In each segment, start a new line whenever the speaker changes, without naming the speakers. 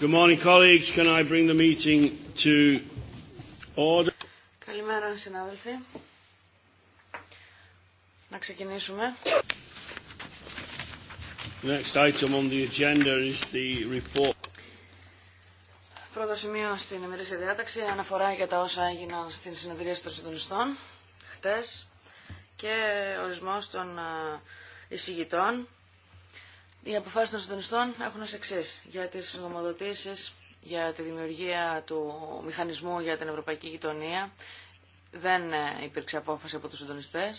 Good morning, colleagues. Can I bring the meeting to order?
Καλημέρα, συνάδελφοι. Να ξεκινήσουμε.
next item on the agenda is the report.
Πρώτο σημείο στην ημερήσια διάταξη αναφορά για τα όσα έγιναν στην συνεδρία των συντονιστών χτες και ορισμός των ε, εισηγητών οι αποφάσει των συντονιστών έχουν ω εξή. Για τι νομοδοτήσει για τη δημιουργία του μηχανισμού για την Ευρωπαϊκή Γειτονία δεν ε, υπήρξε απόφαση από τους συντονιστέ.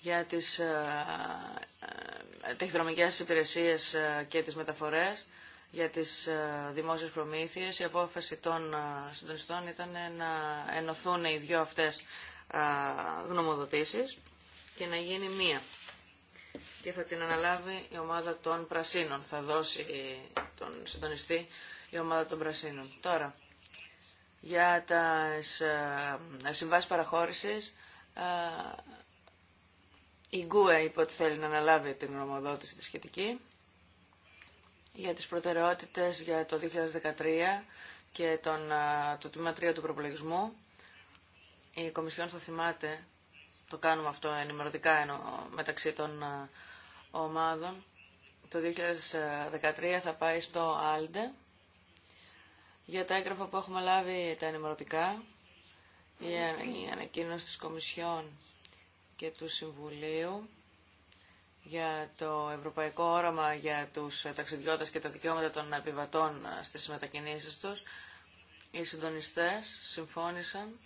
Για τις ε, ε, τεχνολογικές υπηρεσίες και τις μεταφορές, για τις δημόσιες προμήθειες, η απόφαση των συντονιστών ήταν να ενωθούν οι δυο αυτέ γνωμοδοτήσεις και να γίνει μία. Και θα την αναλάβει η ομάδα των Πρασίνων. Θα δώσει τον συντονιστή η ομάδα των Πρασίνων. Τώρα, για τα ε, ε, συμβάσει παραχώρησης, ε, η Γκουέ είπε ότι θέλει να αναλάβει την γνωμοδότηση τη σχετική για τις προτεραιότητες για το 2013 και τον, το τμήμα 3 του προπολογισμού. Η Κομισιόν θα θυμάται το κάνουμε αυτό ενημερωτικά μεταξύ των ε, ομάδων. Το 2013 θα πάει στο ALDE. Για τα έγγραφα που έχουμε λάβει τα ενημερωτικά, η ανακοίνωση της Κομισιόν και του Συμβουλίου για το ευρωπαϊκό όραμα για τους ταξιδιώτες και τα δικαιώματα των επιβατών ε, στις μετακινήσεις τους, οι συντονιστές συμφώνησαν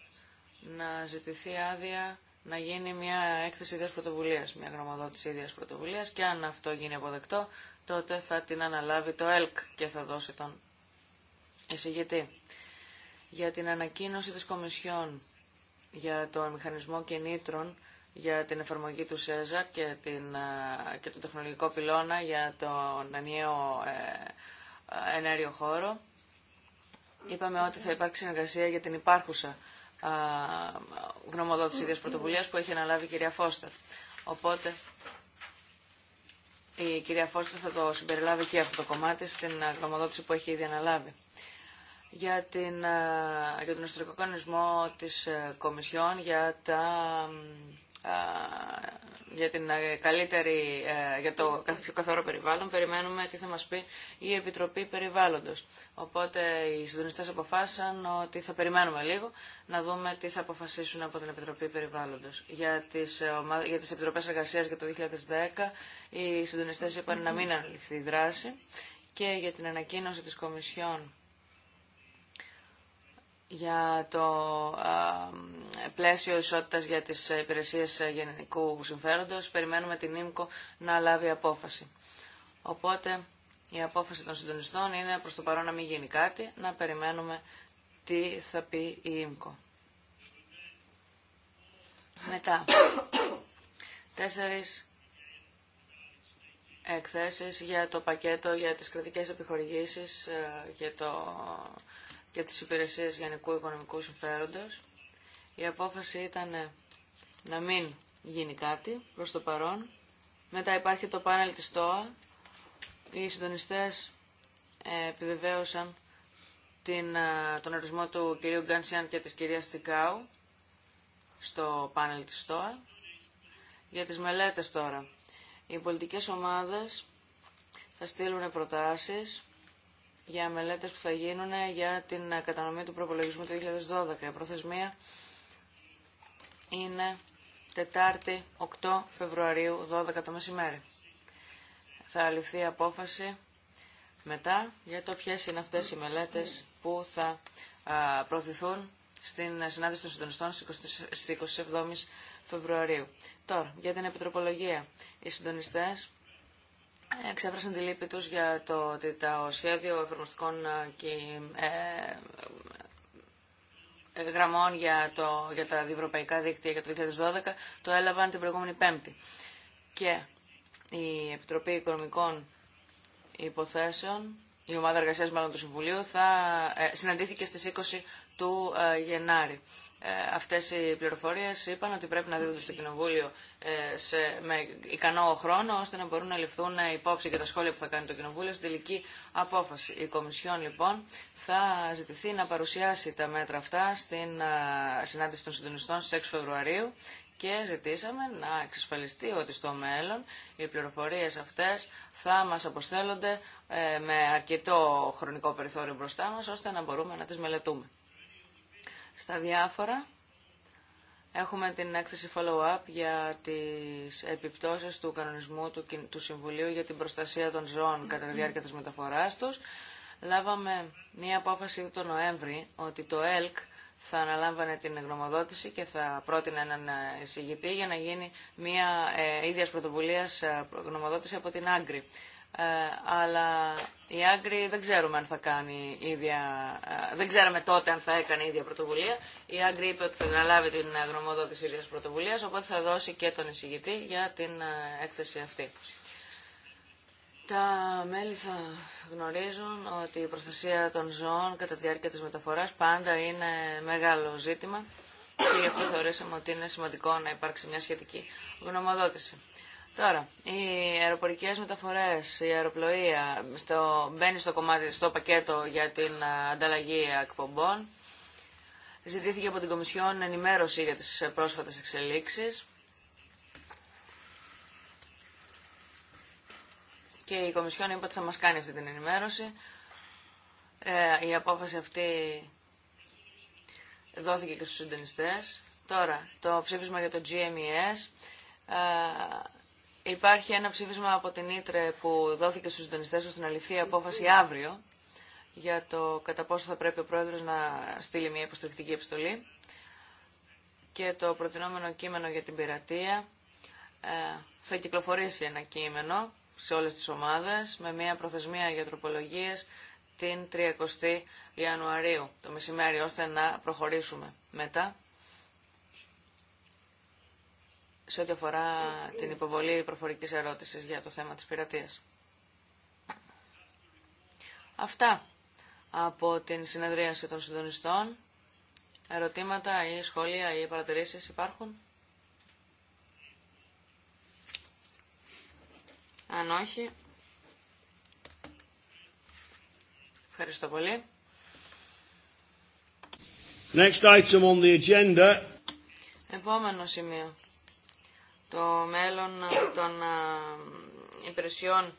να ζητηθεί άδεια να γίνει μια έκθεση ίδιας πρωτοβουλίας, μια γνωμοδότηση ίδιας πρωτοβουλίας και αν αυτό γίνει αποδεκτό, τότε θα την αναλάβει το ΕΛΚ και θα δώσει τον εισηγητή. Για την ανακοίνωση της Κομισιόν για το μηχανισμό κινήτρων για την εφαρμογή του ΣΕΖΑ και, την, τον τεχνολογικό πυλώνα για τον ενιαίο ε, ενέργειο χώρο, είπαμε ότι θα υπάρξει συνεργασία για την υπάρχουσα γνωμοδότηση ίδιας πρωτοβουλίας που έχει αναλάβει η κυρία Φώστερ. Οπότε η κυρία Φώστερ θα το συμπεριλάβει και αυτό το κομμάτι στην γνωμοδότηση που έχει ήδη αναλάβει. Για, την, για τον ιστορικό κανονισμό της ε, Κομισιόν, για τα για, την ε, καλύτερη, ε, για το πιο καθαρό περιβάλλον περιμένουμε τι θα μας πει η Επιτροπή Περιβάλλοντος. Οπότε οι συντονιστές αποφάσισαν ότι θα περιμένουμε λίγο να δούμε τι θα αποφασίσουν από την Επιτροπή Περιβάλλοντος. Για τις, ε, για τις Επιτροπές Εργασίας για το 2010 οι συντονιστές είπαν να μην αναλυφθεί η δράση και για την ανακοίνωση της Κομισιόν για το πλαίσιο ισότητας για τις υπηρεσίες γενικού συμφέροντος. Περιμένουμε την ΙΜΚΟ να λάβει απόφαση. Οπότε η απόφαση των συντονιστών είναι προς το παρόν να μην γίνει κάτι, να περιμένουμε τι θα πει η ΙΜΚΟ. Μετά, τέσσερις εκθέσεις για το πακέτο για τις κρατικές επιχορηγήσεις ε, και το και τις υπηρεσίες γενικού οικονομικού συμφέροντος. Η απόφαση ήταν να μην γίνει κάτι προς το παρόν. Μετά υπάρχει το πάνελ της ΤΟΑ. Οι συντονιστές ε, επιβεβαίωσαν την, ε, τον ορισμό του κυρίου Γκάνσιαν και της κυρίας Στικάου στο πάνελ της ΤΟΑ. Για τις μελέτες τώρα. Οι πολιτικές ομάδες θα στείλουν προτάσεις για μελέτες που θα γίνουν για την κατανομή του προπολογισμού του 2012. Η προθεσμία είναι Τετάρτη 8 Φεβρουαρίου 12 το μεσημέρι. Θα ληφθεί απόφαση μετά για το ποιε είναι αυτές οι μελέτες που θα προωθηθούν στην συνάντηση των συντονιστών στι 27 Φεβρουαρίου. Τώρα, για την επιτροπολογία. Οι συντονιστές εξέφρασαν τη λύπη τους για το ότι το σχέδιο εφαρμοστικών ε, και ε, ε, γραμμών για, το, για τα διευρωπαϊκά δίκτυα για το 2012 το έλαβαν την προηγούμενη Πέμπτη. Και η Επιτροπή Οικονομικών Υποθέσεων, η ομάδα εργασίας μάλλον του Συμβουλίου, θα συναντήθηκε στις 20 του Γενάρη. Ε, αυτές οι πληροφορίες είπαν ότι πρέπει να δίδονται στο Κοινοβούλιο ε, σε, με ικανό χρόνο ώστε να μπορούν να ληφθούν υπόψη και τα σχόλια που θα κάνει το Κοινοβούλιο στην τελική απόφαση. Η Κομισιόν λοιπόν θα ζητηθεί να παρουσιάσει τα μέτρα αυτά στην ε, συνάντηση των συντονιστών στις 6 Φεβρουαρίου και ζητήσαμε να εξασφαλιστεί ότι στο μέλλον οι πληροφορίες αυτές θα μας αποστέλλονται με αρκετό χρονικό περιθώριο μπροστά μας ώστε να μπορούμε να τις μελετούμε. Στα διάφορα έχουμε την έκθεση follow-up για τις επιπτώσεις του κανονισμού του, του Συμβουλίου για την προστασία των ζώων κατά τη διάρκεια της μεταφοράς τους. Λάβαμε μία απόφαση το Νοέμβρη ότι το ΕΛΚ θα αναλάμβανε την γνωμοδότηση και θα πρότεινε έναν ε, εισηγητή για να γίνει μια ε, ίδιας πρωτοβουλίας ε, γνωμοδότηση από την Άγκρη. Ε, αλλά η Άγκρη δεν ξέρουμε αν θα κάνει ίδια, ε, δεν ξέραμε τότε αν θα έκανε ίδια πρωτοβουλία. Η Άγκρη είπε ότι θα αναλάβει την γνωμοδότηση ίδιας πρωτοβουλίας, οπότε θα δώσει και τον εισηγητή για την ε, έκθεση αυτή. Τα μέλη θα γνωρίζουν ότι η προστασία των ζώων κατά τη διάρκεια της μεταφοράς πάντα είναι μεγάλο ζήτημα και γι' αυτό θεωρήσαμε ότι είναι σημαντικό να υπάρξει μια σχετική γνωμοδότηση. Τώρα, οι αεροπορικέ μεταφορές, η αεροπλοεία στο, μπαίνει στο, κομμάτι, στο πακέτο για την ανταλλαγή εκπομπών. Ζητήθηκε από την Κομισιόν ενημέρωση για τις πρόσφατες εξελίξεις. Και η Κομισιόν είπε ότι θα μας κάνει αυτή την ενημέρωση. Ε, η απόφαση αυτή δόθηκε και στους συντονιστές. Τώρα, το ψήφισμα για το GMES. Ε, Υπάρχει ένα ψήφισμα από την Ήτρε που δόθηκε στους συντονιστές ώστε να ληφθεί απόφαση αύριο για το κατά πόσο θα πρέπει ο πρόεδρος να στείλει μια υποστηρικτική επιστολή και το προτινόμενο κείμενο για την πειρατεία ε, θα κυκλοφορήσει ένα κείμενο σε όλες τις ομάδες με μια προθεσμία για τροπολογίες την 30 Ιανουαρίου το μεσημέρι ώστε να προχωρήσουμε μετά σε ό,τι αφορά την υποβολή προφορικής ερώτησης για το θέμα της πειρατείας. Αυτά από την συνεδρίαση των συντονιστών. Ερωτήματα ή σχόλια ή παρατηρήσεις υπάρχουν. Αν όχι, ευχαριστώ πολύ.
Next item on the agenda.
Επόμενο σημείο το μέλλον των υπηρεσιών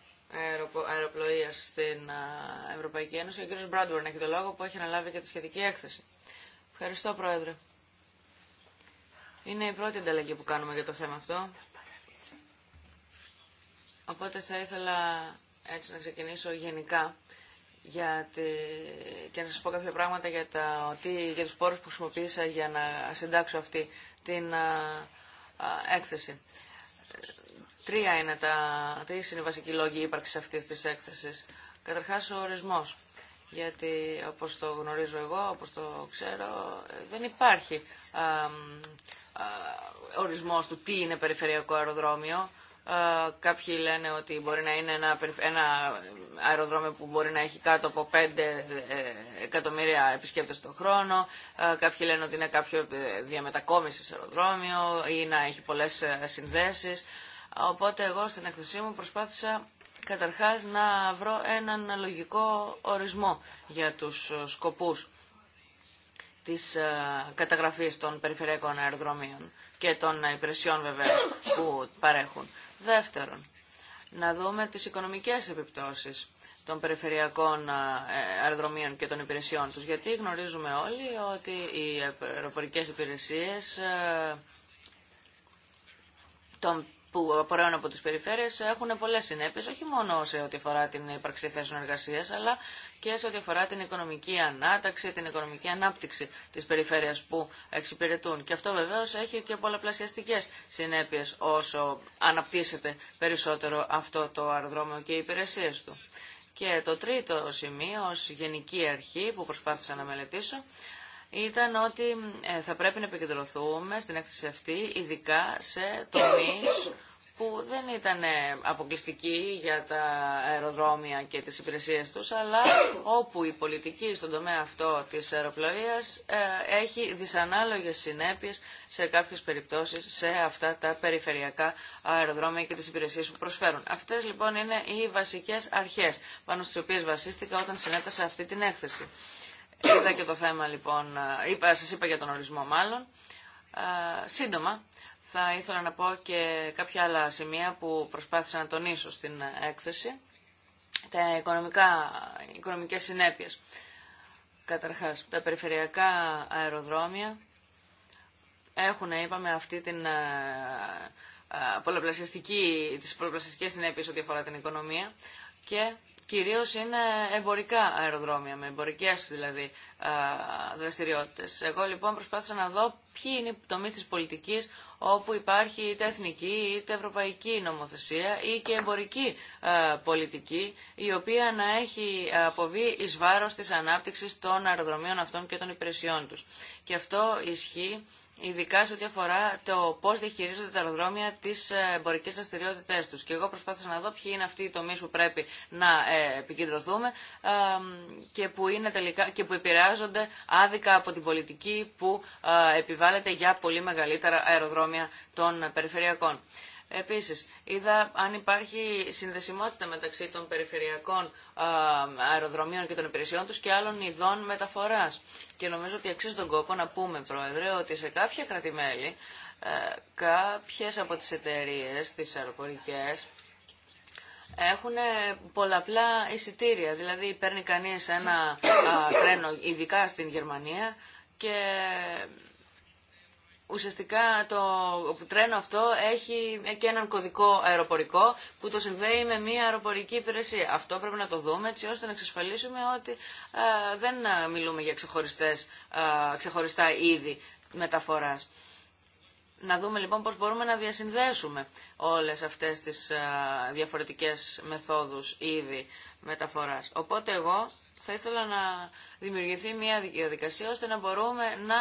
αεροπλοείας στην Ευρωπαϊκή Ένωση. Ο κ. Μπράντουαρν έχει το λόγο που έχει αναλάβει και τη σχετική έκθεση. Ευχαριστώ, Πρόεδρε. Είναι η πρώτη ανταλλαγή που κάνουμε για το θέμα αυτό. Οπότε θα ήθελα έτσι να ξεκινήσω γενικά για και να σας πω κάποια πράγματα για, τα... για τους πόρους που χρησιμοποίησα για να συντάξω αυτή την έκθεση. Τρία είναι τα, τρεις είναι οι βασικοί λόγοι ύπαρξης αυτής της έκθεσης. Καταρχάς ο ορισμός, γιατί όπως το γνωρίζω εγώ, όπως το ξέρω, δεν υπάρχει α, ορισμός του τι είναι περιφερειακό αεροδρόμιο. Κάποιοι λένε ότι μπορεί να είναι ένα, ένα αεροδρόμιο που μπορεί να έχει κάτω από 5 ε, εκατομμύρια επισκέπτες το χρόνο. Κάποιοι λένε ότι είναι κάποιο ε, διαμετακόμισης αεροδρόμιο ή να έχει πολλές ε, συνδέσεις. Οπότε εγώ στην εκθεσή μου προσπάθησα καταρχάς να βρω έναν λογικό ορισμό για τους σκοπούς της καταγραφής των περιφερειακών αεροδρομίων και των υπηρεσιών βεβαίως που παρέχουν. Δεύτερον, να δούμε τις οικονομικές επιπτώσεις των περιφερειακών ε, αεροδρομίων και των υπηρεσιών τους. Γιατί γνωρίζουμε όλοι ότι οι αεροπορικές υπηρεσίες ε, των που απορρέουν από τις περιφέρειες έχουν πολλές συνέπειες, όχι μόνο σε ό,τι αφορά την ύπαρξη θέσεων εργασίας, αλλά και σε ό,τι αφορά την οικονομική ανάταξη, την οικονομική ανάπτυξη της περιφέρειας που εξυπηρετούν. Και αυτό βεβαίως έχει και πολλαπλασιαστικές συνέπειες όσο αναπτύσσεται περισσότερο αυτό το αεροδρόμιο και οι υπηρεσίε του. Και το τρίτο σημείο ως γενική αρχή που προσπάθησα να μελετήσω ήταν ότι ε, θα πρέπει να επικεντρωθούμε στην έκθεση αυτή ειδικά σε τομείς που δεν ήταν ε, αποκλειστικοί για τα αεροδρόμια και τις υπηρεσίες τους, αλλά όπου η πολιτική στον τομέα αυτό της αεροπλοείας ε, έχει δυσανάλογες συνέπειες σε κάποιες περιπτώσεις σε αυτά τα περιφερειακά αεροδρόμια και τις υπηρεσίες που προσφέρουν. Αυτές λοιπόν είναι οι βασικές αρχές πάνω στις οποίες βασίστηκα όταν συνέτασα αυτή την έκθεση. Είδα και το θέμα λοιπόν, ε, είπα, σας είπα για τον ορισμό μάλλον. Ε, σύντομα θα ήθελα να πω και κάποια άλλα σημεία που προσπάθησα να τονίσω στην έκθεση. Τα οικονομικά, οικονομικές συνέπειες. Καταρχάς, τα περιφερειακά αεροδρόμια έχουν, είπαμε, αυτή την ε, πολλαπλασιαστική, τις πολλαπλασιαστικές συνέπειες ό,τι αφορά την οικονομία και κυρίως είναι εμπορικά αεροδρόμια, με εμπορικές δηλαδή δραστηριότητες. Εγώ λοιπόν προσπάθησα να δω ποιοι είναι οι τομείς της πολιτικής όπου υπάρχει είτε εθνική είτε ευρωπαϊκή νομοθεσία ή και εμπορική πολιτική η οποία να έχει αποβεί εις βάρος της ανάπτυξης των αεροδρομίων αυτών και των υπηρεσιών τους. Και αυτό ισχύει ειδικά σε ό,τι αφορά το πώ διαχειρίζονται τα αεροδρόμια τι ε, εμπορικέ δραστηριότητέ του. Και εγώ προσπάθησα να δω ποιοι είναι αυτοί οι τομεί που πρέπει να ε, επικεντρωθούμε και που, είναι τελικά, και που επηρεάζονται άδικα από την πολιτική που ε, επιβάλλεται για πολύ μεγαλύτερα αεροδρόμια των περιφερειακών. Επίσης, είδα αν υπάρχει συνδεσιμότητα μεταξύ των περιφερειακών αεροδρομίων και των υπηρεσιών τους και άλλων ειδών μεταφοράς. Και νομίζω ότι αξίζει τον κόπο να πούμε, Πρόεδρε, ότι σε κάποια κρατημέλη ε, κάποιες από τις εταιρείες, τις αεροπορικές, έχουν πολλαπλά εισιτήρια. Δηλαδή παίρνει κανείς ένα τρένο ειδικά στην Γερμανία και ουσιαστικά το τρένο αυτό έχει και έναν κωδικό αεροπορικό που το συνδέει με μια αεροπορική υπηρεσία. Αυτό πρέπει να το δούμε έτσι ώστε να εξασφαλίσουμε ότι ε, δεν μιλούμε για ξεχωριστές, ε, ξεχωριστά είδη μεταφοράς. Να δούμε λοιπόν πώς μπορούμε να διασυνδέσουμε όλες αυτές τις ε, διαφορετικές μεθόδους είδη μεταφοράς. Οπότε εγώ θα ήθελα να δημιουργηθεί μια διαδικασία ώστε να μπορούμε να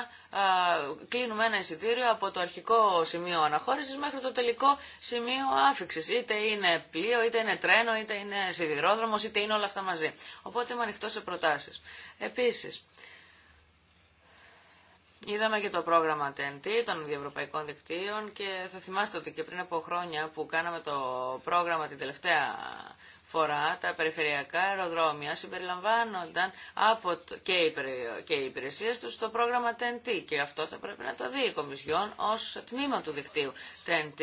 κλείνουμε ένα εισιτήριο από το αρχικό σημείο αναχώρησης μέχρι το τελικό σημείο άφηξης. Είτε είναι πλοίο, είτε είναι τρένο, είτε είναι σιδηρόδρομος, είτε είναι όλα αυτά μαζί. Οπότε είμαι ανοιχτό σε προτάσεις. Επίσης, Είδαμε και το πρόγραμμα TNT των διευρωπαϊκών δικτύων και θα θυμάστε ότι και πριν από χρόνια που κάναμε το πρόγραμμα την τελευταία φορά τα περιφερειακά αεροδρόμια συμπεριλαμβάνονταν από και οι υπηρεσίε του στο πρόγραμμα TNT και αυτό θα πρέπει να το δει η Κομισιόν ως τμήμα του δικτύου TNT.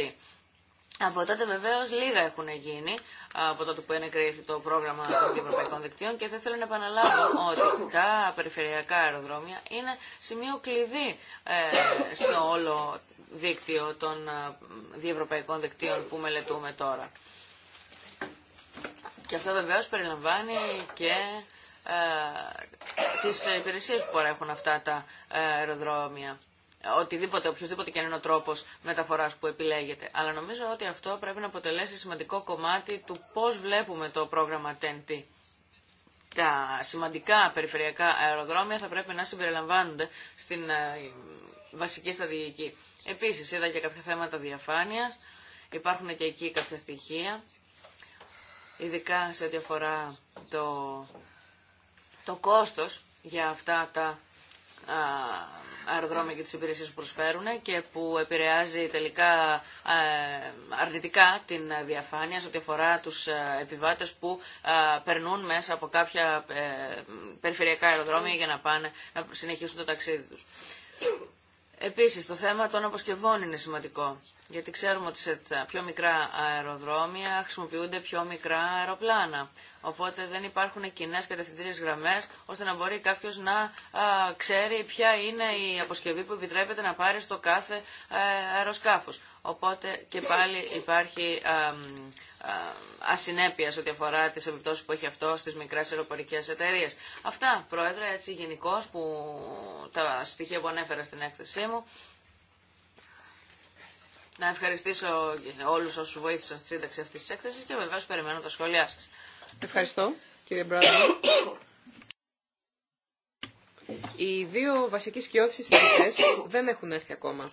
Από τότε βεβαίω λίγα έχουν γίνει από τότε που ενεκρίθη το πρόγραμμα των Ευρωπαϊκών Δικτύων και θα ήθελα να επαναλάβω ότι τα περιφερειακά αεροδρόμια είναι σημείο κλειδί ε, στο όλο δίκτυο των ε, διευρωπαϊκών δικτύων που μελετούμε τώρα. Και αυτό βεβαίως περιλαμβάνει και ε, τις υπηρεσίες που παρέχουν αυτά τα ε, αεροδρόμια. Οτιδήποτε, οποιοδήποτε και αν είναι ο τρόπο μεταφορά που επιλέγεται. Αλλά νομίζω ότι αυτό πρέπει να αποτελέσει σημαντικό κομμάτι του πώ βλέπουμε το πρόγραμμα TEN-T. Τα σημαντικά περιφερειακά αεροδρόμια θα πρέπει να συμπεριλαμβάνονται στην ε, βασική στρατηγική. Επίση, είδα και κάποια θέματα διαφάνεια. Υπάρχουν και εκεί κάποια στοιχεία ειδικά σε ό,τι αφορά το, το κόστος για αυτά τα αεροδρόμια και τις υπηρεσίες που προσφέρουν και που επηρεάζει τελικά αρνητικά την διαφάνεια σε ό,τι αφορά τους επιβάτες που περνούν μέσα από κάποια ε, περιφερειακά αεροδρόμια για να πάνε να συνεχίσουν το ταξίδι τους. Επίσης, το θέμα των αποσκευών είναι σημαντικό γιατί ξέρουμε ότι σε τα πιο μικρά αεροδρόμια χρησιμοποιούνται πιο μικρά αεροπλάνα. Οπότε δεν υπάρχουν κοινέ κατευθυντήριε γραμμέ ώστε να μπορεί κάποιο να ξέρει ποια είναι η αποσκευή που επιτρέπεται να πάρει στο κάθε αεροσκάφο. αεροσκάφος. Οπότε και πάλι υπάρχει α, ασυνέπεια σε ό,τι αφορά τι επιπτώσει που έχει αυτό στι μικρέ αεροπορικέ εταιρείε. Αυτά, Πρόεδρε, έτσι γενικώ που τα στοιχεία που ανέφερα στην έκθεσή μου. Να ευχαριστήσω όλους όσους βοήθησαν στη σύνταξη αυτής της έκθεσης και βεβαίως περιμένω τα σχόλιά σας.
Ευχαριστώ, κύριε Μπράδο. Οι δύο βασικοί σκιώδεις συνεχές δεν έχουν έρθει ακόμα.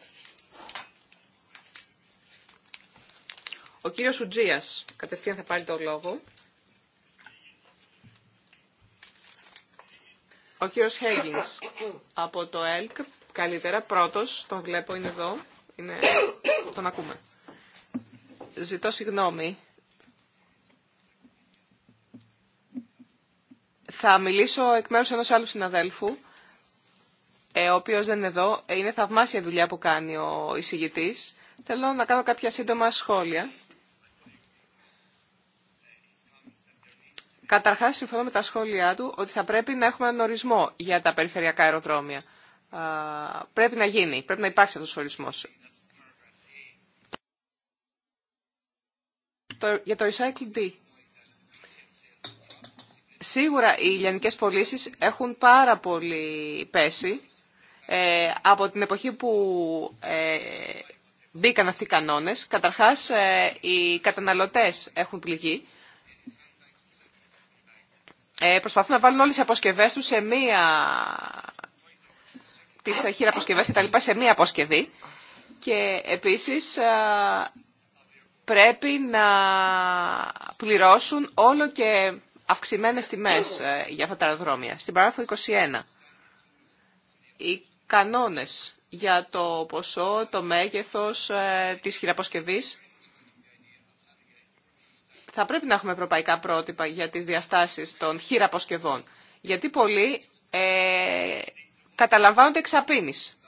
Ο κύριος Ουτζίας κατευθείαν θα πάρει το λόγο. Ο κύριος Χέγγινς από το ΕΛΚ, καλύτερα, πρώτος, τον βλέπω, είναι εδώ. Ζητώ συγγνώμη. Θα μιλήσω εκ μέρους ενός άλλου συναδέλφου, ε, ο οποίος δεν είναι εδώ. Είναι θαυμάσια δουλειά που κάνει ο εισηγητής. Θέλω να κάνω κάποια σύντομα σχόλια. Καταρχάς, συμφωνώ με τα σχόλιά του ότι θα πρέπει να έχουμε έναν ορισμό για τα περιφερειακά αεροδρόμια πρέπει να γίνει, πρέπει να υπάρξει αυτός ο ορισμός. για το Recycle D. Σίγουρα οι λιανικές πωλήσει έχουν πάρα πολύ πέσει ε, από την εποχή που ε, μπήκαν αυτοί οι κανόνες. Καταρχάς, ε, οι καταναλωτές έχουν πληγεί. Ε, προσπαθούν να βάλουν όλες τις αποσκευές τους σε μία τις χειραποσκευές και τα λοιπά σε μία αποσκευή. Και επίσης πρέπει να πληρώσουν όλο και αυξημένες τιμές ε, για αυτά τα αεροδρόμια. Στην παράγραφο 21, οι κανόνες για το ποσό, το μέγεθος ε, της χειραποσκευής θα πρέπει να έχουμε ευρωπαϊκά πρότυπα για τις διαστάσεις των χειραποσκευών. Γιατί πολλοί ε, καταλαμβάνονται εξαπίνεις,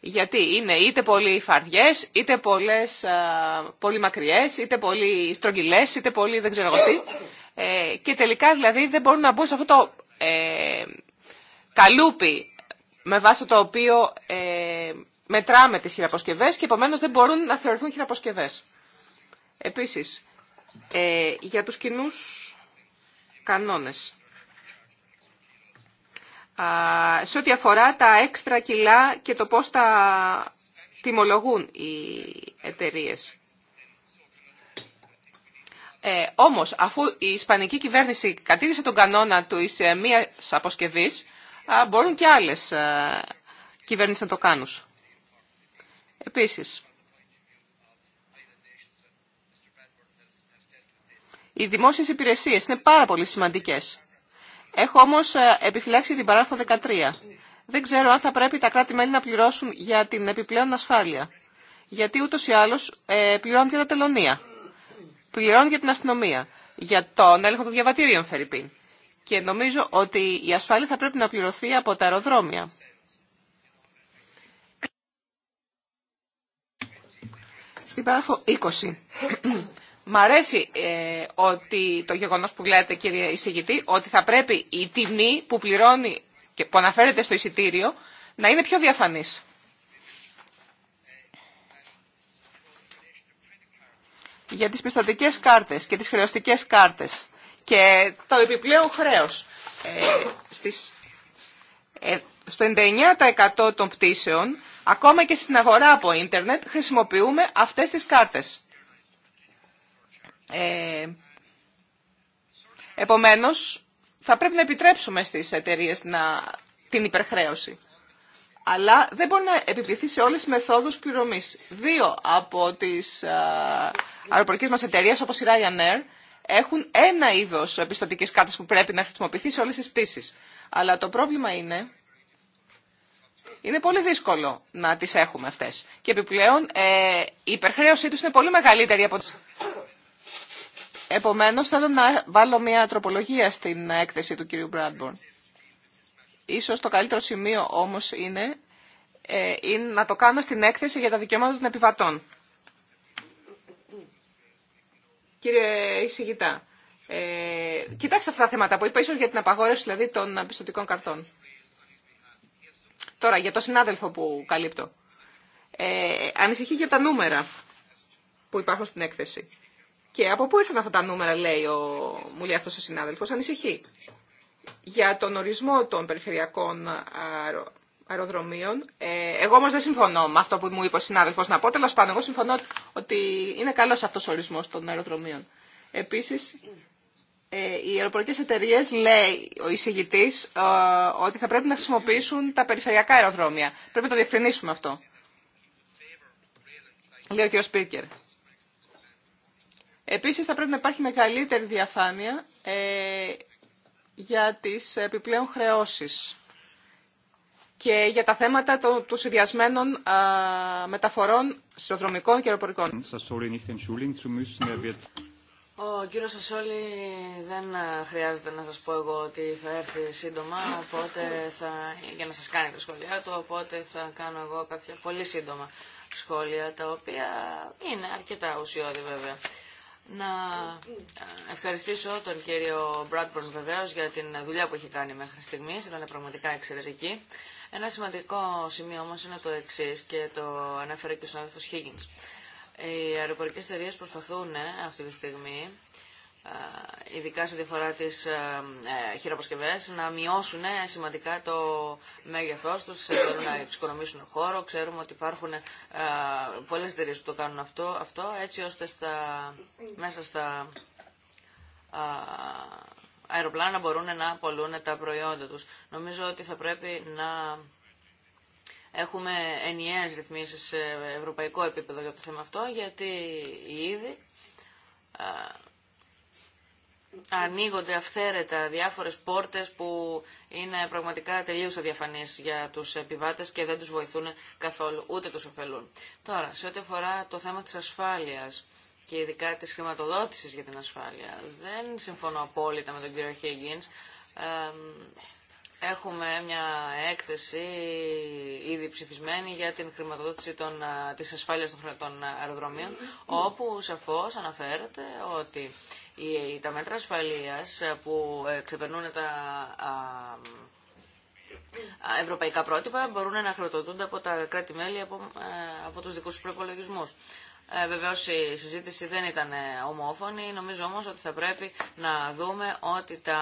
Γιατί είναι είτε πολύ φαρδιές, είτε πολλές, πολύ μακριές, είτε πολύ στρογγυλές, είτε πολύ δεν ξέρω τι. Ε, και τελικά δηλαδή δεν μπορούν να μπουν σε αυτό το ε, καλούπι με βάση το οποίο ε, μετράμε τις χειραποσκευές και επομένως δεν μπορούν να θεωρηθούν χειραποσκευές. Επίσης, για τους κοινού κανόνες σε ό,τι αφορά τα έξτρα κιλά και το πώς τα τιμολογούν οι εταιρείε. Ε, όμως, αφού η Ισπανική κυβέρνηση κατήρισε τον κανόνα του εις ε, μίας αποσκευής, μπορούν και άλλες ε, κυβέρνησεις να το κάνουν. Επίσης, οι δημόσιες υπηρεσίες είναι πάρα πολύ σημαντικές. Έχω όμω ε, επιφυλάξει την παράγραφο 13. Δεν ξέρω αν θα πρέπει τα κράτη-μέλη να πληρώσουν για την επιπλέον ασφάλεια. Γιατί ούτω ή άλλως ε, πληρώνουν για τα τελωνία. Πληρώνουν για την αστυνομία. Για τον έλεγχο των διαβατήριων, Φερρυπίν. Και νομίζω ότι η ασφάλεια θα πρέπει να πληρωθεί από τα αεροδρόμια. Στην παράγραφο 20 Μ' αρέσει ε, ότι το γεγονός που λέτε κύριε εισηγητή, ότι θα πρέπει η τιμή που πληρώνει και που αναφέρεται στο εισιτήριο να είναι πιο διαφανής. Για τις πιστοτικές κάρτες και τις χρεωστικές κάρτες και το επιπλέον χρέος ε, στις, ε, στο 99% των πτήσεων, ακόμα και στην αγορά από ίντερνετ, χρησιμοποιούμε αυτές τις κάρτες. Ε, επομένως, θα πρέπει να επιτρέψουμε στις εταιρείες να, την υπερχρέωση. Αλλά δεν μπορεί να επιβληθεί σε όλες τις μεθόδους πληρωμής. Δύο από τις ε, αεροπορικές μας εταιρείες, όπως η Ryanair, έχουν ένα είδος επιστοτικής κάρτας που πρέπει να χρησιμοποιηθεί σε όλες τις πτήσεις. Αλλά το πρόβλημα είναι είναι πολύ δύσκολο να τις έχουμε αυτές. Και επιπλέον ε, η υπερχρέωσή τους είναι πολύ μεγαλύτερη από τις... Επομένως, θέλω να βάλω μια τροπολογία στην έκθεση του κυρίου Μπράντμπορν. Ίσως το καλύτερο σημείο όμως είναι, ε, να το κάνω στην έκθεση για τα δικαιώματα των επιβατών. Κύριε Ισηγητά, ε, κοιτάξτε αυτά τα θέματα που είπα, ίσως για την απαγόρευση δηλαδή, των πιστοτικών καρτών. Τώρα, για το συνάδελφο που καλύπτω. Ε, ανησυχεί για τα νούμερα που υπάρχουν στην έκθεση. Και από πού ήρθαν αυτά τα νούμερα, λέει ο, μου λέει αυτός ο συνάδελφος, ανησυχεί. Για τον ορισμό των περιφερειακών αεροδρομίων, ε, εγώ όμως δεν συμφωνώ με αυτό που μου είπε ο συνάδελφος να πω, Τέλο πάντων, εγώ συμφωνώ ότι είναι καλός αυτός ο ορισμός των αεροδρομίων. Επίσης, ε, οι αεροπορικές εταιρείε λέει ο εισηγητής, ε, ότι θα πρέπει να χρησιμοποιήσουν τα περιφερειακά αεροδρόμια. Πρέπει να το διευκρινίσουμε αυτό. Λέει ο κ. Σπίρκερ. Επίσης θα πρέπει να υπάρχει μεγαλύτερη διαφάνεια ε, για τις επιπλέον χρεώσεις και για τα θέματα των, του συνδυασμένων μεταφορών σιδηροδρομικών και αεροπορικών.
Ο κύριος Σασόλη δεν ε, χρειάζεται να σας πω εγώ ότι θα έρθει σύντομα οπότε θα, για να σας κάνει τα σχόλιά του, οπότε θα κάνω εγώ κάποια πολύ σύντομα σχόλια, τα οποία είναι αρκετά ουσιώδη βέβαια να ε, ευχαριστήσω τον κύριο Μπράτμπορν βεβαίως για την δουλειά που έχει κάνει μέχρι στιγμή, Ήταν πραγματικά εξαιρετική. Ένα σημαντικό σημείο όμως είναι το εξή και το ανέφερε και ο συνάδελφος Higgins. Οι αεροπορικές εταιρείε προσπαθούν ε, αυτή τη στιγμή ε, ειδικά σε ό,τι αφορά τις ε, ε, χειροποσκευές, να μειώσουν σημαντικά το μέγεθός τους, να εξοικονομήσουν χώρο. Ξέρουμε ότι υπάρχουν πολλές εταιρείε που το κάνουν αυτό, αυτό έτσι ώστε στα, μέσα στα αεροπλάνα μπορούν να απολούν τα προϊόντα τους. Νομίζω ότι θα πρέπει να έχουμε ενιαίες ρυθμίσεις σε ευρωπαϊκό επίπεδο για το θέμα αυτό, γιατί ήδη ανοίγονται αυθαίρετα διάφορες πόρτες που είναι πραγματικά τελείως αδιαφανείς για τους επιβάτες και δεν τους βοηθούν καθόλου, ούτε τους ωφελούν. Τώρα, σε ό,τι αφορά το θέμα της ασφάλειας και ειδικά της χρηματοδότησης για την ασφάλεια, δεν συμφωνώ απόλυτα με τον κύριο Higgins. Έχουμε μια έκθεση ήδη ψηφισμένη για την χρηματοδότηση των, της ασφάλειας των αεροδρομίων, όπου σαφώς αναφέρεται ότι τα μέτρα ασφαλείας ε, που ε, ξεπερνούν τα ευρωπαϊκά πρότυπα μπορούν να χρηματοδοτούνται από τα κράτη-μέλη από, ε, από τους δικούς προπολογισμού. Ε, Βεβαίω η συζήτηση δεν ήταν ομόφωνη, νομίζω όμω ότι θα πρέπει να δούμε ότι τα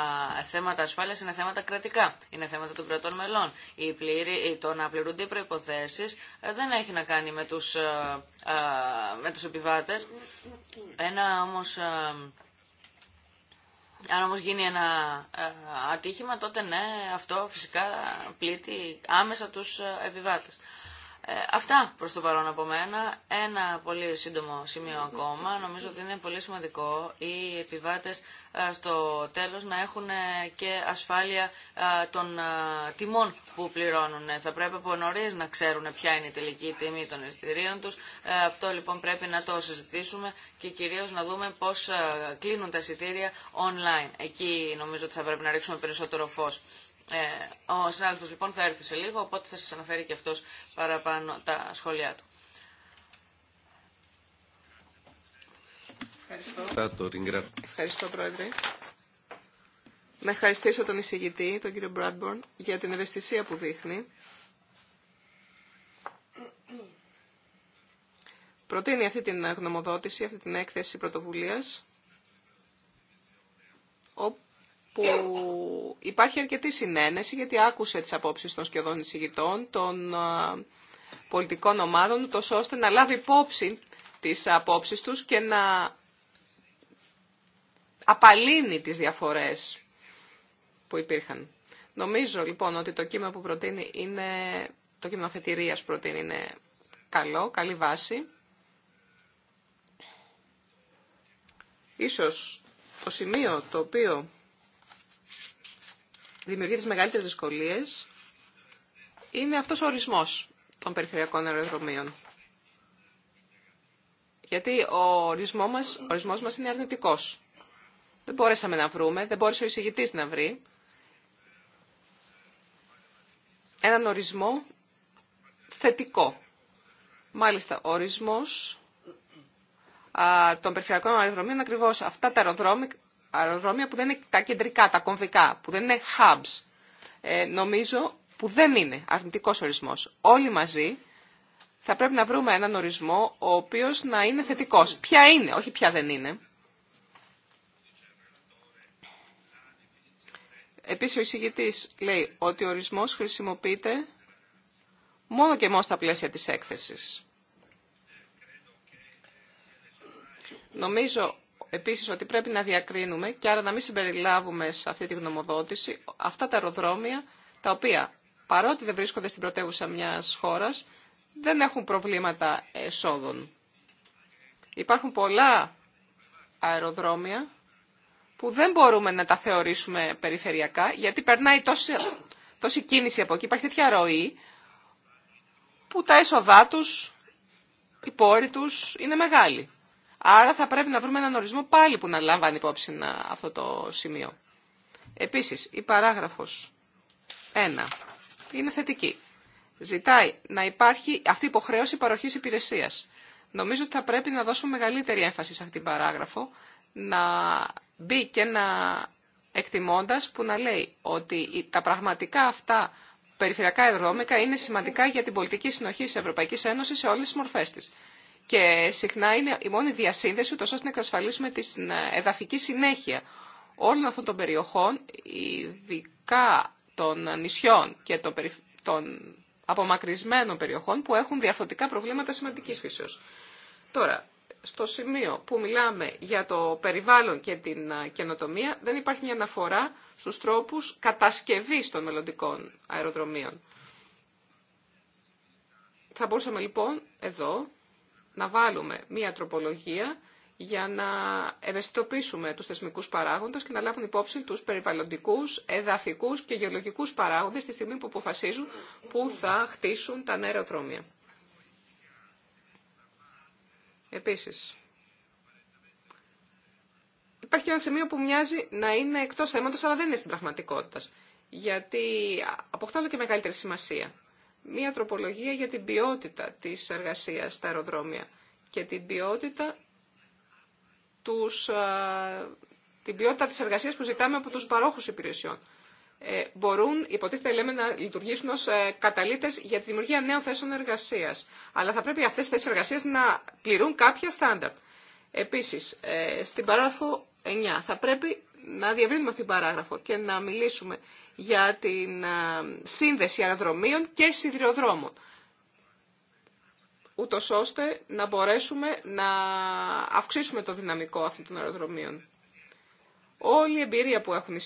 θέματα ασφάλεια είναι θέματα κρατικά, είναι θέματα των κρατών μελών. Η πλήρη, το να πληρούνται οι προποθέσει δεν έχει να κάνει με του τους επιβάτε. Ένα όμω αν όμω γίνει ένα ε, ατύχημα, τότε ναι, αυτό φυσικά πλήττει άμεσα τους ε, επιβάτες. Ε, αυτά προς το παρόν από μένα. Ένα πολύ σύντομο σημείο ακόμα. Νομίζω ότι είναι πολύ σημαντικό οι επιβάτες ε, στο τέλος να έχουν ε, και ασφάλεια ε, των τιμών που πληρώνουν. Θα πρέπει από νωρί να ξέρουν ποια είναι η τελική τιμή των εισιτηρίων τους. Αυτό λοιπόν πρέπει να το συζητήσουμε και κυρίως να δούμε πώς κλείνουν τα εισιτήρια online. Εκεί νομίζω ότι θα πρέπει να ρίξουμε περισσότερο φως. Ο συνάδελφος λοιπόν θα έρθει σε λίγο, οπότε θα σας αναφέρει και αυτός παραπάνω τα σχόλιά του. Ευχαριστώ.
Πρόεδρε. Να ευχαριστήσω τον εισηγητή, τον κύριο Μπράντμπορν, για την ευαισθησία που δείχνει. Προτείνει αυτή την γνωμοδότηση, αυτή την έκθεση πρωτοβουλίας, όπου υπάρχει αρκετή συνένεση, γιατί άκουσε τις απόψεις των σκιωδών εισηγητών, των πολιτικών ομάδων, τόσο ώστε να λάβει υπόψη τις απόψεις τους και να απαλύνει τις διαφορές που υπήρχαν. Νομίζω λοιπόν ότι το κείμενο που προτείνει είναι, το κείμενο αφετηρίας προτείνει είναι καλό, καλή βάση. Ίσως το σημείο το οποίο δημιουργεί τις μεγαλύτερες δυσκολίες είναι αυτός ο ορισμός των περιφερειακών αεροδρομίων. Γιατί ο ορισμός μας, ορισμός μας είναι αρνητικός. Δεν μπόρεσαμε να βρούμε, δεν μπόρεσε ο εισηγητής να βρει έναν ορισμό θετικό. Μάλιστα, ο ορισμός των περιφερειακών αεροδρομίων είναι ακριβώς αυτά τα αεροδρόμια, αεροδρόμια που δεν είναι τα κεντρικά, τα κομβικά, που δεν είναι hubs. Ε, νομίζω που δεν είναι αρνητικός ορισμός. Όλοι μαζί θα πρέπει να βρούμε έναν ορισμό ο οποίος να είναι θετικός. Ποια είναι, όχι ποια δεν είναι. Επίσης ο εισηγητής λέει ότι ο ορισμός χρησιμοποιείται μόνο και μόνο στα πλαίσια της έκθεσης. Νομίζω επίσης ότι πρέπει να διακρίνουμε και άρα να μην συμπεριλάβουμε σε αυτή τη γνωμοδότηση αυτά τα αεροδρόμια τα οποία παρότι δεν βρίσκονται στην πρωτεύουσα μιας χώρας δεν έχουν προβλήματα εσόδων. Υπάρχουν πολλά αεροδρόμια που δεν μπορούμε να τα θεωρήσουμε περιφερειακά, γιατί περνάει τόση, τόση κίνηση από εκεί, υπάρχει τέτοια ροή, που τα έσοδά του, οι πόροι του είναι μεγάλοι. Άρα θα πρέπει να βρούμε έναν ορισμό πάλι που να λαμβάνει υπόψη αυτό το σημείο. Επίσης, η παράγραφος 1 είναι θετική. Ζητάει να υπάρχει αυτή η υποχρέωση παροχής υπηρεσίας. Νομίζω ότι θα πρέπει να δώσουμε μεγαλύτερη έμφαση σε αυτήν την παράγραφο, να μπει και να εκτιμώντας που να λέει ότι τα πραγματικά αυτά περιφερειακά ευρώμικα είναι σημαντικά για την πολιτική συνοχή της Ευρωπαϊκής Ένωσης σε όλες τις μορφές της. Και συχνά είναι η μόνη διασύνδεση ούτως ώστε να εξασφαλίσουμε την ε, εδαφική συνέχεια όλων αυτών των περιοχών, ειδικά των νησιών και των, περι... απομακρυσμένων περιοχών που έχουν διαφορετικά προβλήματα σημαντικής φύσεως. Τώρα, στο σημείο που μιλάμε για το περιβάλλον και την καινοτομία δεν υπάρχει μια αναφορά στους τρόπους κατασκευής των μελλοντικών αεροδρομίων. Θα μπορούσαμε λοιπόν εδώ να βάλουμε μια τροπολογία για να ευαισθητοποιήσουμε τους θεσμικούς παράγοντες και να λάβουν υπόψη τους περιβαλλοντικούς, εδαφικούς και γεωλογικούς παράγοντες τη στιγμή που αποφασίζουν πού θα χτίσουν τα αεροδρόμια. Επίσης, υπάρχει ένα σημείο που μοιάζει να είναι εκτός θέματος, αλλά δεν είναι στην πραγματικότητα. Γιατί αποκτά και μεγαλύτερη σημασία. Μία τροπολογία για την ποιότητα της εργασίας στα αεροδρόμια και την ποιότητα, τους, την ποιότητα της εργασίας που ζητάμε από τους παρόχους υπηρεσιών. Ε, μπορούν, υποτίθεται λέμε, να λειτουργήσουν ως ε, καταλήτες για τη δημιουργία νέων θέσεων εργασίας. Αλλά θα πρέπει αυτές τις θέσεις εργασίας να πληρούν κάποια στάνταρτ. Επίσης, ε, στην παράγραφο 9 θα πρέπει να διαβρύνουμε αυτήν την παράγραφο και να μιλήσουμε για την σύνδεση αεροδρομίων και σιδηροδρόμων Ούτως ώστε να μπορέσουμε να αυξήσουμε το δυναμικό αυτών των αεροδρομίων όλη η εμπειρία που έχουν οι,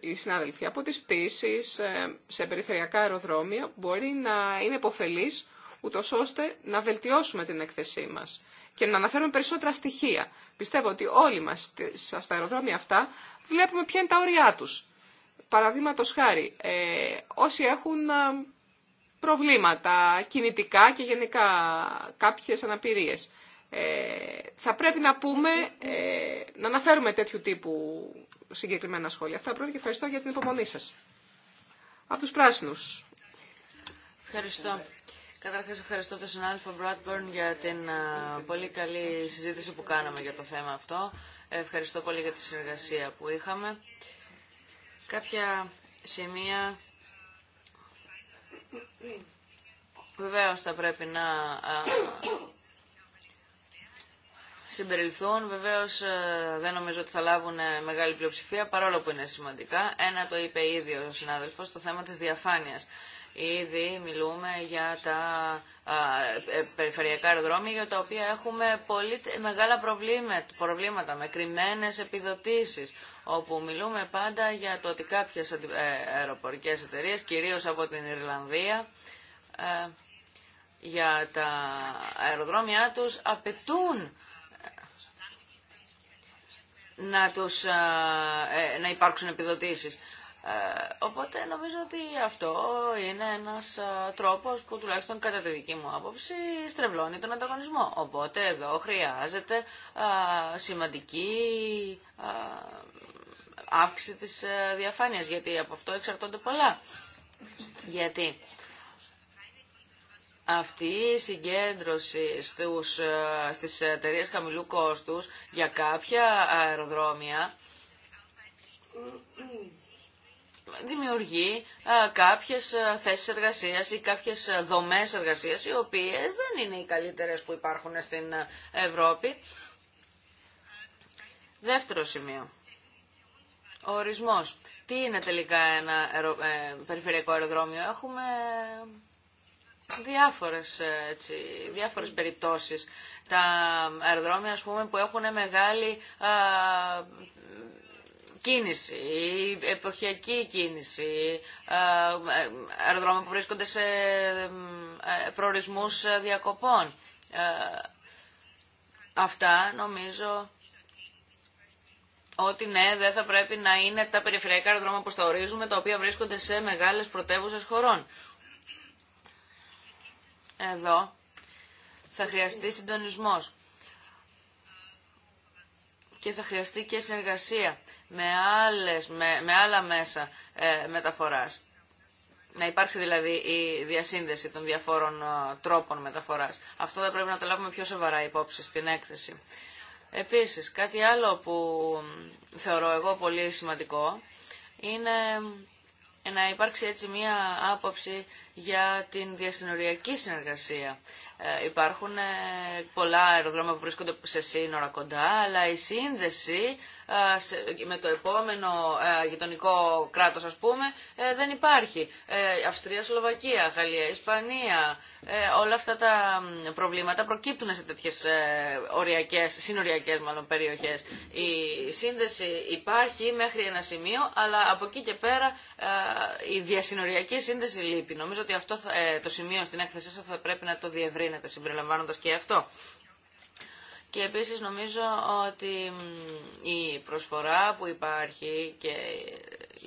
οι συνάδελφοι από τις πτήσεις ε, σε περιφερειακά αεροδρόμια μπορεί να είναι υποφελής ούτω ώστε να βελτιώσουμε την εκθεσή μας και να αναφέρουμε περισσότερα στοιχεία. Πιστεύω ότι όλοι μας στα αεροδρόμια αυτά βλέπουμε ποια είναι τα όρια τους. Παραδείγματο χάρη, ε, όσοι έχουν ε, προβλήματα κινητικά και γενικά κάποιες αναπηρίες. Ε, θα πρέπει να πούμε, ε, να αναφέρουμε τέτοιου τύπου συγκεκριμένα σχόλια. Αυτά πρώτα και ευχαριστώ για την υπομονή σας. Από τους πράσινους.
Ευχαριστώ. Καταρχά ευχαριστώ τον συνάδελφο Bradburn για την ε, πολύ καλή συζήτηση που κάναμε για το θέμα αυτό. Ευχαριστώ πολύ για τη συνεργασία που είχαμε. Κάποια σημεία Βεβαίω θα πρέπει να συμπεριληφθούν. Βεβαίως ε, δεν νομίζω ότι θα λάβουν ε, μεγάλη πλειοψηφία, παρόλο που είναι σημαντικά. Ένα το είπε ήδη ο συνάδελφος, το θέμα της διαφάνειας. Ήδη μιλούμε για τα ε, περιφερειακά αεροδρόμια για τα οποία έχουμε πολύ μεγάλα προβλήματα με κρυμμένες επιδοτήσεις όπου μιλούμε πάντα για το ότι κάποιες αεροπορικές εταιρείες κυρίως από την Ιρλανδία για τα αεροδρόμια τους απαιτούν να, τους, ε, να υπάρξουν επιδοτήσεις. Ε, οπότε νομίζω ότι αυτό είναι ένας τρόπος που τουλάχιστον κατά τη δική μου άποψη στρεβλώνει τον ανταγωνισμό. Οπότε εδώ χρειάζεται σημαντική αύξηση της ε, διαφάνειας γιατί από αυτό εξαρτώνται πολλά. Γιατί αυτή η συγκέντρωση στους, ε, στις εταιρείε χαμηλού κόστους για κάποια αεροδρόμια δημιουργεί ε, κάποιες ε, θέσεις εργασίας ή κάποιες δομές εργασίας οι οποίες δεν είναι οι καλύτερες που υπάρχουν στην Ευρώπη. Δεύτερο σημείο. Ο ορισμός. Τι είναι τελικά ένα περιφερειακό αεροδρόμιο. Έχουμε διάφορες, ε, έτσι, διάφορες περιπτώσεις. Τα αεροδρόμια ας πούμε, που έχουν μεγάλη α, κίνηση, εποχιακή κίνηση, α, ε, αεροδρόμια που βρίσκονται σε ε, προορισμούς διακοπών. Α, αυτά νομίζω ότι ναι, δεν θα πρέπει να είναι τα περιφερειακά αεροδρόμια που στα ορίζουμε, τα οποία βρίσκονται σε μεγάλες πρωτεύουσες χωρών. Εδώ θα χρειαστεί συντονισμός και θα χρειαστεί και συνεργασία με, άλλες, με, άλλα μέσα ε, μεταφοράς. Να υπάρξει δηλαδή η διασύνδεση των διαφόρων ε, τρόπων μεταφοράς. Αυτό θα πρέπει να το λάβουμε πιο σοβαρά υπόψη στην έκθεση. Επίσης, κάτι άλλο που θεωρώ εγώ πολύ σημαντικό είναι ε, να υπάρξει έτσι μία άποψη για την διασυνοριακή συνεργασία. Ε, υπάρχουν ε, πολλά αεροδρόμια που βρίσκονται σε σύνορα κοντά, αλλά η σύνδεση με το επόμενο γειτονικό κράτος ας πούμε ε, δεν υπάρχει. Ε, Αυστρία, Σλοβακία, Γαλλία, Ισπανία, ε, όλα αυτά τα προβλήματα προκύπτουν σε τέτοιες οριακές, συνοριακές μάλλον περιοχές. Η σύνδεση υπάρχει μέχρι ένα σημείο αλλά από εκεί και πέρα η διασυνοριακή σύνδεση λείπει. Νομίζω ότι αυτό το σημείο στην έκθεσή σας θα πρέπει να το διευρύνετε συμπεριλαμβάνοντας και αυτό. Και επίσης νομίζω ότι η προσφορά που υπάρχει και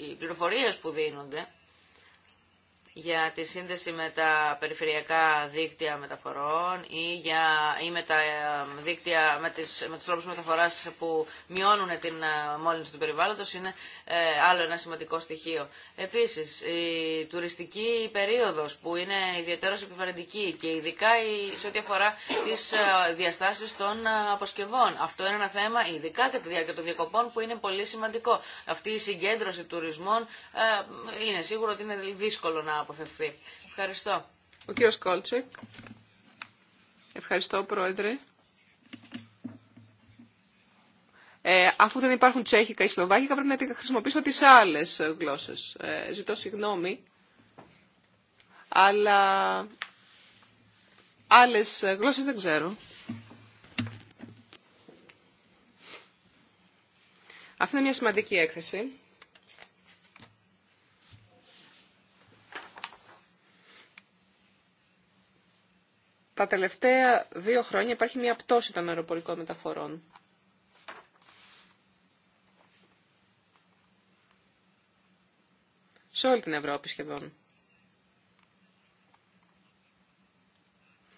οι πληροφορίες που δίνονται για τη σύνδεση με τα περιφερειακά δίκτυα μεταφορών ή, για, ή με τα ε, δίκτυα, με, τις, με τους τρόπους μεταφοράς που μειώνουν την ε, μόλυνση του περιβάλλοντος είναι ε, άλλο ένα σημαντικό στοιχείο. Επίσης, η τουριστική περίοδος που είναι ιδιαίτερως επιβαρυντική και ειδικά σε ό,τι αφορά τις διαστάσεις των αποσκευών. Αυτό είναι ένα θέμα ειδικά κατά τη διάρκεια των διακοπών που είναι πολύ σημαντικό. Αυτή η συγκέντρωση τουρισμών είναι σίγουρο ότι είναι δύσκολο να αποφευθεί. Ευχαριστώ.
Ο κύριος Κόλτσεκ. Ευχαριστώ, Πρόεδρε. Ε, αφού δεν υπάρχουν τσέχικα ή σλοβάκικα, πρέπει να χρησιμοποιήσω τις άλλες γλώσσες. Ε, ζητώ συγγνώμη, αλλά άλλες γλώσσες δεν ξέρω. Αυτή είναι μια σημαντική έκθεση. Τα τελευταία δύο χρόνια υπάρχει μια πτώση των αεροπορικών μεταφορών. Σε όλη την Ευρώπη σχεδόν.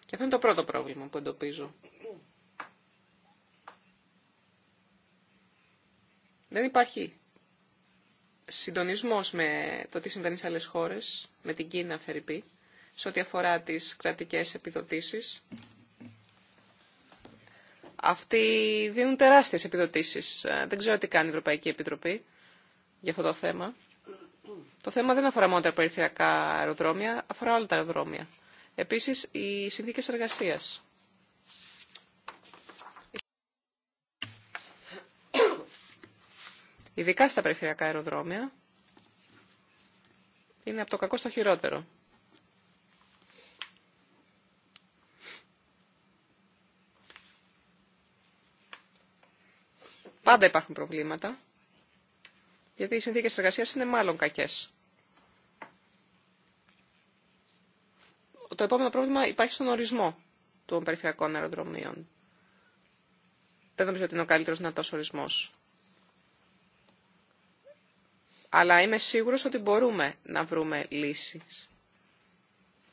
Και αυτό είναι το πρώτο πρόβλημα που εντοπίζω. Δεν υπάρχει συντονισμός με το τι συμβαίνει σε άλλες χώρες, με την Κίνα, Φερρυπή σε ό,τι αφορά τις κρατικές επιδοτήσεις. Αυτοί δίνουν τεράστιες επιδοτήσεις. Ε, δεν ξέρω τι κάνει η Ευρωπαϊκή Επιτροπή για αυτό το θέμα. Το θέμα δεν αφορά μόνο τα περιφερειακά αεροδρόμια, αφορά όλα τα αεροδρόμια. Επίσης, οι συνθήκες εργασίας. Ειδικά στα περιφερειακά αεροδρόμια, είναι από το κακό στο χειρότερο. Πάντα υπάρχουν προβλήματα, γιατί οι συνθήκες εργασίας είναι μάλλον κακές. Το επόμενο πρόβλημα υπάρχει στον ορισμό των περιφερειακών αεροδρομίων. Δεν νομίζω ότι είναι ο καλύτερος δυνατός ορισμός. Αλλά είμαι σίγουρος ότι μπορούμε να βρούμε λύσεις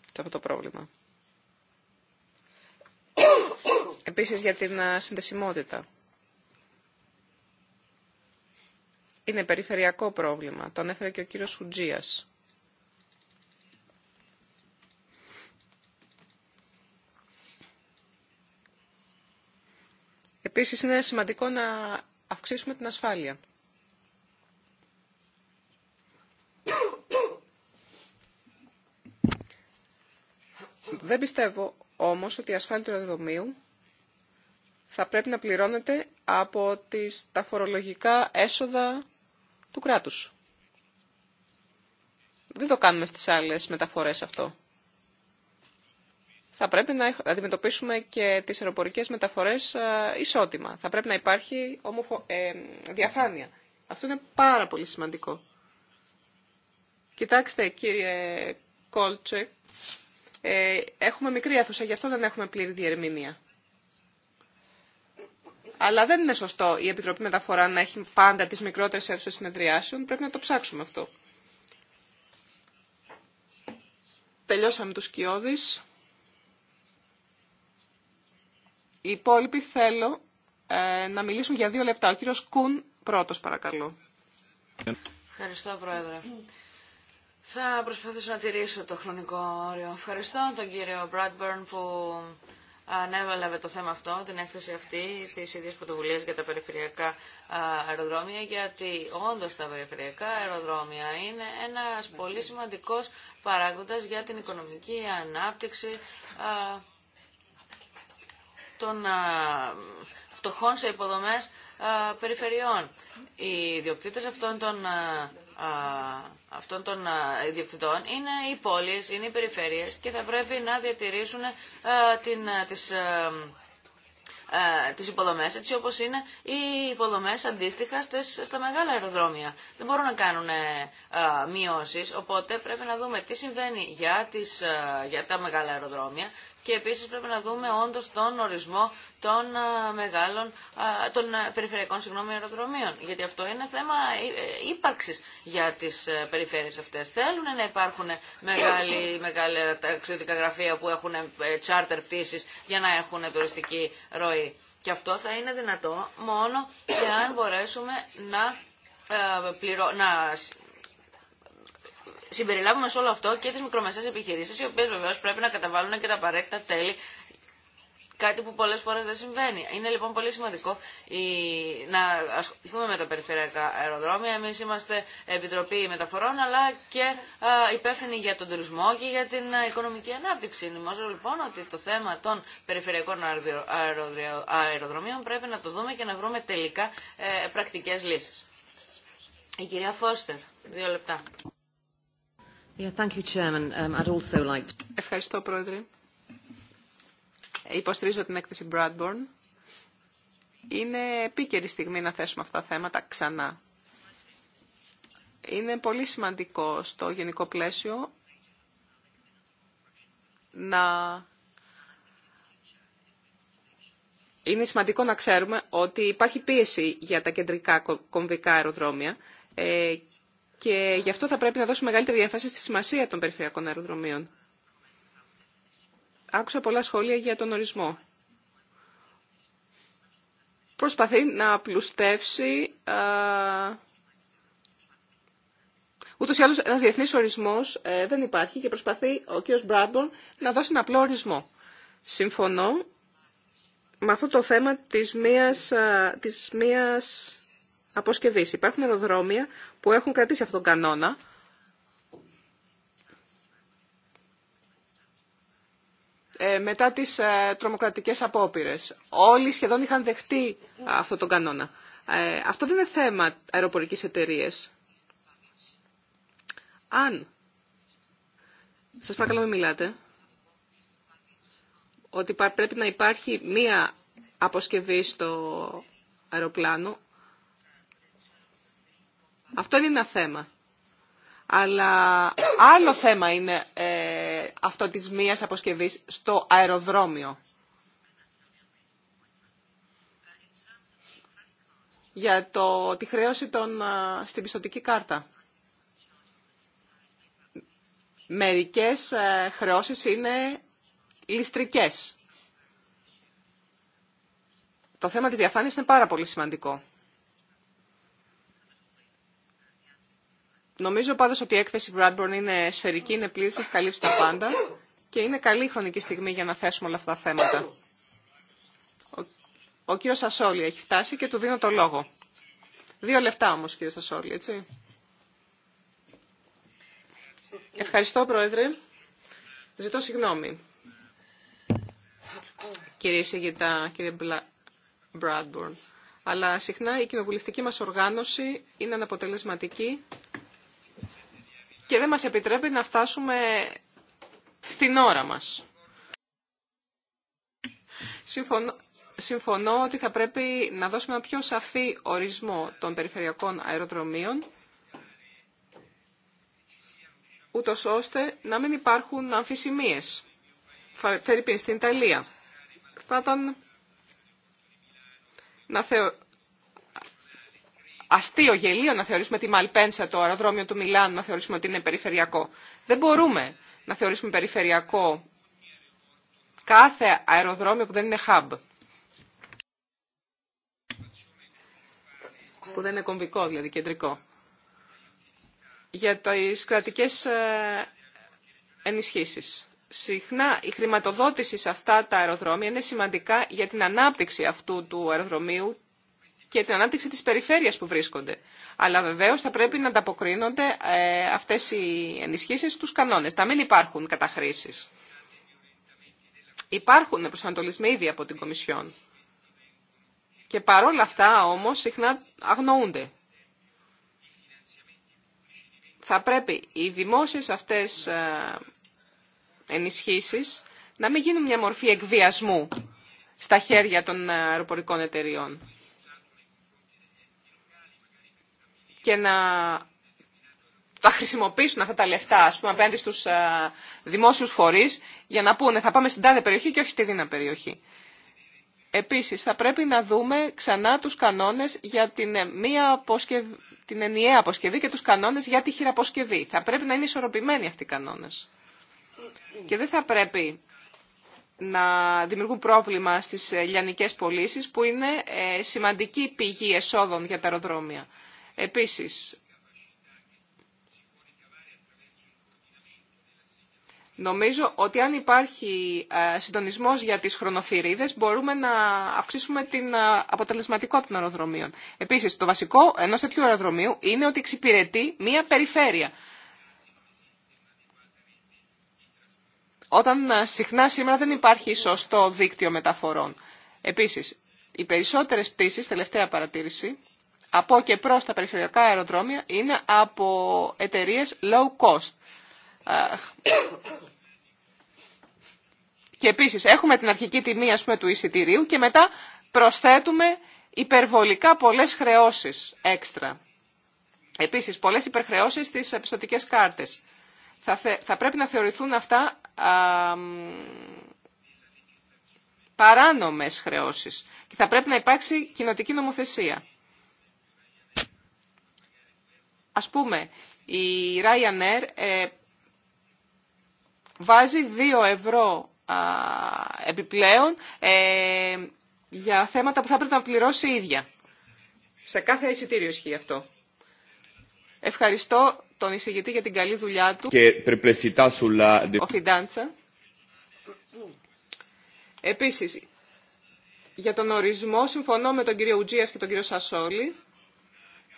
σε αυτό το πρόβλημα. Επίσης για την συνδεσιμότητα. είναι περιφερειακό πρόβλημα. Το ανέφερε και ο κύριος Σουτζίας. Επίσης είναι σημαντικό να αυξήσουμε την ασφάλεια. Δεν πιστεύω όμως ότι η ασφάλεια του αεροδρομίου θα πρέπει να πληρώνεται από τις, τα φορολογικά έσοδα του κράτους. Δεν το κάνουμε στις άλλες μεταφορές αυτό. Θα πρέπει να αντιμετωπίσουμε και τις αεροπορικές μεταφορές ε, ισότιμα. Θα πρέπει να υπάρχει ομοφο... Ε, διαφάνεια. Αυτό είναι πάρα πολύ σημαντικό. Κοιτάξτε κύριε Κόλτσεκ, ε, έχουμε μικρή αίθουσα, γι' αυτό δεν έχουμε πλήρη διερμηνία. Αλλά δεν είναι σωστό η Επιτροπή Μεταφορά να έχει πάντα τις μικρότερες αίθουσες συνεδριάσεων. Πρέπει να το ψάξουμε αυτό. Τελειώσαμε τους κοιόδης. Οι υπόλοιποι θέλω ε, να μιλήσουν για δύο λεπτά. Ο κύριος Κούν πρώτος παρακαλώ.
Ευχαριστώ Πρόεδρε. Θα προσπαθήσω να τηρήσω το χρονικό όριο. Ευχαριστώ τον κύριο Bradburn που ανέβαλε το θέμα αυτό, την έκθεση αυτή τη ίδια πρωτοβουλία για τα περιφερειακά αεροδρόμια, γιατί όντω τα περιφερειακά αεροδρόμια είναι ένα πολύ σημαντικό παράγοντα για την οικονομική ανάπτυξη των φτωχών σε υποδομέ περιφερειών. Οι ιδιοκτήτε αυτών των αυτών των ιδιοκτητών είναι οι πόλεις, είναι οι περιφέρειες και θα πρέπει να διατηρήσουν την, τις, τις υποδομές έτσι όπως είναι οι υποδομές αντίστοιχα στις, στα μεγάλα αεροδρόμια. Δεν μπορούν να κάνουν ε, μειώσεις, οπότε πρέπει να δούμε τι συμβαίνει για, τις, για τα μεγάλα αεροδρόμια και επίσης πρέπει να δούμε όντως τον ορισμό των ε, μεγάλων, ε, των ε, περιφερειακών συγγνώμη, αεροδρομίων. Γιατί αυτό είναι θέμα ύπαρξης για τις περιφέρειες αυτές. Θέλουν να υπάρχουν μεγάλη, μεγάλα ταξιδιωτικά γραφεία που έχουν charter πτήσεις για να έχουν τουριστική ροή. Και αυτό θα είναι δυνατό μόνο και αν μπορέσουμε να, πληρω... να συμπεριλάβουμε σε όλο αυτό και τι μικρομεσαίε επιχειρήσει, οι οποίε βεβαίω πρέπει να καταβάλουν και τα απαραίτητα τέλη Κάτι που πολλέ φορέ δεν συμβαίνει. Είναι λοιπόν πολύ σημαντικό να ασχοληθούμε με τα περιφερειακά αεροδρόμια. Εμεί είμαστε Επιτροπή Μεταφορών αλλά και υπεύθυνοι για τον τουρισμό και για την οικονομική ανάπτυξη. Νομίζω λοιπόν ότι το θέμα των περιφερειακών αεροδρομίων πρέπει να το δούμε και να βρούμε τελικά ε, πρακτικέ λύσει. Η κυρία Φώστερ, δύο λεπτά. Yeah,
um, Ευχαριστώ, Πρόεδρε. Υποστηρίζω την έκθεση Bradburn. Είναι επίκαιρη στιγμή να θέσουμε αυτά τα θέματα ξανά. Είναι πολύ σημαντικό στο γενικό πλαίσιο να... Είναι σημαντικό να ξέρουμε ότι υπάρχει πίεση για τα κεντρικά κομβικά αεροδρόμια ε, και γι' αυτό θα πρέπει να δώσουμε μεγαλύτερη έμφαση στη σημασία των περιφερειακών αεροδρομίων. Άκουσα πολλά σχόλια για τον ορισμό. Προσπαθεί να απλουστεύσει. Ούτω ή άλλω ένα διεθνή ορισμό ε, δεν υπάρχει και προσπαθεί ο κ. Μπράντμπορν να δώσει ένα απλό ορισμό. Συμφωνώ με αυτό το θέμα της μίας, της μίας Υπάρχουν αεροδρόμια που έχουν κρατήσει αυτόν τον κανόνα. Ε, μετά τις ε, τρομοκρατικές απόπειρες. Όλοι σχεδόν είχαν δεχτεί αυτόν τον κανόνα. Ε, αυτό δεν είναι θέμα αεροπορικής εταιρείας. Αν, σας παρακαλώ μην μιλάτε, ότι πρέπει να υπάρχει μία αποσκευή στο αεροπλάνο, αυτό είναι ένα θέμα. Αλλά άλλο θέμα είναι ε, αυτό της μίας αποσκευής στο αεροδρόμιο. Για το, τη χρέωση των, στην πιστοτική κάρτα. Μερικές ε, χρεώσεις είναι ληστρικές. Το θέμα της διαφάνειας είναι πάρα πολύ σημαντικό. Νομίζω πάντως ότι η έκθεση Bradburn είναι σφαιρική, είναι πλήρης, έχει καλύψει τα πάντα και είναι καλή χρονική στιγμή για να θέσουμε όλα αυτά τα θέματα. Ο, ο κύριος Σασόλη έχει φτάσει και του δίνω το λόγο. Δύο λεφτά όμω, κύριε Σασόλη, έτσι. Ευχαριστώ Πρόεδρε. Ζητώ συγγνώμη. Κύριε Σιγητά, κύριε Bradburn. Αλλά συχνά η κοινοβουλευτική μας οργάνωση είναι αναποτελεσματική και δεν μας επιτρέπει να φτάσουμε στην ώρα μας. Συμφωνώ, ότι θα πρέπει να δώσουμε ένα πιο σαφή ορισμό των περιφερειακών αεροδρομίων, ούτω ώστε να μην υπάρχουν αμφισημίες. Φερρυπίν στην Ιταλία. Θα ήταν να, αστείο, γελίο να θεωρήσουμε τη Μαλπένσα, το αεροδρόμιο του Μιλάνου, να θεωρήσουμε ότι είναι περιφερειακό. Δεν μπορούμε να θεωρήσουμε περιφερειακό κάθε αεροδρόμιο που δεν είναι hub. Που δεν είναι κομβικό, δηλαδή κεντρικό. Για τις κρατικές ε, ενισχύσεις. Συχνά η χρηματοδότηση σε αυτά τα αεροδρόμια είναι σημαντικά για την ανάπτυξη αυτού του αεροδρομίου και την ανάπτυξη της περιφέρειας που βρίσκονται. Αλλά βεβαίως θα πρέπει να ανταποκρίνονται ε, αυτές οι ενισχύσεις στους κανόνες, Τα μην υπάρχουν καταχρήσεις. Υπάρχουν προσανατολισμοί ήδη από την Κομισιόν. Και παρόλα αυτά όμως συχνά αγνοούνται. Θα πρέπει οι δημόσιες αυτές ε, ενισχύσεις να μην γίνουν μια μορφή εκβιασμού στα χέρια των ε, αεροπορικών εταιριών. και να τα χρησιμοποιήσουν αυτά τα λεφτά, ας πούμε, απέναντι στους α, ε, δημόσιους φορείς για να πούνε θα πάμε στην τάδε περιοχή και όχι στη δίνα περιοχή. Επίσης, θα πρέπει να δούμε ξανά τους κανόνες για την, ε, μία αποσκευ... την ενιαία αποσκευή και τους κανόνες για τη χειραποσκευή. Θα πρέπει να είναι ισορροπημένοι αυτοί οι κανόνες. Και δεν θα πρέπει να δημιουργούν πρόβλημα στις ε, λιανικές πωλήσει που είναι σημαντική πηγή εσόδων για τα αεροδρόμια. Επίσης, Νομίζω ότι αν υπάρχει ε, συντονισμός για τις χρονοθυρίδες μπορούμε να αυξήσουμε την ε, αποτελεσματικότητα των αεροδρομίων. Επίσης, το βασικό ενός τέτοιου αεροδρομίου είναι ότι εξυπηρετεί μία περιφέρεια. Όταν ε, συχνά σήμερα δεν υπάρχει σωστό δίκτυο μεταφορών. Επίσης, οι περισσότερες πτήσεις, τελευταία παρατήρηση, από και προς τα περιφερειακά αεροδρόμια είναι από εταιρείε low cost. Ε, και επίσης έχουμε την αρχική τιμή ας πούμε, του εισιτηρίου και μετά προσθέτουμε υπερβολικά πολλές χρεώσεις έξτρα. Επίσης, πολλές υπερχρεώσεις στις επιστοτικές κάρτες. Θα, πρέπει να θεωρηθούν αυτά α, παράνομες χρεώσεις και θα πρέπει να υπάρξει κοινοτική νομοθεσία. Ας πούμε, η Ryanair ε, βάζει 2 ευρώ επιπλέον ε, για θέματα που θα πρέπει να πληρώσει η ίδια. Σε κάθε εισιτήριο ισχύει αυτό. Ευχαριστώ τον εισηγητή για την καλή δουλειά του. Και
sulla... Ο
Φιντάντσα. Επίσης, για τον ορισμό συμφωνώ με τον κύριο Ουτζίας και τον κύριο Σασόλη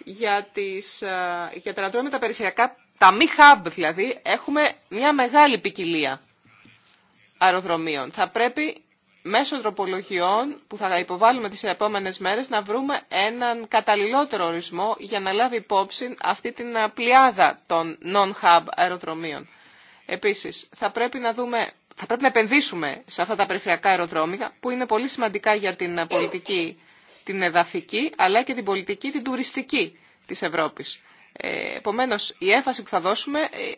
για, τις, ε, για τα περιφερειακά, τα μη hub δηλαδή, έχουμε μια μεγάλη ποικιλία αεροδρομίων. Θα πρέπει μέσω τροπολογιών που θα υποβάλουμε τις επόμενες μέρες να βρούμε έναν καταλληλότερο ορισμό για να λάβει υπόψη αυτή την πλειάδα των non-hub αεροδρομίων. Επίσης, θα πρέπει να δούμε... Θα πρέπει να επενδύσουμε σε αυτά τα περιφερειακά αεροδρόμια που είναι πολύ σημαντικά για την πολιτική την εδαφική αλλά και την πολιτική, την τουριστική της Ευρώπης. Ε, επομένως, η έμφαση που θα δώσουμε ε,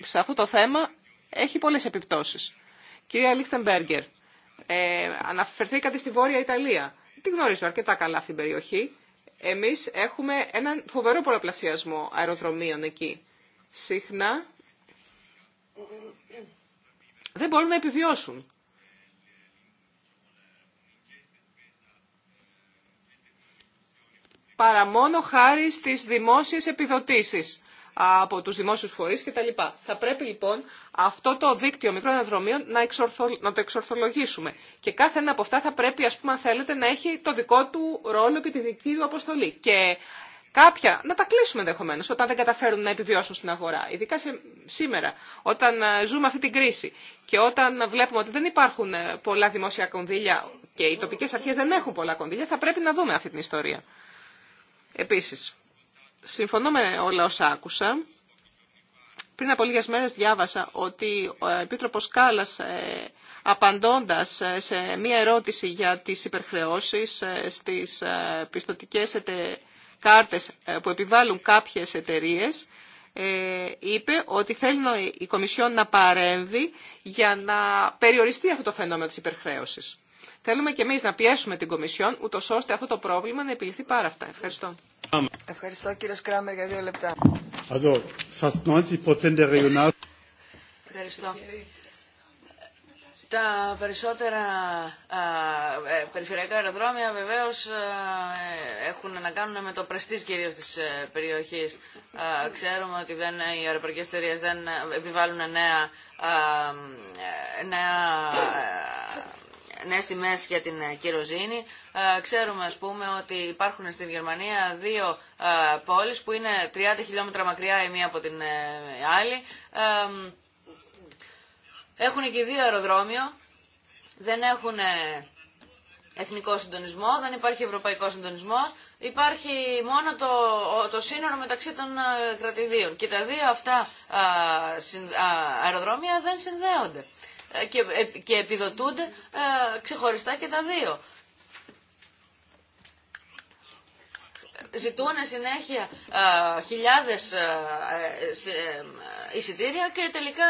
σε αυτό το θέμα έχει πολλές επιπτώσεις. Κυρία Λίχτεμπέργκερ, ε, αναφερθήκατε στη Βόρεια Ιταλία. Τη γνωρίζω αρκετά καλά αυτήν την περιοχή. Εμείς έχουμε έναν φοβερό πολλαπλασιασμό αεροδρομίων εκεί. Συχνά δεν μπορούν να επιβιώσουν. παρά μόνο χάρη στις δημόσιες επιδοτήσεις από τους δημόσιους φορείς κτλ. Θα πρέπει λοιπόν αυτό το δίκτυο μικρών αναδρομίων να, να το εξορθολογήσουμε. Και κάθε ένα από αυτά θα πρέπει, ας πούμε, αν θέλετε, να έχει το δικό του ρόλο και τη δική του αποστολή. Και κάποια να τα κλείσουμε ενδεχομένω όταν δεν καταφέρουν να επιβιώσουν στην αγορά. Ειδικά σε... σήμερα, όταν ε, ζούμε αυτή την κρίση και όταν βλέπουμε ότι δεν υπάρχουν ε, πολλά δημόσια κονδύλια και οι τοπικές αρχέ δεν έχουν πολλά κονδύλια, θα πρέπει να δούμε αυτή την ιστορία. Επίσης, συμφωνώ με όλα όσα άκουσα. Πριν από λίγες μέρες διάβασα ότι ο Επίτροπος Κάλλας ε, απαντώντας ε, σε μία ερώτηση για τις υπερχρεώσεις ε, στις πιστοτικές κάρτες που επιβάλλουν κάποιες εταιρείες, είπε ότι θέλει η Κομισιόν να παρέμβει για να περιοριστεί αυτό το φαινόμενο της υπερχρέωσης. Θέλουμε και εμείς να πιέσουμε την Κομισιόν, ούτω ώστε αυτό το πρόβλημα να επιληθεί πάρα αυτά. Ευχαριστώ. Ευχαριστώ
κύριε Σκράμερ για δύο λεπτά. Ευχαριστώ. Τα περισσότερα ε, περιφερειακά αεροδρόμια βεβαίως ε, έχουν να κάνουν με το πρεστής κυρίω της ε, περιοχής. ξέρουμε ότι δεν, οι αεροπορικές εταιρείε δεν ε, επιβάλλουν νέα νέες τιμές για την ε, κυροζήνη. Ε, ξέρουμε, ας πούμε, ότι υπάρχουν στην Γερμανία δύο ε, πόλεις που είναι 30 χιλιόμετρα μακριά η μία από την άλλη. Έχουν και δύο αεροδρόμιο, δεν έχουν εθνικό συντονισμό, δεν υπάρχει ευρωπαϊκό συντονισμό, υπάρχει μόνο το, το σύνορο μεταξύ των κρατηδίων. Και τα δύο αυτά αεροδρόμια δεν συνδέονται. Ε, και επιδοτούνται ε, ξεχωριστά και τα δύο. Ζητούν συνέχεια ε, χιλιάδες εισιτήρια και τελικά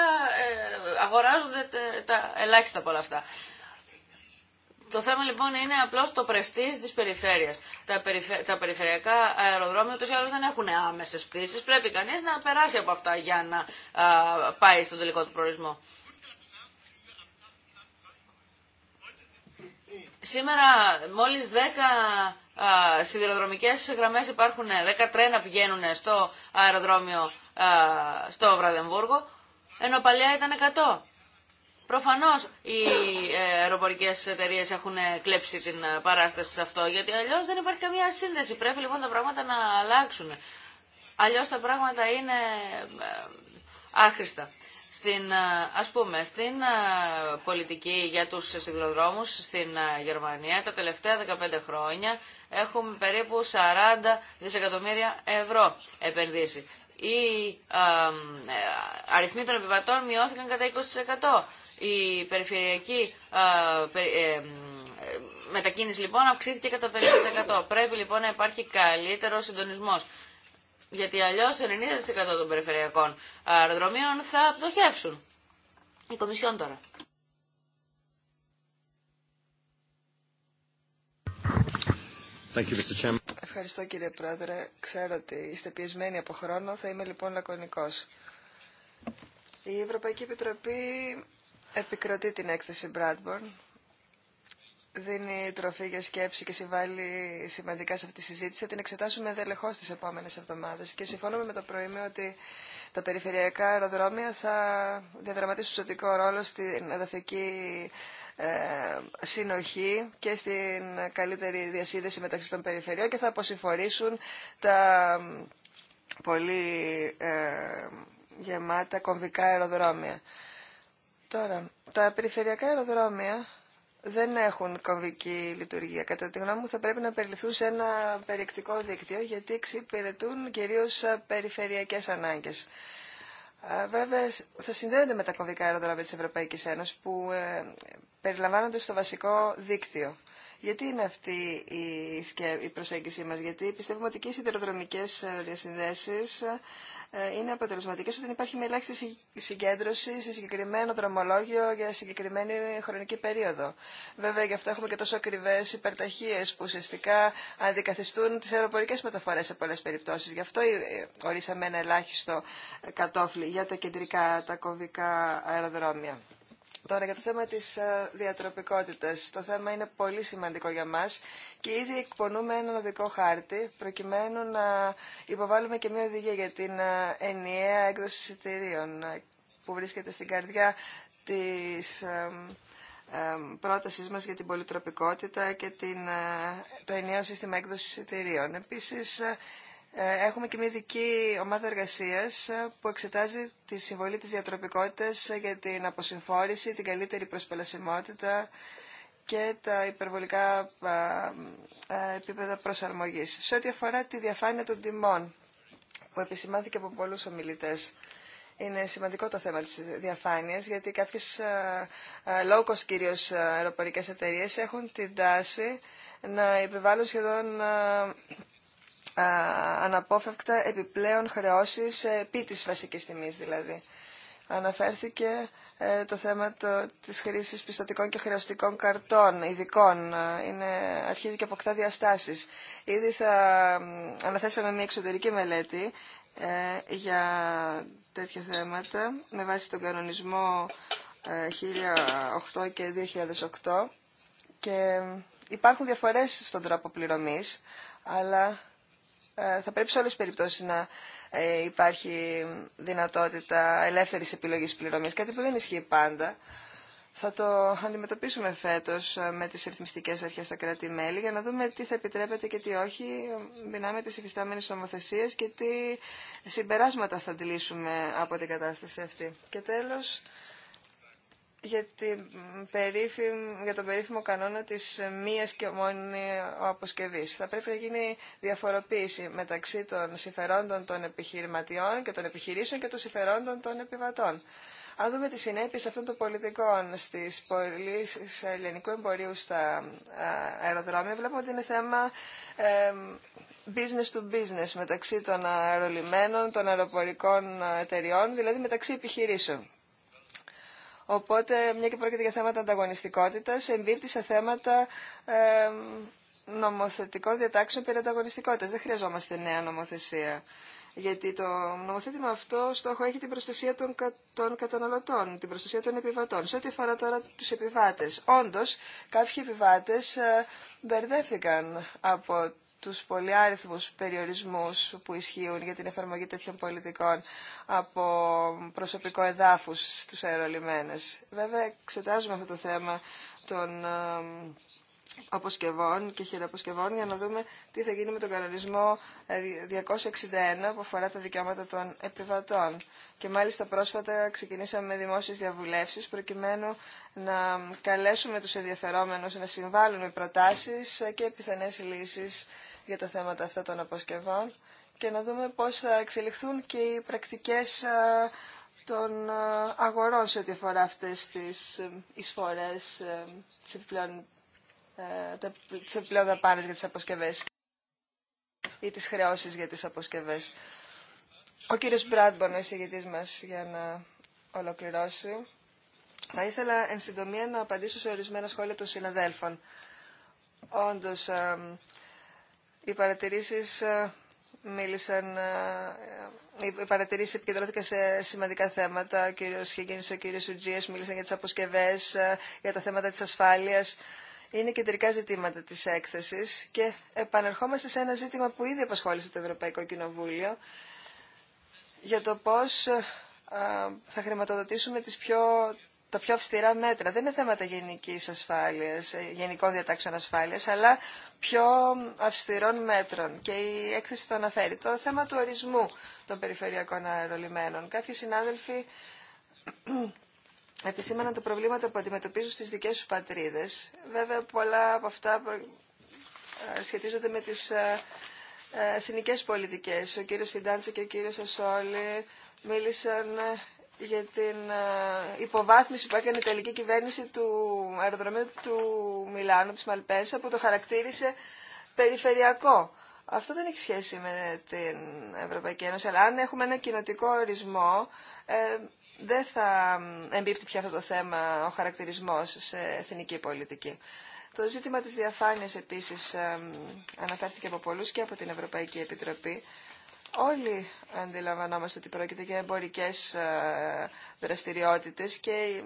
αγοράζονται τα ελάχιστα από όλα αυτά. Το θέμα λοιπόν είναι απλώς το πρεστή της περιφέρειας. Τα, τα περιφερειακά αεροδρόμια ούτως ή άλλως δεν έχουν άμεσες πτήσεις. Πρέπει κανείς να περάσει από αυτά για να α, πάει στον τελικό του προορισμό. Σήμερα μόλις 10 α, σιδηροδρομικές γραμμές υπάρχουν, 10 ε, τρένα πηγαίνουν στο αεροδρόμιο στο Βραδεμβούργο, ενώ παλιά ήταν 100. Προφανώς οι ε, αεροπορικές εταιρείε έχουν ε, κλέψει την παράσταση σε αυτό, γιατί αλλιώς δεν υπάρχει καμία σύνδεση. Πρέπει λοιπόν τα πράγματα να αλλάξουν. Αλλιώς τα πράγματα είναι άχρηστα στην, ας πούμε, στην πολιτική για τους σιδηροδρόμους στην Γερμανία τα τελευταία 15 χρόνια έχουμε περίπου 40 δισεκατομμύρια ευρώ επενδύσει. Οι ε, αριθμοί των επιβατών μειώθηκαν κατά 20%. Η περιφερειακή ε, ε, μετακίνηση λοιπόν αυξήθηκε κατά 50%. Πρέπει λοιπόν να υπάρχει καλύτερο συντονισμός. Γιατί αλλιώ 90% των περιφερειακών αεροδρομίων θα πτωχεύσουν. Η Κομισιόν τώρα.
Ευχαριστώ κύριε Πρόεδρε. Ξέρω ότι είστε πιεσμένοι από χρόνο. Θα είμαι λοιπόν λακωνικός. Η Ευρωπαϊκή Επιτροπή επικροτεί την έκθεση Bradburn δίνει τροφή για σκέψη και συμβάλλει σημαντικά σε αυτή τη συζήτηση. Θα την εξετάσουμε δελεχώς τι επόμενες εβδομάδες. Και συμφωνούμε με το μου ότι τα περιφερειακά αεροδρόμια θα διαδραματίσουν σωτικό ρόλο στην εδαφική ε, συνοχή και στην καλύτερη διασύνδεση μεταξύ των περιφερειών και θα αποσυμφορήσουν τα πολύ ε, γεμάτα κομβικά αεροδρόμια. Τώρα, τα περιφερειακά αεροδρόμια δεν έχουν κομβική λειτουργία. Κατά τη γνώμη μου θα πρέπει να περιληφθούν σε ένα περιεκτικό δίκτυο γιατί εξυπηρετούν κυρίως ε, περιφερειακές ανάγκες. Ε, βέβαια, θα συνδέονται με τα κομβικά αεροδρόμια της Ευρωπαϊκής Ένωσης που ε, περιλαμβάνονται στο βασικό δίκτυο. Γιατί είναι αυτή η προσέγγιση μας, γιατί πιστεύουμε ότι και οι σιδηροδρομικές ε, διασυνδέσεις ε, είναι αποτελεσματικές όταν υπάρχει μια ελάχιστη συγκέντρωση σε συγκεκριμένο δρομολόγιο για συγκεκριμένη χρονική περίοδο. Βέβαια, γι' αυτό έχουμε και τόσο ακριβέ υπερταχίες που ουσιαστικά αντικαθιστούν τις αεροπορικές μεταφορές σε πολλές περιπτώσεις. Γι' αυτό ε, ορίσαμε ένα ελάχιστο κατόφλι για τα κεντρικά, τα κομβικά αεροδρόμια. Τώρα για το θέμα της ε, διατροπικότητας. Το θέμα είναι πολύ σημαντικό για μας και ήδη εκπονούμε έναν οδικό χάρτη προκειμένου να υποβάλουμε και μια οδηγία για την ε, ενιαία έκδοση εισιτηρίων ε, που βρίσκεται στην καρδιά της πρότασής μας για την πολυτροπικότητα και την, το ενιαίο σύστημα έκδοσης εισιτηρίων. Επίσης, ε, έχουμε και μια ειδική ομάδα εργασία ε, που εξετάζει τη συμβολή της διατροπικότητα ε, για την αποσυμφόρηση, την καλύτερη προσπελασιμότητα και τα υπερβολικά επίπεδα προσαρμογής. Σε ό,τι αφορά τη διαφάνεια των τιμών, που επισημάνθηκε από πολλούς ομιλητές, είναι σημαντικό το θέμα της διαφάνειας, γιατί κάποιες low cost κυρίως αεροπορικές έχουν την τάση να επιβάλλουν σχεδόν αναπόφευκτα επιπλέον χρεώσεις ε, επί της βασικής τιμής δηλαδή. Αναφέρθηκε ε, το θέμα το, της χρήσης πιστοτικών και χρεωστικών καρτών, ειδικών. Ε, είναι, αρχίζει και αποκτά διαστάσεις. Ήδη θα αναθέσαμε μια εξωτερική μελέτη για τέτοια θέματα με βάση τον κανονισμό ε, 1008 και 2008 και υπάρχουν διαφορές στον τρόπο πληρωμής αλλά ε, θα πρέπει σε όλες τις περιπτώσεις να ε, υπάρχει δυνατότητα ελεύθερης επιλογής πληρωμής, κάτι που δεν ισχύει πάντα. Θα το αντιμετωπίσουμε φέτος ε, με τις ρυθμιστικές αρχές στα κράτη-μέλη για να δούμε τι θα επιτρέπεται και τι όχι δυνάμει της υφιστάμενης νομοθεσίας και τι συμπεράσματα θα αντιλήσουμε από την κατάσταση αυτή. Και τέλος, για, για τον περίφημο κανόνα της μίας και μόνη αποσκευής. Θα πρέπει να γίνει διαφοροποίηση μεταξύ των συμφερόντων των επιχειρηματιών και των επιχειρήσεων και των συμφερόντων των επιβατών. Αν δούμε τις συνέπειες αυτών των πολιτικών στις πωλήσει ελληνικού εμπορίου στα ε, αεροδρόμια, βλέπουμε ότι είναι θέμα ε, business to business μεταξύ των αερολιμένων, των αεροπορικών εταιριών, δηλαδή μεταξύ επιχειρήσεων. Οπότε, μια και πρόκειται για θέματα ανταγωνιστικότητας, εμπίπτει σε θέματα ε, νομοθετικών διατάξεων περί ανταγωνιστικότητα. Δεν χρειαζόμαστε νέα νομοθεσία. Γιατί το νομοθέτημα αυτό στόχο έχει την προστασία των, των καταναλωτών, την προστασία των επιβατών. Σε ό,τι αφορά τώρα του επιβάτε. Όντω, κάποιοι επιβάτες ε, μπερδεύτηκαν από τους πολυάριθμους περιορισμούς που ισχύουν για την εφαρμογή τέτοιων πολιτικών από προσωπικό εδάφους στους αερολιμένες. Βέβαια, εξετάζουμε αυτό το θέμα των αποσκευών και χειραποσκευών για να δούμε τι θα γίνει με τον κανονισμό 261 ε, που αφορά τα δικαιώματα των επιβατών. Και μάλιστα πρόσφατα ξεκινήσαμε δημόσιες διαβουλεύσεις προκειμένου να καλέσουμε τους ενδιαφερόμενους να συμβάλλουν με προτάσεις ε, και πιθανές λύσεις για τα θέματα αυτά των αποσκευών και να δούμε πώς θα εξελιχθούν και οι πρακτικές ε, των ε, αγορών σε ό,τι αφορά αυτές τις ε, εισφορές, τις επιπλέον, δαπάνε δαπάνες για τις αποσκευές ή τις χρεώσεις για τις αποσκευές. Ο κύριος Μπράντμπον, ο εισηγητής μας, για να ολοκληρώσει. Θα ήθελα εν συντομία να απαντήσω σε ορισμένα σχόλια των συναδέλφων. Οι παρατηρήσεις ε, μίλησαν, ε, ε, οι παρατηρήσεις επικεντρώθηκαν σε σημαντικά θέματα. Ο κύριος με ο κύριος Ουτζίας μίλησαν για τις αποσκευές, για τα θέματα της ασφάλειας. Είναι κεντρικά ζητήματα της έκθεσης και επανερχόμαστε σε ένα ζήτημα που ήδη απασχόλησε το Ευρωπαϊκό Κοινοβούλιο για το πώς θα χρηματοδοτήσουμε τις πιο τα πιο αυστηρά μέτρα. Δεν είναι θέματα γενικής ασφάλειας, ε, γενικών διατάξεων ασφάλειας, αλλά πιο αυστηρών μέτρων. Και η έκθεση το αναφέρει. Το θέμα του ορισμού των περιφερειακών αερολιμένων. Κάποιοι συνάδελφοι επισήμαναν τα προβλήματα που αντιμετωπίζουν στις δικές τους πατρίδες. Βέβαια, πολλά από αυτά ε, σχετίζονται με τις ε, εθνικές πολιτικές. Ο κύριος Φιντάντσε και ο κύριος Ασόλη μίλησαν για την ε, υποβάθμιση που έκανε η τελική κυβέρνηση του αεροδρομίου του Μιλάνου, της Μαλπέσα, που το χαρακτήρισε περιφερειακό. Αυτό δεν έχει σχέση με την Ευρωπαϊκή Ένωση, αλλά αν έχουμε ένα κοινοτικό ορισμό, ε, δεν θα εμπίπτει πια αυτό το θέμα ο χαρακτηρισμός σε εθνική πολιτική. Το ζήτημα της διαφάνειας επίσης ε, αναφέρθηκε από πολλούς και από την Ευρωπαϊκή Επιτροπή. Όλοι αντιλαμβανόμαστε ότι πρόκειται για εμπορικές ε, δραστηριότητες και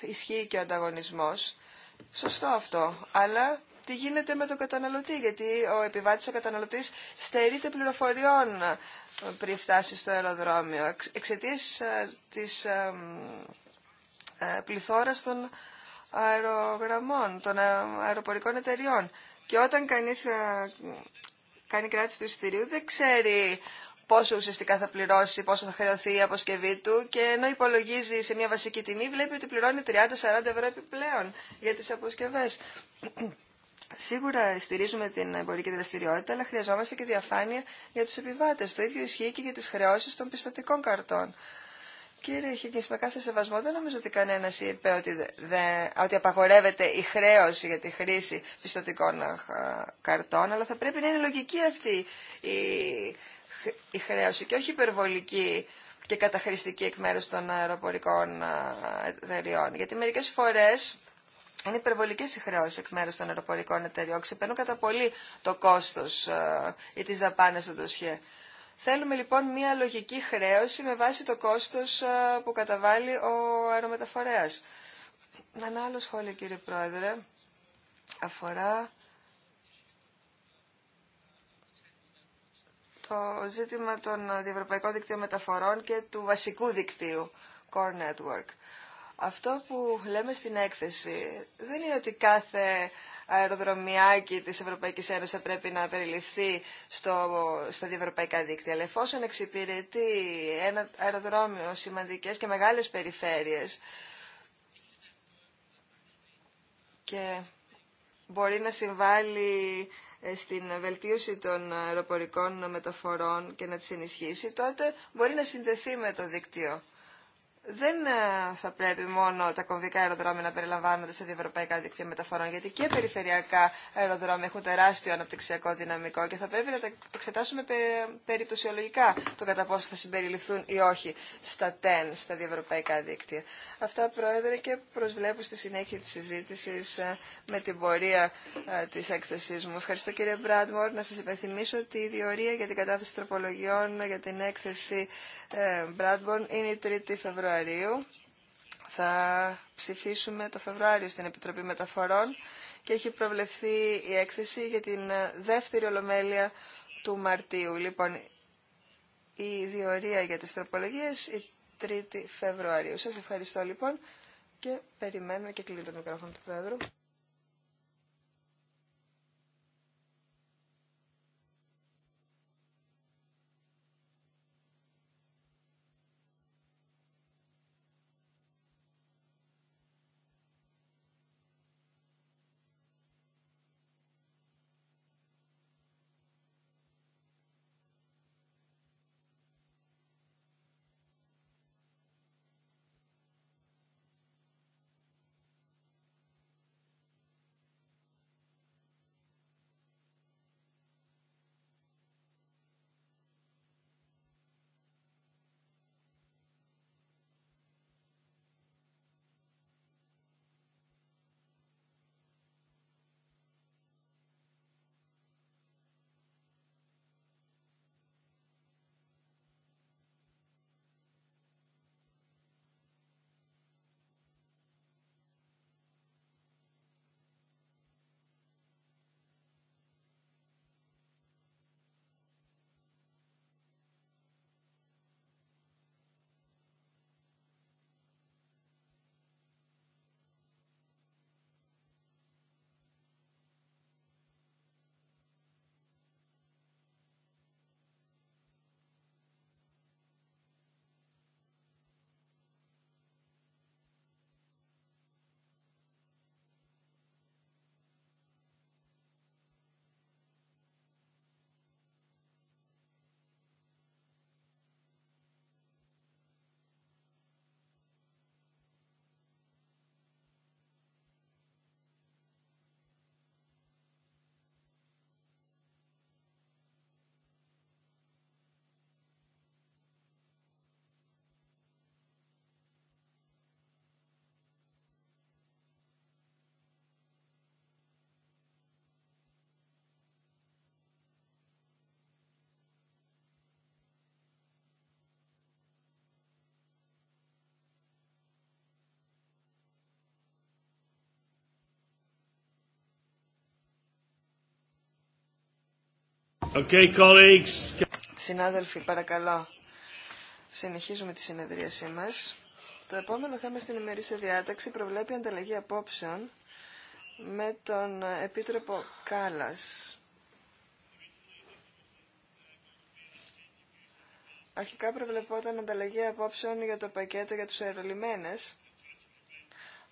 ισχύει και ο ανταγωνισμό. Σωστό αυτό. Αλλά τι γίνεται με τον καταναλωτή, γιατί ο επιβάτης, ο καταναλωτή στερείται πληροφοριών ε, πριν φτάσει στο αεροδρόμιο εξαιτία ε, της πληθώρας των αερογραμμών, των αεροπορικών εταιριών. Και όταν κανείς κάνει κράτηση του εισιτηρίου δεν ξέρει πόσο ουσιαστικά θα πληρώσει, πόσο θα χρεωθεί η αποσκευή του και ενώ υπολογίζει σε μια βασική τιμή βλέπει ότι πληρώνει 30-40 ευρώ επιπλέον για τις αποσκευές. Σίγουρα στηρίζουμε την εμπορική δραστηριότητα, αλλά χρειαζόμαστε και διαφάνεια για τους επιβάτες. Το ίδιο ισχύει και για τις χρεώσεις των πιστοτικών καρτών. Κύριε Χίγκης, με κάθε σεβασμό δεν νομίζω ότι κανένας είπε ότι, δεν, ότι απαγορεύεται η χρέωση για τη χρήση πιστοτικών καρτών, αλλά θα πρέπει να είναι λογική αυτή η, η χρέωση και όχι υπερβολική και καταχρηστική εκ μέρους των αεροπορικών εταιριών. Γιατί μερικές φορές είναι υπερβολικέ οι χρεώσει εκ μέρους των αεροπορικών εταιριών. Ξεπερνούν κατά πολύ το κόστος ή τι δαπάνε του ντοσιέ. Θέλουμε λοιπόν μία λογική χρέωση με βάση το κόστος ε, που καταβάλει ο αερομεταφορέας. Ένα άλλο σχόλιο κύριε Πρόεδρε αφορά το ζήτημα των διευρωπαϊκών δικτύων μεταφορών και του βασικού δικτύου Core Network. Αυτό που λέμε στην έκθεση δεν είναι ότι κάθε αεροδρομιάκι της Ευρωπαϊκής Ένωσης θα πρέπει να περιληφθεί στο, στα διευρωπαϊκά δίκτυα. Αλλά εφόσον εξυπηρετεί ένα αεροδρόμιο σημαντικές και μεγάλες περιφέρειες και μπορεί να συμβάλλει ε, στην βελτίωση των αεροπορικών μεταφορών και να τις ενισχύσει, τότε μπορεί να συνδεθεί με το δίκτυο δεν ε, θα πρέπει μόνο τα κομβικά αεροδρόμια να περιλαμβάνονται σε διευρωπαϊκά δίκτυα μεταφορών, γιατί και περιφερειακά αεροδρόμια έχουν τεράστιο αναπτυξιακό δυναμικό και θα πρέπει να τα εξετάσουμε περιπτωσιολογικά το κατά πόσο θα συμπεριληφθούν ή όχι στα TEN, στα διευρωπαϊκά δίκτυα. Αυτά, Πρόεδρε, και προσβλέπω στη συνέχεια τη συζήτηση ε, με την πορεία ε, τη έκθεση μου. Ευχαριστώ, κύριε Μπράτμορ. Να σα υπενθυμίσω ότι η διορία για την κατάθεση τροπολογιών για την έκθεση Μπράντμπορν ε, είναι η 3η Φεβρουαρίου. Θα ψηφίσουμε το Φεβρουάριο στην Επιτροπή Μεταφορών και έχει προβλεφθεί η έκθεση για την δεύτερη ολομέλεια του Μαρτίου. Λοιπόν, η διορία για τις τροπολογίες η 3η Φεβρουαρίου. Σας ευχαριστώ λοιπόν και περιμένουμε και κλείνει το μικρόφωνο του Πρόεδρου. Συνάδελφοι, παρακαλώ. Συνεχίζουμε τη συνεδρίασή μας. Το επόμενο θέμα στην ημερήσια διάταξη προβλέπει ανταλλαγή απόψεων με τον Επίτροπο Κάλλας. Αρχικά προβλεπόταν ανταλλαγή απόψεων για το πακέτο για τους αερολιμένες,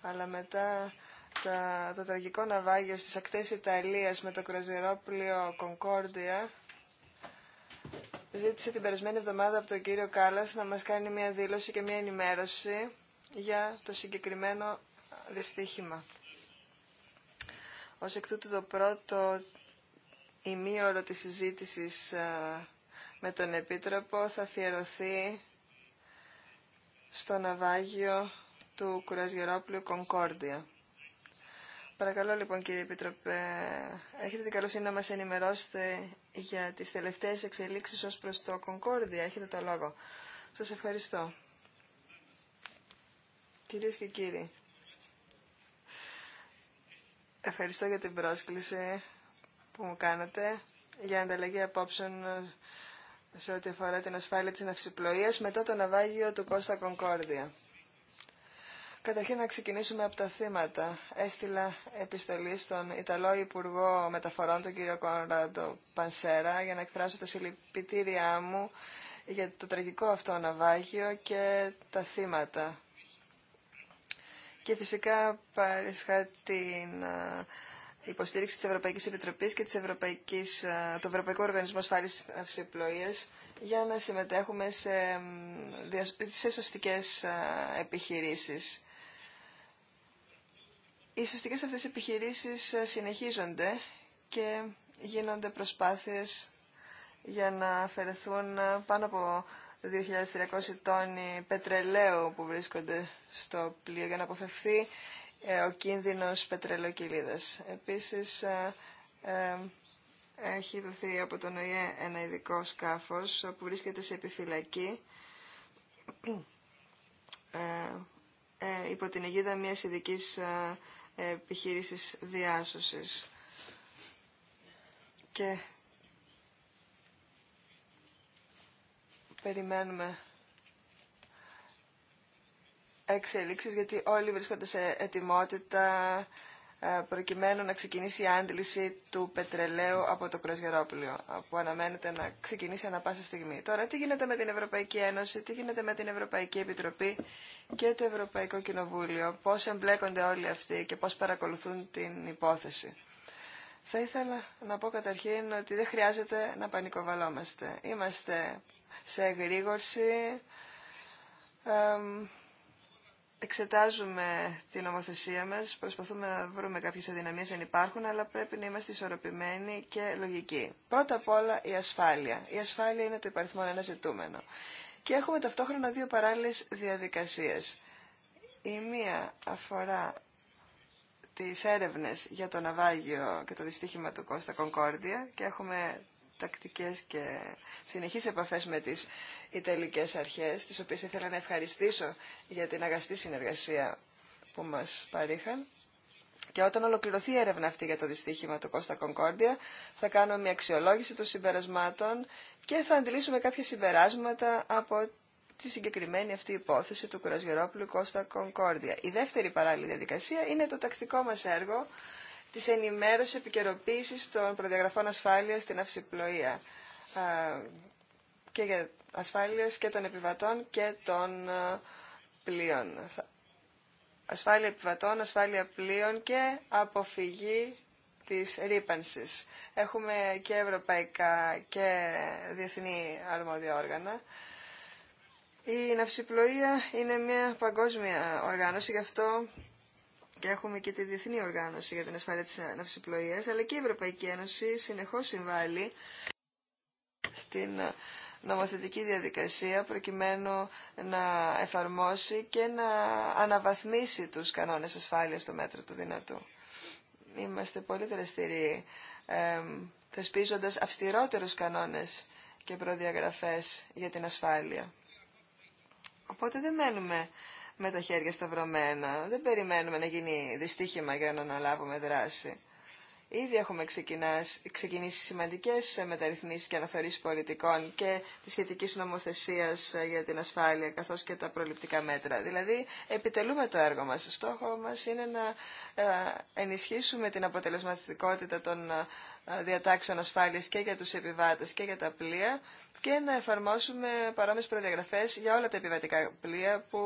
αλλά μετά το τραγικό ναυάγιο στις ακτές Ιταλίας με το κρουαζιερόπλιο Κονκόρντια ζήτησε την περασμένη εβδομάδα από τον κύριο Κάλλας να μας κάνει μια δήλωση και μια ενημέρωση για το συγκεκριμένο δυστύχημα. Ως εκ τούτου το πρώτο ημίωρο της συζήτησης ε, με τον Επίτροπο θα αφιερωθεί στο ναυάγιο του κουραζιερόπλου Κονκόρδια. Παρακαλώ λοιπόν κύριε Επιτροπέ, έχετε την καλοσύνη να μας ενημερώσετε για τις τελευταίες εξελίξεις ως προς το Κονκόρδια. Έχετε το λόγο. Σας ευχαριστώ. Κυρίες και κύριοι, ευχαριστώ για την πρόσκληση που μου κάνατε για ανταλλαγή απόψεων σε ό,τι αφορά την ασφάλεια της ναυσιπλοείας μετά το ναυάγιο του Κώστα Κονκόρδια. Καταρχήν να ξεκινήσουμε από τα θύματα. Έστειλα επιστολή στον Ιταλό Υπουργό Μεταφορών, τον κύριο Κόνραντο Πανσέρα, για να εκφράσω τα συλληπιτήριά μου για το τραγικό αυτό ναυάγιο και τα θύματα. Και φυσικά παρισχά την υποστήριξη της Ευρωπαϊκής Επιτροπής και της Ευρωπαϊκής, του Ευρωπαϊκού Οργανισμού Ασφάλισης για να συμμετέχουμε σε, σε σωστικές επιχειρήσεις οι σωστικές αυτές επιχειρήσεις ε, συνεχίζονται και γίνονται προσπάθειες για να αφαιρεθούν ε, πάνω από 2.300 τόνοι πετρελαίου που βρίσκονται στο πλοίο για να αποφευθεί ε, ο κίνδυνος πετρελοκυλίδας. Επίσης, έχει δοθεί από τον ΟΗΕ ένα ειδικό σκάφος που βρίσκεται σε επιφυλακή υπό την αιγίδα μιας ειδικής επιχειρήσεις διάσωσης. Και περιμένουμε εξελίξεις γιατί όλοι βρίσκονται σε ετοιμότητα ε, προκειμένου να ξεκινήσει η άντληση του πετρελαίου από το Κροσγερόπουλιο, που αναμένεται να ξεκινήσει ανα πάσα στιγμή. Τώρα, τι γίνεται με την Ευρωπαϊκή Ένωση, τι γίνεται με την Ευρωπαϊκή Επιτροπή και το Ευρωπαϊκό Κοινοβούλιο, πώς εμπλέκονται όλοι αυτοί και πώς παρακολουθούν την υπόθεση. Θα ήθελα να πω καταρχήν ότι δεν χρειάζεται να πανικοβαλόμαστε. Είμαστε σε εγρήγορση, εξετάζουμε την νομοθεσία μας, προσπαθούμε να βρούμε κάποιες αδυναμίες αν υπάρχουν, αλλά πρέπει να είμαστε ισορροπημένοι και λογικοί. Πρώτα απ' όλα η ασφάλεια. Η ασφάλεια είναι το υπαριθμό ένα ζητούμενο. Και έχουμε ταυτόχρονα δύο παράλληλες διαδικασίες. Η μία αφορά τις έρευνες για το ναυάγιο και το δυστύχημα του Κώστα Κονκόρδια και έχουμε τακτικές και συνεχείς επαφές με τις Ιταλικές αρχές, τις οποίες ήθελα να ευχαριστήσω για την αγαστή συνεργασία που μας παρήχαν. Και όταν ολοκληρωθεί η έρευνα αυτή για το δυστύχημα του Κώστα Κονκόρδια, θα κάνουμε μια αξιολόγηση των συμπερασμάτων και θα αντιλήσουμε κάποια συμπεράσματα από τη συγκεκριμένη αυτή υπόθεση του Κουρασγερόπουλου Κώστα Κονκόρδια. Η δεύτερη παράλληλη διαδικασία είναι το τακτικό μας έργο της ενημέρωσης επικαιροποίηση των προδιαγραφών ασφάλειας στην αυσιπλοεία και για ασφάλειας και των επιβατών και των πλοίων. Ασφάλεια επιβατών, ασφάλεια πλοίων και αποφυγή της ρήπανσης. Έχουμε και ευρωπαϊκά και διεθνή αρμόδια όργανα. Η ναυσιπλοεία είναι μια παγκόσμια οργάνωση, γι' αυτό και έχουμε και τη Διεθνή Οργάνωση για την Ασφάλεια της Ναυσιπλοείας, αλλά και η Ευρωπαϊκή Ένωση συνεχώς συμβάλλει στην νομοθετική διαδικασία προκειμένου να εφαρμόσει και να αναβαθμίσει τους κανόνες ασφάλειας στο μέτρο του δυνατού. Είμαστε πολύ δραστηροί, ε, θεσπίζοντας αυστηρότερους κανόνες και προδιαγραφές για την ασφάλεια. Οπότε δεν μένουμε με τα χέρια σταυρωμένα. Δεν περιμένουμε να γίνει δυστύχημα για να αναλάβουμε δράση. Ήδη έχουμε ξεκινήσει σημαντικές ε, μεταρρυθμίσεις και αναθεωρήσεις πολιτικών και της σχετικής νομοθεσίας ε, για την ασφάλεια καθώς και τα προληπτικά μέτρα. Δηλαδή επιτελούμε το έργο μας. Στόχο μας είναι να ε, ενισχύσουμε την αποτελεσματικότητα των διατάξεων ασφάλειας και για τους επιβάτες και για τα πλοία και να εφαρμόσουμε παρόμοιες προδιαγραφές για όλα τα επιβατικά πλοία που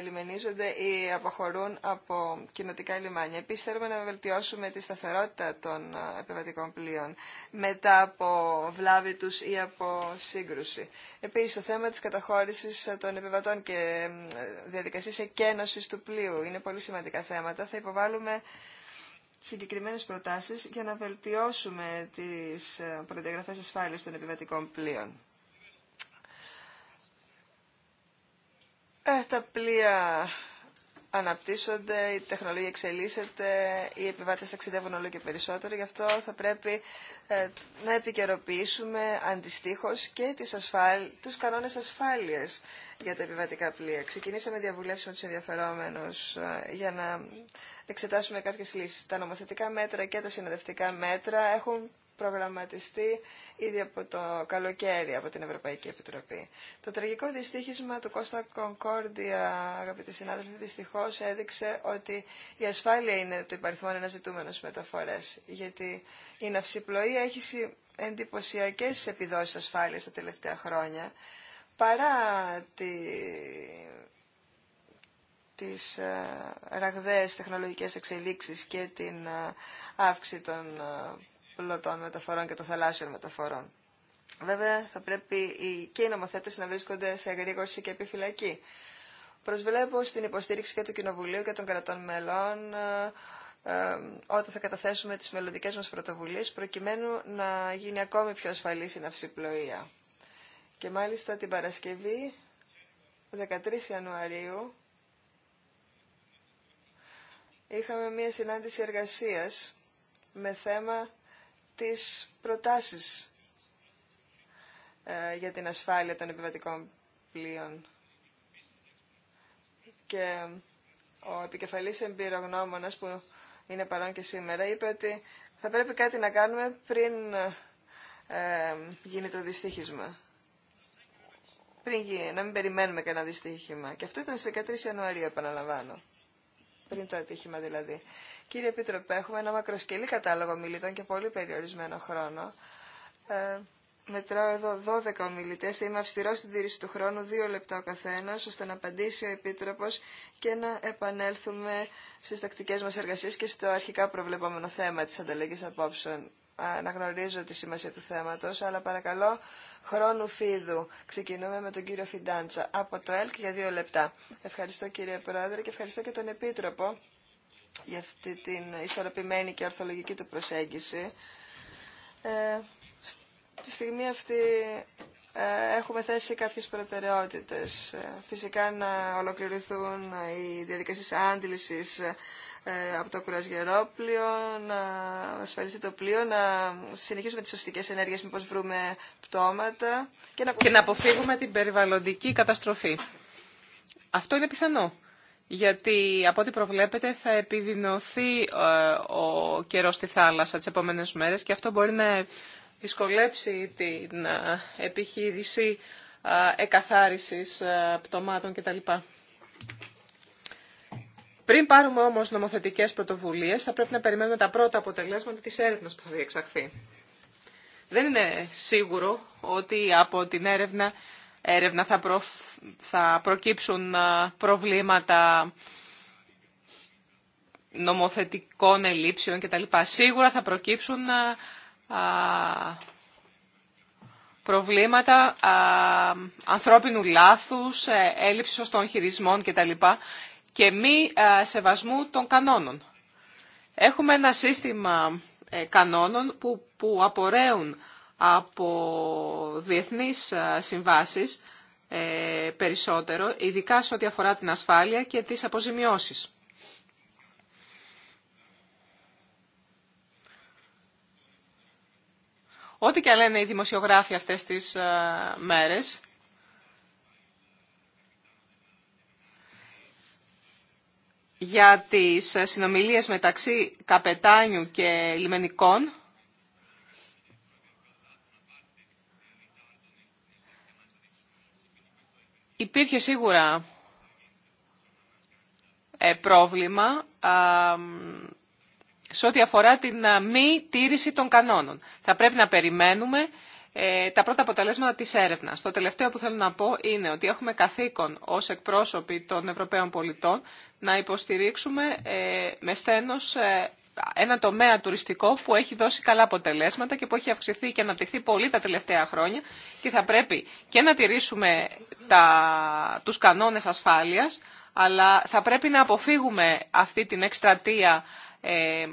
ελιμενίζονται ή αποχωρούν από κοινοτικά λιμάνια. Επίση, θέλουμε να βελτιώσουμε τη σταθερότητα των ε, επιβατικών πλοίων μετά από βλάβη του ή από σύγκρουση. Επίσης το θέμα της καταχώρηση ε, των επιβατών και ε, διαδικασία εκένωση του πλοίου είναι πολύ σημαντικά θέματα. Θα υποβάλουμε συγκεκριμένες προτάσει για να βελτιώσουμε τι προδιαγραφέ ασφάλεια των επιβατικών πλοίων. ε, τα πλοία αναπτύσσονται, η τεχνολογία εξελίσσεται, οι επιβάτες ταξιδεύουν όλο και περισσότερο, γι' αυτό θα πρέπει ε, να επικαιροποιήσουμε αντιστοίχως και τις ασφάλ... τους κανόνες ασφάλειας για τα επιβατικά πλοία. Ξεκινήσαμε διαβουλεύσεις με τους ενδιαφερόμενους ε, για να εξετάσουμε κάποιες λύσεις. Τα νομοθετικά μέτρα και τα συνοδευτικά μέτρα έχουν προγραμματιστεί ήδη από το καλοκαίρι από την Ευρωπαϊκή Επιτροπή. Το τραγικό δυστύχισμα του Κώστα Κονκόρντια, αγαπητοί συνάδελφοι, δυστυχώ έδειξε ότι η ασφάλεια είναι το υπαριθμό ένα ζητούμενο στι μεταφορέ. Γιατί η ναυσιπλοεία έχει εντυπωσιακέ επιδόσει ασφάλεια τα τελευταία χρόνια, παρά τη τις ε, ραγδαίες τεχνολογικές εξελίξεις και την ε, αύξηση των ε, πλωτών μεταφορών και των θαλάσσιων μεταφορών. Βέβαια, θα πρέπει και οι νομοθέτε να βρίσκονται σε εγρήγορση και επιφυλακή. Προσβλέπω στην υποστήριξη και του Κοινοβουλίου και των κρατών μελών ε, ε, όταν θα καταθέσουμε τις μελλοντικέ μας πρωτοβουλίες προκειμένου να γίνει ακόμη πιο ασφαλή η ναυσιπλοεία. Και μάλιστα την Παρασκευή, 13 Ιανουαρίου, είχαμε μία συνάντηση εργασίας με θέμα τις προτάσεις ε, για την ασφάλεια των επιβατικών πλοίων. Και ο επικεφαλής εμπειρογνώμονας που είναι παρόν και σήμερα είπε ότι θα πρέπει κάτι να κάνουμε πριν ε, γίνει το δυστύχισμα. Πριν γίνει, να μην περιμένουμε κανένα δυστύχημα. Και αυτό ήταν στις 13 Ιανουαρίου, επαναλαμβάνω. Πριν το ατύχημα δηλαδή. Κύριε Επίτροπε, έχουμε ένα μακροσκελή κατάλογο μιλητών και πολύ περιορισμένο χρόνο. Ε, μετράω εδώ 12 ομιλητέ. Θα είμαι αυστηρό στην τήρηση του χρόνου, δύο λεπτά ο καθένα, ώστε να απαντήσει ο Επίτροπο και να επανέλθουμε στι τακτικέ μα εργασίε και στο αρχικά προβλεπόμενο θέμα τη ανταλλαγή απόψεων. Αναγνωρίζω τη σημασία του θέματο, αλλά παρακαλώ χρόνου φίδου. Ξεκινούμε με τον κύριο Φιντάντσα από το ΕΛΚ για δύο λεπτά. Ευχαριστώ κύριε Πρόεδρε και ευχαριστώ και τον Επίτροπο για αυτή την ισορροπημένη και ορθολογική του προσέγγιση. Ε, στη στιγμή αυτή ε, έχουμε θέσει κάποιες προτεραιότητες. Ε, φυσικά να ολοκληρωθούν οι διαδικασίες άντλησης ε, από το κουρασγερόπλιο, να ασφαλιστεί το πλοίο, να συνεχίσουμε τις σωστικές ενέργειες μήπως βρούμε πτώματα και να, και να αποφύγουμε
την περιβαλλοντική καταστροφή. Αυτό είναι πιθανό γιατί από ό,τι προβλέπετε θα επιδεινωθεί ε, ο καιρός στη θάλασσα τις επόμενες μέρες και αυτό μπορεί να δυσκολέψει την ε, επιχείρηση ε, εκαθάρισης πτωμάτων κτλ. Πριν πάρουμε όμως νομοθετικές πρωτοβουλίες, θα πρέπει να περιμένουμε τα πρώτα αποτελέσματα της έρευνας που θα διεξαχθεί. Δεν είναι σίγουρο ότι από την έρευνα έρευνα θα, θα προκύψουν ε, προβλήματα νομοθετικών ελλείψεων κτλ. Σίγουρα θα προκύψουν ε, προβλήματα ανθρώπινου λάθους, ε, έλλειψη σωστών χειρισμών κτλ. και μη σεβασμού των κανόνων. Έχουμε ένα σύστημα κανόνων που απορρέουν από διεθνείς συμβάσεις ε, περισσότερο, ειδικά σε ό,τι αφορά την ασφάλεια και τις αποζημιώσεις. Ό,τι και λένε οι δημοσιογράφοι αυτές τις μέρες, για τις ε, συνομιλίες μεταξύ καπετάνιου και λιμενικών, Υπήρχε σίγουρα ε, πρόβλημα σε ό,τι αφορά την μη τήρηση των κανόνων. Θα πρέπει να περιμένουμε ε, τα πρώτα αποτελέσματα της έρευνας. Το τελευταίο που θέλω να πω είναι ότι έχουμε καθήκον ως εκπρόσωποι των Ευρωπαίων πολιτών να υποστηρίξουμε ε, με στένος ένα τομέα τουριστικό που έχει δώσει καλά αποτελέσματα και που έχει αυξηθεί και αναπτυχθεί πολύ τα τελευταία χρόνια και θα πρέπει και να τηρήσουμε τα, τους κανόνες ασφάλειας, αλλά θα πρέπει να αποφύγουμε αυτή την εκστρατεία ε,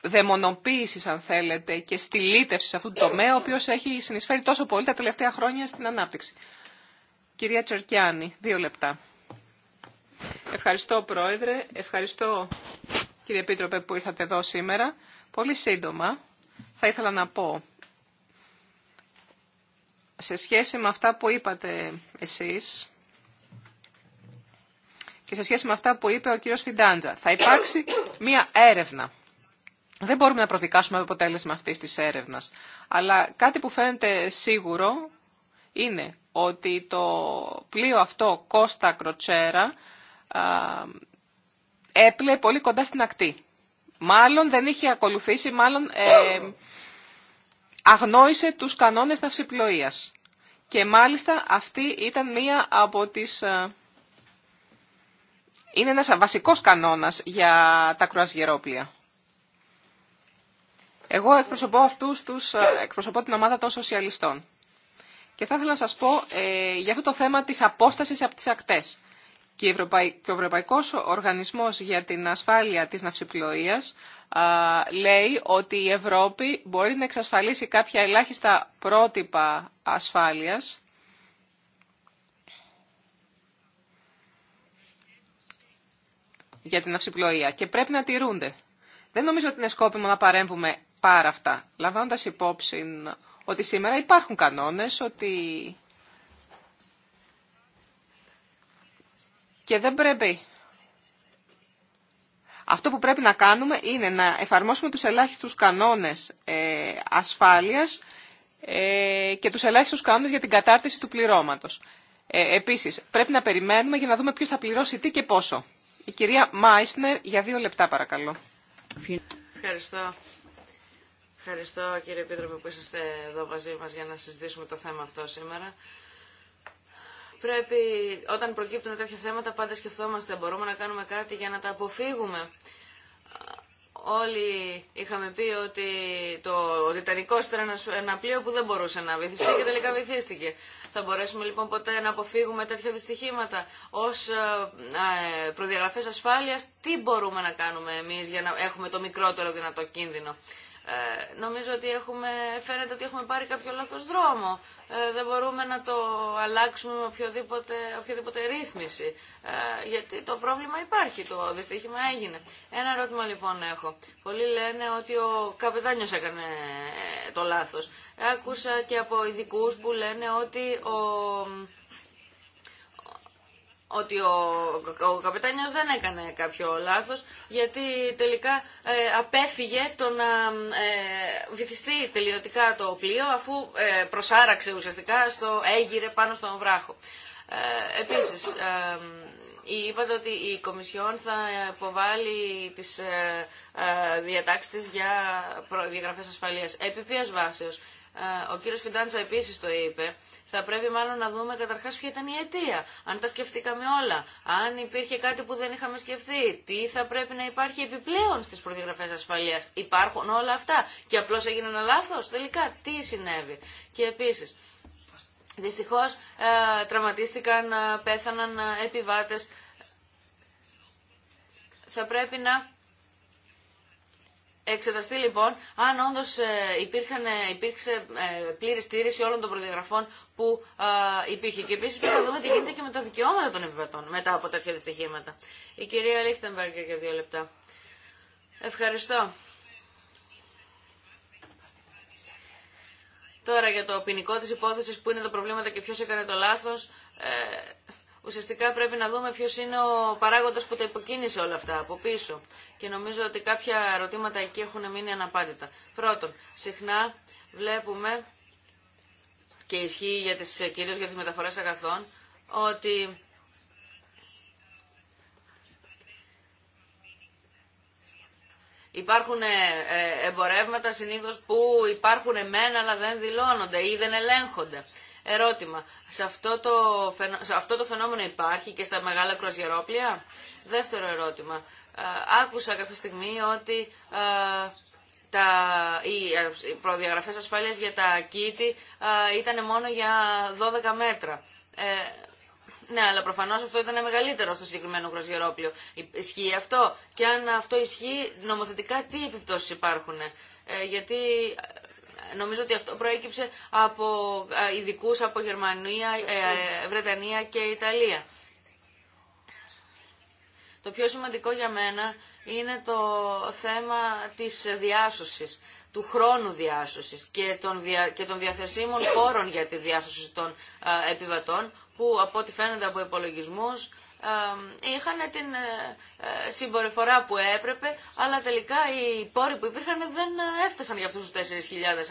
δαιμονοποίησης, αν θέλετε, και στυλίτευσης αυτού του τομέα, ο οποίος έχει συνεισφέρει τόσο πολύ τα τελευταία χρόνια στην ανάπτυξη. Κυρία Τσερκιάνη, δύο λεπτά. Ευχαριστώ, Πρόεδρε. Ευχαριστώ κύριε Επίτροπε που ήρθατε εδώ σήμερα. Πολύ σύντομα θα ήθελα να πω σε σχέση με αυτά που είπατε εσείς και σε σχέση με αυτά που είπε ο κύριος Φιντάντζα. Θα υπάρξει μία έρευνα. Δεν μπορούμε να προδικάσουμε το αποτέλεσμα αυτής της έρευνας. Αλλά κάτι που φαίνεται σίγουρο είναι ότι το πλοίο αυτό Κώστα Κροτσέρα έπλε πολύ κοντά στην ακτή. Μάλλον δεν είχε ακολουθήσει, μάλλον ε, αγνόησε τους κανόνες ταυσιπλοείας. Και μάλιστα αυτή ήταν μία από τις... Ε, είναι ένας βασικός κανόνας για τα κρουαζιερόπλια. Εγώ εκπροσωπώ αυτούς τους, ε, εκπροσωπώ την ομάδα των σοσιαλιστών. Και θα ήθελα να σας πω ε, για αυτό το θέμα της απόστασης από τις ακτές και ο Ευρωπαϊκός Οργανισμός για την Ασφάλεια της Ναυσιπλοείας λέει ότι η Ευρώπη μπορεί να εξασφαλίσει κάποια ελάχιστα πρότυπα ασφάλειας για την ναυσιπλοεία και πρέπει να τηρούνται. Δεν νομίζω ότι είναι σκόπιμο να παρέμβουμε πάρα αυτά, λαμβάνοντας υπόψη ότι σήμερα υπάρχουν κανόνες, ότι Και δεν πρέπει. Αυτό που πρέπει να κάνουμε είναι να εφαρμόσουμε τους ελάχιστους κανόνες ε, ασφάλειας ε, και τους ελάχιστους κανόνες για την κατάρτιση του πληρώματος. Ε, επίσης, πρέπει να περιμένουμε για να δούμε ποιος θα πληρώσει τι και πόσο. Η κυρία Μάισνερ, για δύο λεπτά παρακαλώ.
Ευχαριστώ. Ευχαριστώ κύριε Επίτροπε που είσαστε εδώ μαζί μας για να συζητήσουμε το θέμα αυτό σήμερα πρέπει, όταν προκύπτουν τέτοια θέματα, πάντα σκεφτόμαστε, μπορούμε να κάνουμε κάτι για να τα αποφύγουμε. Όλοι είχαμε πει ότι το Τιτανικό ήταν ένα πλοίο που δεν μπορούσε να βυθιστεί και τελικά βυθίστηκε. Θα μπορέσουμε λοιπόν ποτέ να αποφύγουμε τέτοια δυστυχήματα. Ως ε, ε, προδιαγραφές ασφάλειας, τι μπορούμε να κάνουμε εμείς για να έχουμε το μικρότερο δυνατό κίνδυνο. Ε, νομίζω ότι έχουμε, φαίνεται ότι έχουμε πάρει κάποιο λάθος δρόμο. Ε, δεν μπορούμε να το αλλάξουμε με οποιοδήποτε, οποιοδήποτε ρύθμιση. Ε, γιατί το πρόβλημα υπάρχει, το δυστύχημα έγινε. Ένα ερώτημα λοιπόν έχω. Πολλοί λένε ότι ο καπετάνιος έκανε ε, το λάθος. Άκουσα και από ειδικού που λένε ότι ο ότι ο, ο καπετάνιος δεν έκανε κάποιο λάθος γιατί τελικά ε, απέφυγε το να ε, βυθιστεί τελειωτικά το πλοίο αφού ε, προσάραξε ουσιαστικά, στο, έγειρε πάνω στον βράχο. Ε, επίσης, ε, είπατε ότι η Κομισιόν θα υποβάλει τις ε, διατάξεις για διαγραφές ασφαλείας. Επί ποιας βάσεως ο κύριος Φιντάντσα επίσης το είπε, θα πρέπει μάλλον να δούμε καταρχάς ποια ήταν η αιτία, αν τα σκεφτήκαμε όλα, αν υπήρχε κάτι που δεν είχαμε σκεφτεί, τι θα πρέπει να υπάρχει επιπλέον στις προδιαγραφές ασφαλείας. Υπάρχουν όλα αυτά και απλώς έγινε ένα λάθος τελικά. Τι συνέβη. Και επίσης, δυστυχώς ε, τραυματίστηκαν, ε, πέθαναν ε, επιβάτες. Θα πρέπει να Εξεταστεί λοιπόν αν όντω ε, υπήρξε ε, πλήρη στήριξη όλων των προδιαγραφών που ε, υπήρχε. Και επίση πρέπει να δούμε τι γίνεται και με τα δικαιώματα των επιβατών μετά από τέτοια δυστυχήματα. Η κυρία Λίχτεμπεργκερ για δύο λεπτά. Ευχαριστώ. Τώρα για το ποινικό τη υπόθεση, που είναι τα προβλήματα και ποιο έκανε το λάθο,. ε, ουσιαστικά πρέπει να δούμε ποιος είναι ο παράγοντας που τα υποκίνησε όλα αυτά από πίσω. Και νομίζω ότι κάποια ερωτήματα εκεί έχουν μείνει αναπάντητα. Πρώτον, συχνά βλέπουμε και ισχύει για τις, κυρίως για τις μεταφορές αγαθών, ότι Υπάρχουν ε, ε, εμπορεύματα συνήθως που υπάρχουν εμένα αλλά δεν δηλώνονται ή δεν ελέγχονται. Ερώτημα, σε αυτό, το, αυτό το φαινόμενο υπάρχει και στα μεγάλα κρουαζιερόπλια. Δεύτερο ερώτημα. Άκουσα κάποια στιγμή ότι τα, οι προδιαγραφές ασφάλειας για τα κήτη ήταν μόνο για 12 μέτρα. Ε, ναι, αλλά προφανώς αυτό ήταν μεγαλύτερο στο συγκεκριμένο κροσγερόπλιο. Ισχύει αυτό και αν αυτό ισχύει νομοθετικά τι επιπτώσεις υπάρχουν. Ε, γιατί Νομίζω ότι αυτό προέκυψε από ειδικού από Γερμανία, ε, ε, Βρετανία και Ιταλία. Το πιο σημαντικό για μένα είναι το θέμα της διάσωσης, του χρόνου διάσωσης και των, και των διαθεσίμων χώρων για τη διάσωση των επιβατών, που από ό,τι φαίνεται από υπολογισμούς είχαν την ε, ε, συμπεριφορά που έπρεπε, αλλά τελικά οι πόροι που υπήρχαν δεν ε, έφτασαν για αυτούς του 4.000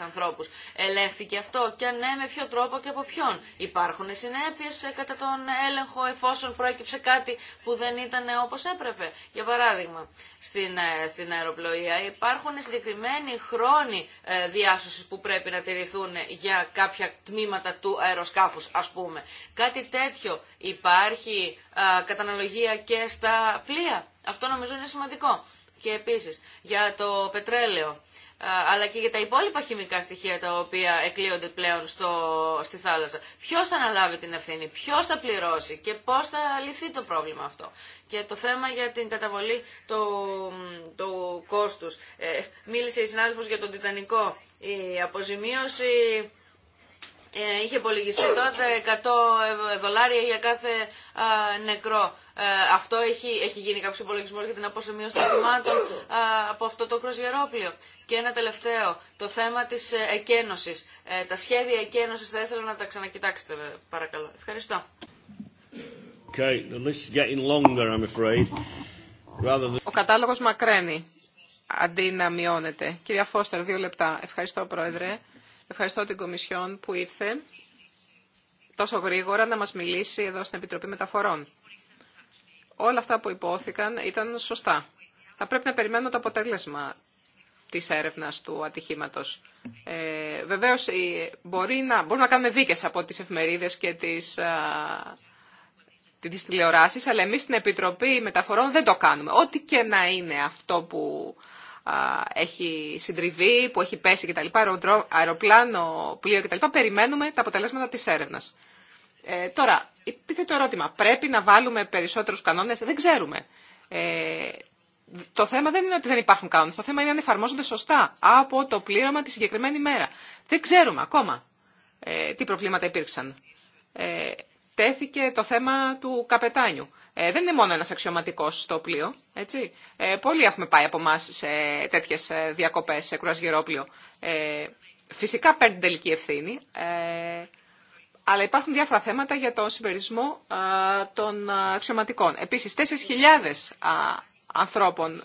ανθρώπους. Ελέγχθηκε αυτό και αν ναι, με ποιο τρόπο και από ποιον. Υπάρχουν συνέπειε κατά τον έλεγχο εφόσον προέκυψε κάτι που δεν ήταν όπως έπρεπε. Για παράδειγμα, στην, στην αεροπλοεία υπάρχουν συγκεκριμένοι χρόνοι διάσωση που πρέπει να τηρηθούν για κάποια τμήματα του αεροσκάφου, α πούμε. Κάτι τέτοιο υπάρχει Καταναλογία και στα πλοία. Αυτό νομίζω είναι σημαντικό. Και επίσης για το πετρέλαιο αλλά και για τα υπόλοιπα χημικά στοιχεία τα οποία εκλείονται πλέον στο, στη θάλασσα. Ποιος θα αναλάβει την ευθύνη, ποιος θα πληρώσει και πώς θα λυθεί το πρόβλημα αυτό. Και το θέμα για την καταβολή του το κόστου. Ε, μίλησε η συνάδελφος για τον Τιτανικό. Η αποζημίωση ε, είχε υπολογιστεί τότε 100 δολάρια για κάθε νεκρό. Ε, αυτό έχει, έχει γίνει κάποιο υπολογισμό για την αποσημείωση των θυμάτων από αυτό το κροσγερόπλιο. Και ένα τελευταίο, το θέμα τη ε, εκένωση. τα σχέδια εκένωση θα ήθελα να τα ξανακοιτάξετε, παρακαλώ. Ευχαριστώ.
Okay, the list is getting longer, I'm afraid. Ο
κατάλογος μακραίνει, αντί να μειώνεται. Κυρία Φώστερ, δύο λεπτά. Ευχαριστώ, Πρόεδρε. Ευχαριστώ την Κομισιόν που ήρθε τόσο γρήγορα να μας μιλήσει εδώ στην Επιτροπή Μεταφορών. Όλα αυτά που υπόθηκαν ήταν σωστά. Θα πρέπει να περιμένουμε το αποτέλεσμα της έρευνας του ατυχήματος. Ε, βεβαίως μπορεί να, μπορούμε να κάνουμε δίκες από τις εφημερίδες και τις, α, τις τηλεοράσεις, αλλά εμείς στην Επιτροπή Μεταφορών δεν το κάνουμε. Ό,τι και να είναι αυτό που έχει συντριβεί, που έχει πέσει κτλ, αεροπλάνο, πλοίο κτλ, περιμένουμε τα αποτελέσματα της έρευνας. Ε, τώρα, υπήρχε το ερώτημα, πρέπει να βάλουμε περισσότερους κανόνες, δεν ξέρουμε. Ε, το θέμα δεν είναι ότι δεν υπάρχουν κανόνες, το θέμα είναι αν εφαρμόζονται σωστά από το πλήρωμα τη συγκεκριμένη μέρα. Δεν ξέρουμε ακόμα ε, τι προβλήματα υπήρξαν. τέθηκε το θέμα του καπετάνιου. Ε, δεν είναι μόνο ένας αξιωματικός στο πλοίο, έτσι. Ε, πολλοί έχουμε πάει από εμά σε τέτοιες ε, διακοπές σε κρουαζιερόπλοιο. Ε, φυσικά παίρνει τελική ευθύνη, ε, αλλά υπάρχουν διάφορα θέματα για τον συμπερισμό ε, των αξιωματικών. Επίσης, 4.000 ανθρώπων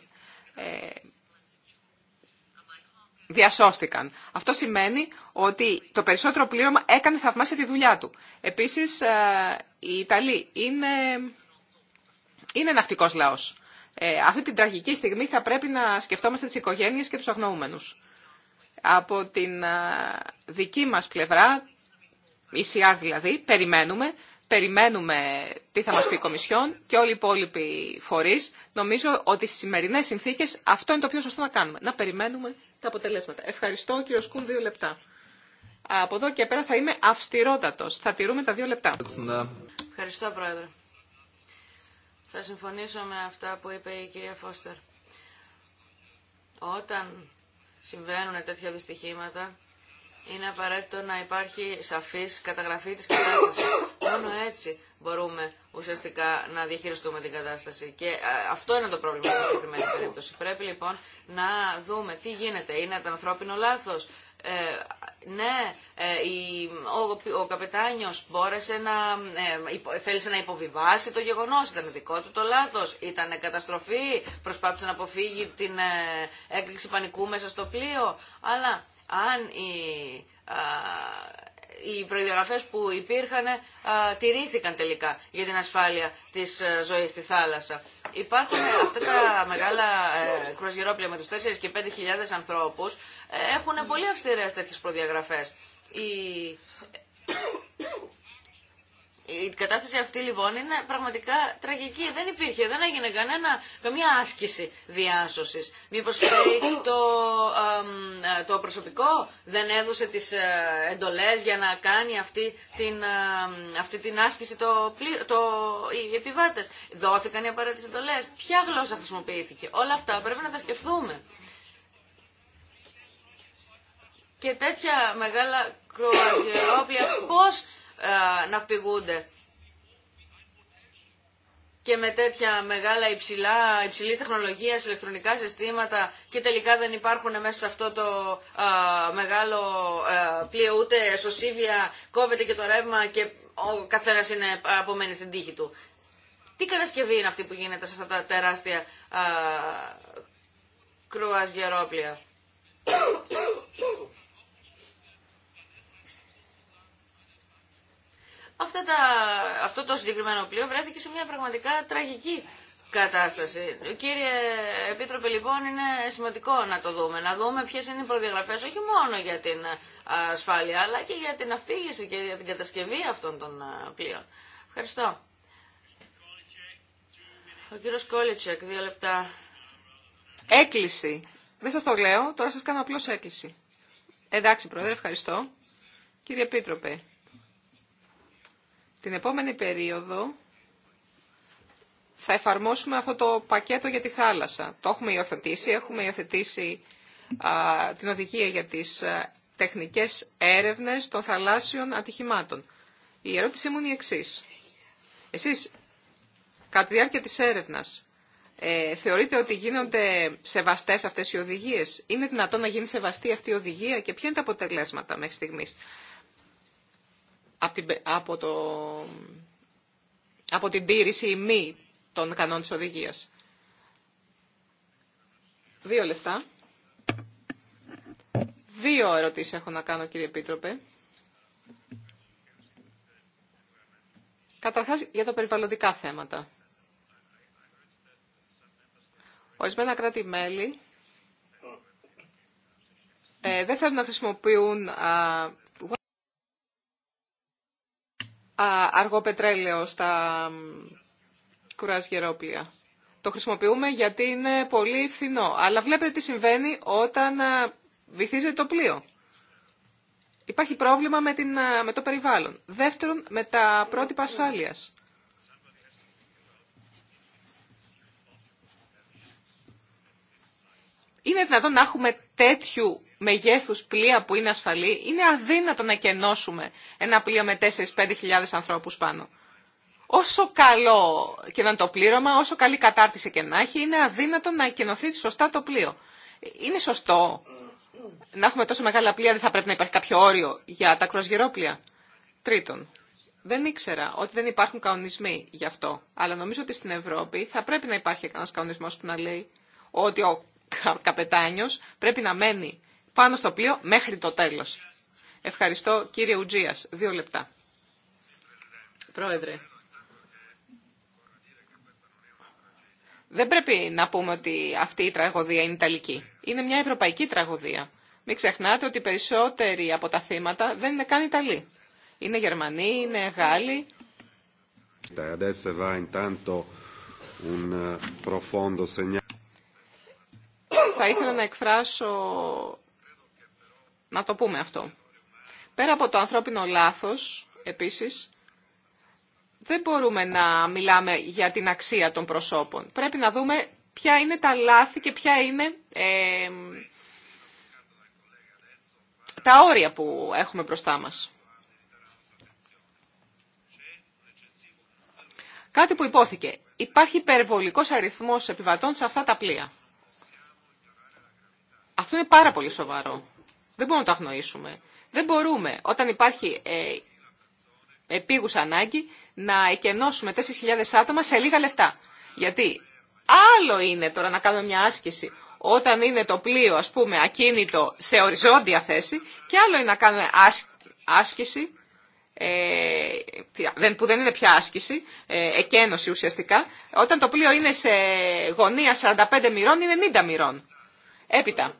διασώστηκαν. Αυτό σημαίνει ότι το περισσότερο πλήρωμα έκανε θαυμάσια τη δουλειά του. Επίσης, οι Ιταλοί είναι είναι ναυτικό λαό. Ε, αυτή την τραγική στιγμή θα πρέπει να σκεφτόμαστε τι οικογένειε και του αγνοούμενου. Από την δική μα πλευρά, η ΣΥΑΡ δηλαδή, περιμένουμε, περιμένουμε τι θα μας πει η Κομισιόν και όλοι οι υπόλοιποι φορείς. Νομίζω ότι στις σημερινές συνθήκες αυτό είναι το πιο σωστό να κάνουμε, να περιμένουμε τα αποτελέσματα. Ευχαριστώ κύριο Σκούν, δύο λεπτά. Από εδώ και πέρα θα είμαι αυστηρότατος. Θα τηρούμε τα δύο λεπτά.
Ευχαριστώ, Πρόεδρε. Θα συμφωνήσω με αυτά που είπε η κυρία Φώστερ. Όταν συμβαίνουν τέτοια δυστυχήματα, είναι απαραίτητο να υπάρχει σαφής καταγραφή της κατάστασης. Μόνο έτσι μπορούμε ουσιαστικά να διαχειριστούμε την κατάσταση. Και αυτό είναι το πρόβλημα στην συγκεκριμένη περίπτωση. Πρέπει λοιπόν να δούμε τι γίνεται. Είναι το ανθρώπινο λάθος. Ε, ναι, ε, ο, ο καπετάνιος μπόρεσε να, ε, θέλησε να υποβιβάσει το γεγονός, ήταν δικό του το λάθος, ήταν καταστροφή, προσπάθησε να αποφύγει την ε, έκρηξη πανικού μέσα στο πλοίο, αλλά αν η, οι προδιαγραφές που υπήρχαν τηρήθηκαν τελικά για την ασφάλεια της ζωής στη θάλασσα. Υπάρχουν αυτά τα μεγάλα ε, κρουαζιερόπλια με τους 4 και 5.000 ανθρώπους ε, έχουν πολύ αυστηρές τέτοιες προδιαγραφές. Οι η κατάσταση αυτή λοιπόν είναι πραγματικά τραγική. Δεν υπήρχε, δεν έγινε κανένα, καμία άσκηση διάσωσης. Μήπως το, ε, το προσωπικό δεν έδωσε τις ε, εντολές για να κάνει αυτή την, αυτή την άσκηση το, το, οι επιβάτες. Δόθηκαν οι απαραίτητες εντολές. Ποια γλώσσα χρησιμοποιήθηκε. Όλα αυτά πρέπει να τα σκεφτούμε. Και τέτοια μεγάλα κρουαζιερόπλια πώς ε, να ναυπηγούνται. Και με τέτοια μεγάλα υψηλά, υψηλής τεχνολογίας, ηλεκτρονικά συστήματα και τελικά δεν υπάρχουν μέσα σε αυτό το ε, μεγάλο ε, πλοίο ούτε σωσίβια, κόβεται και το ρεύμα και ο καθένας είναι, απομένει στην τύχη του. Τι κατασκευή είναι αυτή που γίνεται σε αυτά τα τεράστια κρουαζιερόπλια. αυτά τα, αυτό το συγκεκριμένο πλοίο βρέθηκε σε μια πραγματικά τραγική κατάσταση. Κύριε Επίτροπε, λοιπόν, είναι σημαντικό να το δούμε. Να δούμε ποιε είναι οι προδιαγραφέ όχι μόνο για την ασφάλεια, αλλά και για την αφήγηση και για την κατασκευή αυτών των ε, πλοίων. Ευχαριστώ. Ο κύριος Κόλιτσεκ, δύο λεπτά. Έκκληση. Δεν σας το λέω, τώρα σας κάνω απλώς
έκκληση. Εντάξει, Πρόεδρε, ευχαριστώ. Κύριε Επίτροπε, την επόμενη περίοδο θα εφαρμόσουμε αυτό το πακέτο για τη θάλασσα. Το έχουμε υιοθετήσει, έχουμε υιοθετήσει την οδηγία για τις α, τεχνικές έρευνες των θαλάσσιων ατυχημάτων. Η ερώτησή μου είναι η εξής. Εσείς, κατά τη διάρκεια της έρευνας, ε, θεωρείτε ότι γίνονται σεβαστές αυτές οι οδηγίες. Είναι δυνατόν να γίνει σεβαστή αυτή η οδηγία και ποια είναι τα αποτελέσματα μέχρι στιγμής από την, από το, τήρηση ή μη των κανόνων της οδηγίας. Δύο λεφτά. Δύο ερωτήσεις έχω να κάνω, κύριε Επίτροπε. Καταρχάς, για τα περιβαλλοντικά θέματα. Ορισμένα κράτη-μέλη ε, δεν θέλουν να χρησιμοποιούν αργό πετρέλαιο στα κουρασγερόπλια. Το χρησιμοποιούμε γιατί είναι πολύ φθηνό. Αλλά βλέπετε τι συμβαίνει όταν βυθίζεται το πλοίο. Υπάρχει πρόβλημα με, την, με το περιβάλλον. Δεύτερον, με τα πρότυπα ασφάλειας. Είναι δυνατόν να έχουμε τέτοιου μεγέθου πλοία που είναι ασφαλή, είναι αδύνατο να κενώσουμε ένα πλοίο με 4-5 ανθρώπου ανθρώπους πάνω. Όσο καλό και να το πλήρωμα, όσο καλή κατάρτιση και να έχει, είναι αδύνατο να κενωθεί σωστά το πλοίο. Είναι σωστό να έχουμε τόσο μεγάλα πλοία, δεν θα πρέπει να υπάρχει κάποιο όριο για τα κρουαζιερόπλοια. Τρίτον, δεν ήξερα ότι δεν υπάρχουν κανονισμοί γι' αυτό. Αλλά νομίζω ότι στην Ευρώπη θα πρέπει να υπάρχει ένα κανονισμό που να λέει ότι ο καπετάνιο πρέπει να μένει πάνω στο πλοίο μέχρι το τέλος. Ευχαριστώ κύριε Ουτζίας. Δύο λεπτά. Πρόεδρε. Δεν πρέπει να πούμε ότι αυτή η τραγωδία είναι ιταλική. Είναι μια ευρωπαϊκή τραγωδία. Μην ξεχνάτε ότι περισσότεροι από τα θύματα δεν είναι καν Ιταλοί. Είναι Γερμανοί, είναι Γάλλοι. Ε, Θα ήθελα να εκφράσω να το πούμε αυτό. Πέρα από το ανθρώπινο λάθος, επίσης, δεν μπορούμε να μιλάμε για την αξία των προσώπων. Πρέπει να δούμε ποια είναι τα λάθη και ποια είναι τα όρια που έχουμε μπροστά μας. Κάτι που υπόθηκε. Υπάρχει υπερβολικός αριθμός επιβατών σε αυτά τα πλοία. Αυτό είναι πάρα πολύ σοβαρό. Δεν μπορούμε να το αγνοήσουμε. Δεν μπορούμε όταν υπάρχει ε, επίγουσα ανάγκη να εκενώσουμε 4.000 άτομα σε λίγα λεφτά. Γιατί άλλο είναι τώρα να κάνουμε μια άσκηση όταν είναι το πλοίο ας πούμε ακίνητο σε οριζόντια θέση και άλλο είναι να κάνουμε άσκηση ε, που δεν είναι πια άσκηση, ε, εκένωση ουσιαστικά, όταν το πλοίο είναι σε γωνία 45 μοιρών είναι 90 μοιρών. Έπειτα,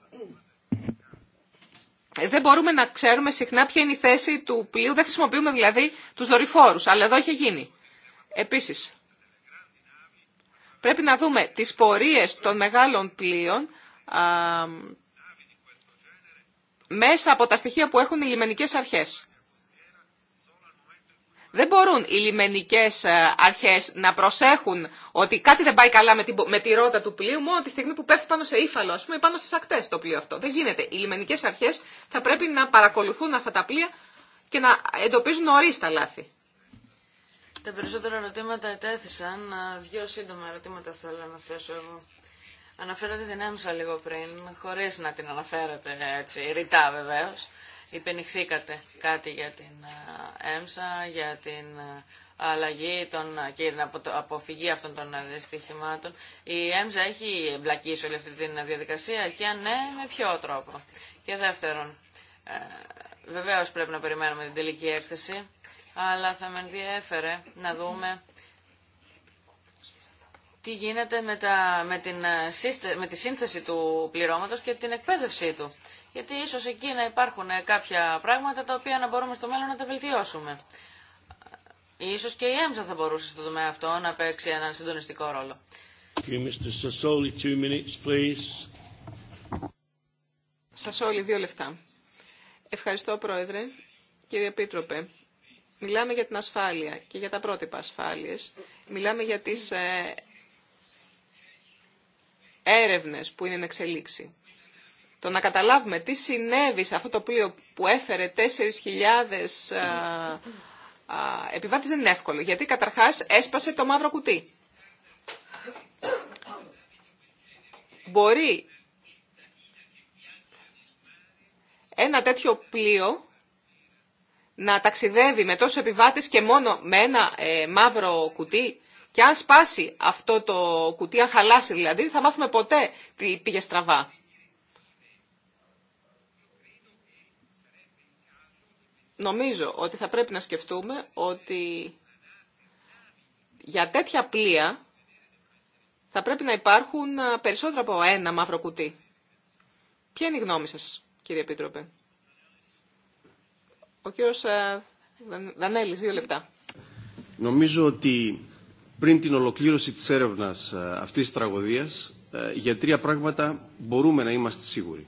ε, δεν μπορούμε να ξέρουμε συχνά ποια είναι η θέση του πλοίου, δεν χρησιμοποιούμε δηλαδή τους δορυφόρους, αλλά εδώ έχει γίνει. Επίσης, πρέπει να δούμε τις πορείες των μεγάλων πλοίων μέσα από τα στοιχεία που έχουν οι λιμενικές αρχές. Δεν μπορούν οι λιμενικές ε, αρχές να προσέχουν ότι κάτι δεν πάει καλά με τη, ρότα του πλοίου μόνο τη στιγμή που πέφτει πάνω σε ύφαλο, ας πούμε, πάνω στις ακτές το πλοίο αυτό. Δεν γίνεται. Οι λιμενικές αρχές θα πρέπει να παρακολουθούν αυτά τα πλοία και να εντοπίζουν νωρίς τα λάθη.
Τα περισσότερα ερωτήματα ετέθησαν. Δύο σύντομα ερωτήματα θέλω να θέσω εγώ. Αναφέρατε την έμψα λίγο πριν, χωρίς να την αναφέρατε έτσι, ρητά βεβαίως υπενηχθήκατε κάτι για την ε, ΕΜΣΑ, για την ε, αλλαγή των, και την αποφυγή αυτών των δυστυχημάτων. Η ΕΜΣΑ έχει εμπλακεί όλη αυτή τη διαδικασία και αν ναι, με ποιο τρόπο. Και δεύτερον, ε, βεβαίως πρέπει να περιμένουμε την τελική έκθεση, αλλά θα με ενδιέφερε να δούμε τι γίνεται με, τα, με, την, ε, με τη σύνθεση του πληρώματος και την εκπαίδευσή του. Γιατί ίσως εκεί να υπάρχουν ε, κάποια πράγματα τα οποία να μπορούμε στο μέλλον να τα βελτιώσουμε. Ίσως και η ΕΜΣΑ θα μπορούσε στο τομέα αυτό να παίξει έναν συντονιστικό ρόλο. Σα όλοι δύο
λεφτά. Ευχαριστώ Πρόεδρε, κύριε Επίτροπε. Μιλάμε για την ασφάλεια και για τα πρότυπα ασφάλειες. Μιλάμε για τις ε, έρευνες που είναι εξελίξει. εξελίξη. Το να καταλάβουμε τι συνέβη σε αυτό το πλοίο που έφερε 4.000 επιβάτες δεν είναι εύκολο, γιατί καταρχάς έσπασε το μαύρο κουτί. Μπορεί ένα τέτοιο πλοίο να ταξιδεύει με τόσους επιβάτες και μόνο με ένα ε, μαύρο κουτί. Και αν σπάσει αυτό το κουτί, αν χαλάσει δηλαδή, θα μάθουμε ποτέ τι πήγε στραβά. Νομίζω ότι θα πρέπει να σκεφτούμε ότι για τέτοια πλοία θα πρέπει να υπάρχουν περισσότερο από ένα μαύρο κουτί. Ποια είναι η γνώμη σας, κύριε Επίτροπε. Ο κύριος Δανέλης, δύο λεπτά.
Νομίζω ότι πριν την ολοκλήρωση της έρευνας ε, αυτής της τραγωδίας ε, για τρία πράγματα μπορούμε να είμαστε σίγουροι.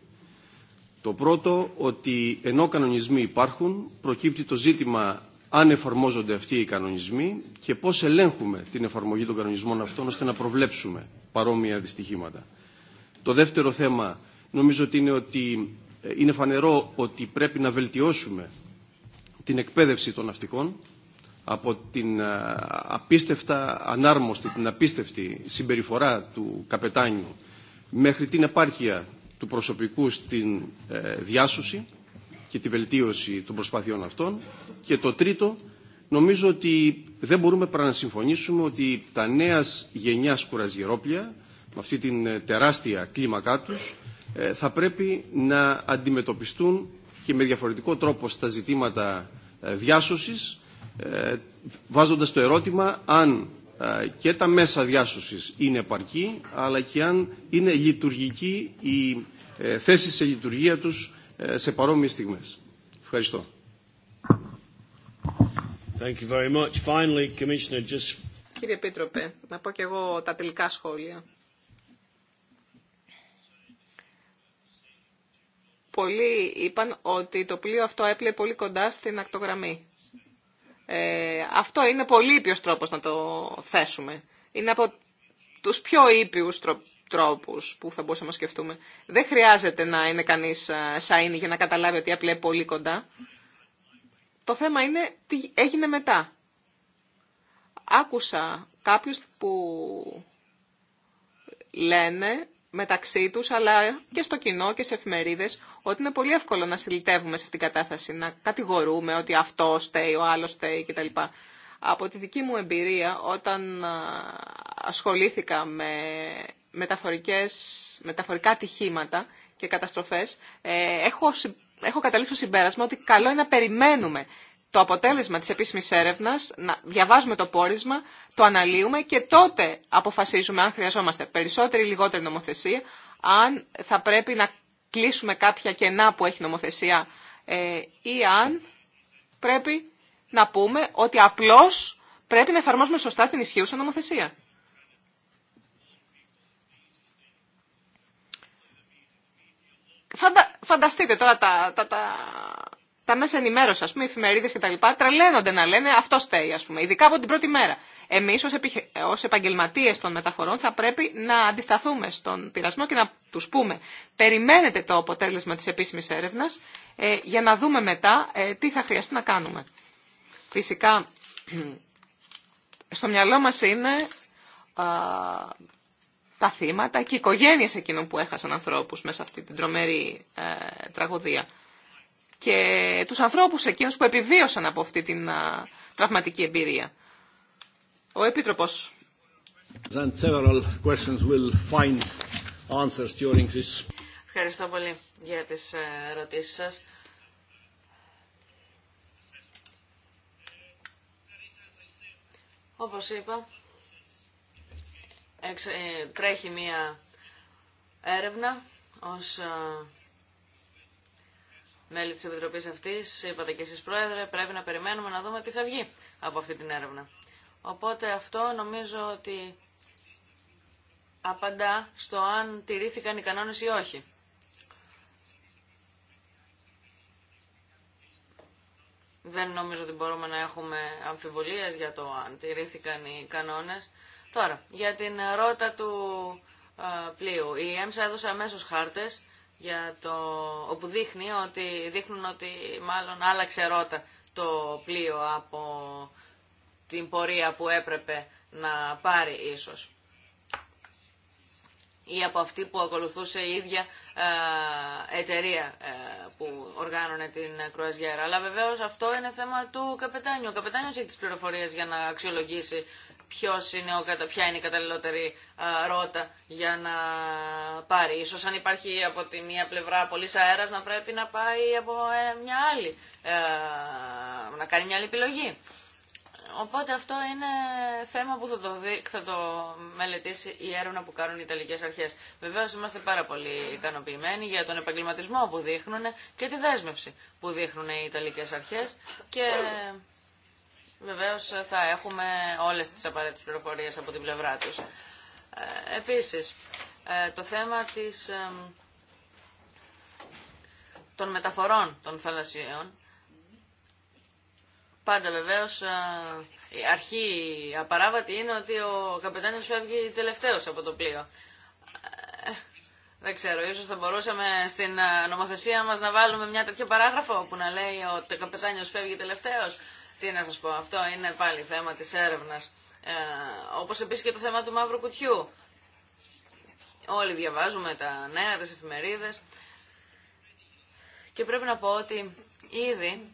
Το πρώτο, ότι ενώ κανονισμοί υπάρχουν, προκύπτει το ζήτημα αν εφαρμόζονται αυτοί οι κανονισμοί και πώς ελέγχουμε την εφαρμογή των κανονισμών αυτών ώστε να προβλέψουμε παρόμοια δυστυχήματα. Το δεύτερο θέμα νομίζω ότι είναι ότι ε, είναι φανερό ότι πρέπει να βελτιώσουμε την εκπαίδευση των ναυτικών από την ε, απίστευτα ανάρμοστη, την απίστευτη συμπεριφορά του καπετάνιου μέχρι την επάρκεια του προσωπικού στην ε, διάσωση και τη βελτίωση των προσπαθειών αυτών. Και το τρίτο, νομίζω ότι δεν μπορούμε παρά να συμφωνήσουμε ότι τα νέα γενιά κουραζιερόπλια, με αυτή την ε, τεράστια κλίμακά τους, θα πρέπει να αντιμετωπιστούν και με διαφορετικό τρόπο στα ζητήματα διάσωσης, ε, βάζοντας το ερώτημα αν ε, και τα μέσα διάσωσης είναι επαρκή, αλλά και αν είναι λειτουργική η ε, θέση σε λειτουργία τους σε παρόμοιες στιγμές. Ευχαριστώ. Thank you
very much. Finally, Commissioner,
Κύριε Επίτροπε, να πω και εγώ τα τελικά σχόλια. Πολλοί είπαν ότι το πλοίο αυτό έπλεε πολύ κοντά στην ακτογραμμή. Ε, αυτό είναι πολύ ήπιος τρόπος να το θέσουμε. Είναι από τους πιο ήπιους τρόπους που θα μπορούσαμε να σκεφτούμε. Δεν χρειάζεται να είναι κανείς ε, σαΐνι για να καταλάβει ότι είναι πολύ κοντά. Το θέμα είναι τι έγινε μετά. Άκουσα κάποιους που λένε μεταξύ τους, αλλά και στο κοινό και σε εφημερίδες, ότι είναι πολύ εύκολο να συλλητεύουμε σε αυτήν την κατάσταση, να κατηγορούμε ότι αυτό στέει, ο άλλος στέει κτλ. Από τη δική μου εμπειρία, όταν ασχολήθηκα με μεταφορικές, μεταφορικά ατυχήματα και καταστροφές, ε, έχω, έχω καταλήξει στο συμπέρασμα ότι καλό είναι να περιμένουμε το αποτέλεσμα της επίσημης έρευνας, να διαβάζουμε το πόρισμα, το αναλύουμε και τότε αποφασίζουμε αν χρειαζόμαστε περισσότερη ή λιγότερη νομοθεσία, αν θα πρέπει να κλείσουμε κάποια κενά που έχει νομοθεσία ε, ή αν πρέπει να πούμε ότι απλώς πρέπει να εφαρμόσουμε σωστά την ισχύουσα νομοθεσία. Φαντα... Φανταστείτε τώρα τα τα μέσα ενημέρωση, α πούμε, οι εφημερίδε κτλ. τρελαίνονται να λένε αυτό στέει, α πούμε, ειδικά από την πρώτη μέρα. Εμεί ω επιχε... επαγγελματίε των μεταφορών θα πρέπει να αντισταθούμε στον πειρασμό και να του πούμε περιμένετε το αποτέλεσμα τη επίσημη έρευνα ε, για να δούμε μετά ε, τι θα χρειαστεί να κάνουμε. Φυσικά, στο μυαλό μα είναι τα θύματα και οι οικογένειε εκείνων που έχασαν ανθρώπου μέσα αυτή την τρομερή ε, τραγωδία και τους ανθρώπους εκείνους που επιβίωσαν από αυτή την τραυματική εμπειρία. Ο Επίτροπος.
Ευχαριστώ πολύ για τις ε, ερωτήσεις σας. Όπως είπα, ε, τρέχει μία έρευνα ως ε, μέλη της Επιτροπής αυτής, είπατε και εσείς Πρόεδρε, πρέπει να περιμένουμε να δούμε τι θα βγει από αυτή την έρευνα. Οπότε αυτό νομίζω ότι απαντά στο αν τηρήθηκαν οι κανόνες ή όχι. Δεν νομίζω ότι μπορούμε να έχουμε αμφιβολίες για το αν τηρήθηκαν οι κανόνες. Τώρα, για την ρότα του πλοίου. Η ΕΜΣΑ έδωσε αμέσως χάρτες για το, όπου δείχνει ότι, δείχνουν ότι μάλλον άλλαξε ρότα το πλοίο από την πορεία που έπρεπε να πάρει ίσως ή από αυτή που ακολουθούσε η ίδια ε, εταιρεία ε, που οργάνωνε την κρουαζιέρα. Αλλά βεβαίως αυτό είναι θέμα του καπετάνιου. Ο καπετάνιος έχει τις πληροφορίες για να αξιολογήσει ποιος είναι ο, ποια είναι η καταλληλότερη ρότα για να πάρει. Ίσως αν υπάρχει από τη μία πλευρά πολύ αέρας να πρέπει να πάει από ε, μια άλλη, ε, να κάνει μια άλλη επιλογή. Οπότε αυτό είναι θέμα που θα το, δει, θα το μελετήσει η έρευνα που κάνουν οι Ιταλικές αρχές. Βεβαίως είμαστε πάρα πολύ ικανοποιημένοι για τον επαγγελματισμό που δείχνουν και τη δέσμευση που δείχνουν οι Ιταλικές αρχές και Βεβαίω ε, θα έχουμε όλες τις απαραίτητε πληροφορίες από την πλευρά του. Ε, επίσης, ε, το θέμα της, των μεταφορών των θαλασσίων Πάντα βεβαίω η αρχή απαράβατη είναι ότι ο καπετάνιος φεύγει τελευταίο από το πλοίο. Δεν ξέρω, ίσως θα μπορούσαμε στην νομοθεσία μας να βάλουμε μια τέτοια παράγραφο που να λέει ότι ο καπετάνιος φεύγει τελευταίος. Τι να σας πω, αυτό είναι πάλι θέμα της έρευνας. Ε, όπως επίσης και το θέμα του μαύρου κουτιού. Όλοι διαβάζουμε τα νέα, τις εφημερίδες. Και πρέπει να πω ότι ήδη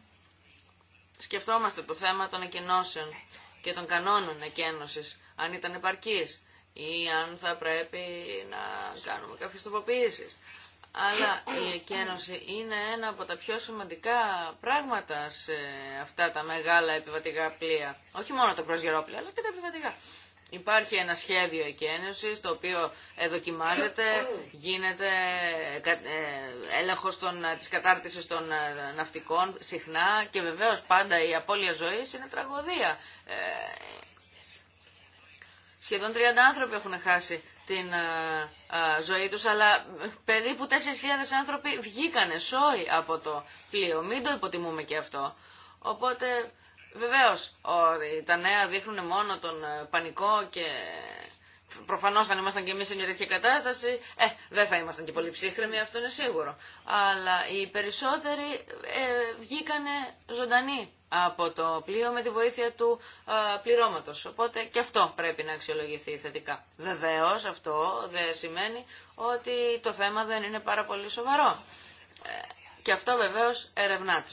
σκεφτόμαστε το θέμα των εκενώσεων και των κανόνων εκένωσης, αν ήταν επαρκής ή αν θα πρέπει να κάνουμε κάποιες τοποποιήσεις αλλά η εκένωση είναι ένα από τα πιο σημαντικά πράγματα σε αυτά τα μεγάλα επιβατικά πλοία. Όχι μόνο τα κροσγερόπλια, αλλά και τα επιβατικά. Υπάρχει ένα σχέδιο εκένωσης το οποίο δοκιμάζεται, γίνεται ε, έλεγχος των, της κατάρτισης των ε, ναυτικών συχνά και βεβαίως πάντα η απώλεια ζωής είναι τραγωδία. Ε, σχεδόν 30 άνθρωποι έχουν χάσει την ε, ε, ζωή τους, αλλά ε, περίπου 4.000 άνθρωποι βγήκανε σώοι από το πλοίο. Μην το υποτιμούμε και αυτό. Οπότε βεβαίως τα νέα δείχνουν μόνο τον πανικό και προφανώς αν ήμασταν και εμείς σε μια τέτοια κατάσταση, ε, δεν θα ήμασταν και πολύ ψύχρεμοι, αυτό είναι σίγουρο. Αλλά οι περισσότεροι βγήκανε ζωντανοί από το πλοίο με τη βοήθεια του ε, πληρώματος. Οπότε και αυτό πρέπει να αξιολογηθεί θετικά. Βεβαίως αυτό δεν σημαίνει ότι το θέμα δεν είναι πάρα πολύ σοβαρό. Ε, και αυτό βεβαίως ερευνάται.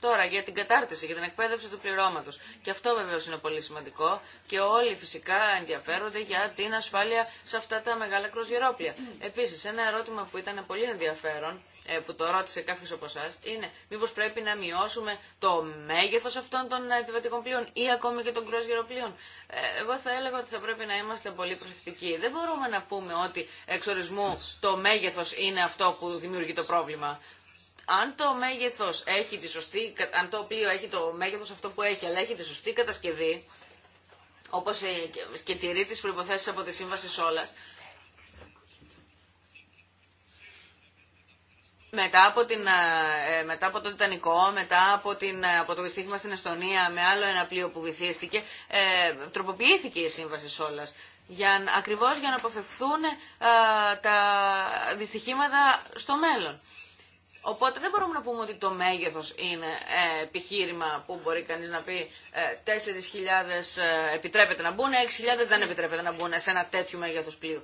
Τώρα για την κατάρτιση, για την εκπαίδευση του πληρώματο. Και αυτό βεβαίω είναι πολύ σημαντικό και όλοι φυσικά ενδιαφέρονται για την ασφάλεια σε αυτά τα μεγάλα κροσγερόπλια. Επίση, ένα ερώτημα που ήταν πολύ ενδιαφέρον ε, που το ρώτησε κάποιο από εσά είναι μήπω πρέπει να μειώσουμε το μέγεθο αυτών των επιβατικών πλοίων ή ακόμη και των κρουαζιεροπλοίων. Ε, εγώ θα έλεγα ότι θα πρέπει να είμαστε πολύ προσεκτικοί. Δεν μπορούμε να πούμε ότι εξ ορισμού το μέγεθο είναι αυτό που δημιουργεί το πρόβλημα. Αν το μέγεθο έχει τη σωστή, αν το πλοίο έχει το μέγεθο αυτό που έχει, αλλά έχει τη σωστή κατασκευή, όπω ε, και τηρεί τι προποθέσει από τη Σύμβαση Σόλα, μετά από, την, ε, ε, μετά από το Τιτανικό, μετά από, την, ε, από το δυστύχημα στην Εστονία με άλλο ένα πλοίο που βυθίστηκε, τροποποιήθηκε η σύμβαση όλα. Για, ακριβώς για να αποφευχθούν τα δυστυχήματα στο μέλλον. Οπότε δεν μπορούμε να πούμε ότι το μέγεθος είναι επιχείρημα που μπορεί κανείς να πει 4.000 επιτρέπεται να μπουν, 6.000 δεν επιτρέπεται να μπουν σε ένα τέτοιο μέγεθος πλοίου.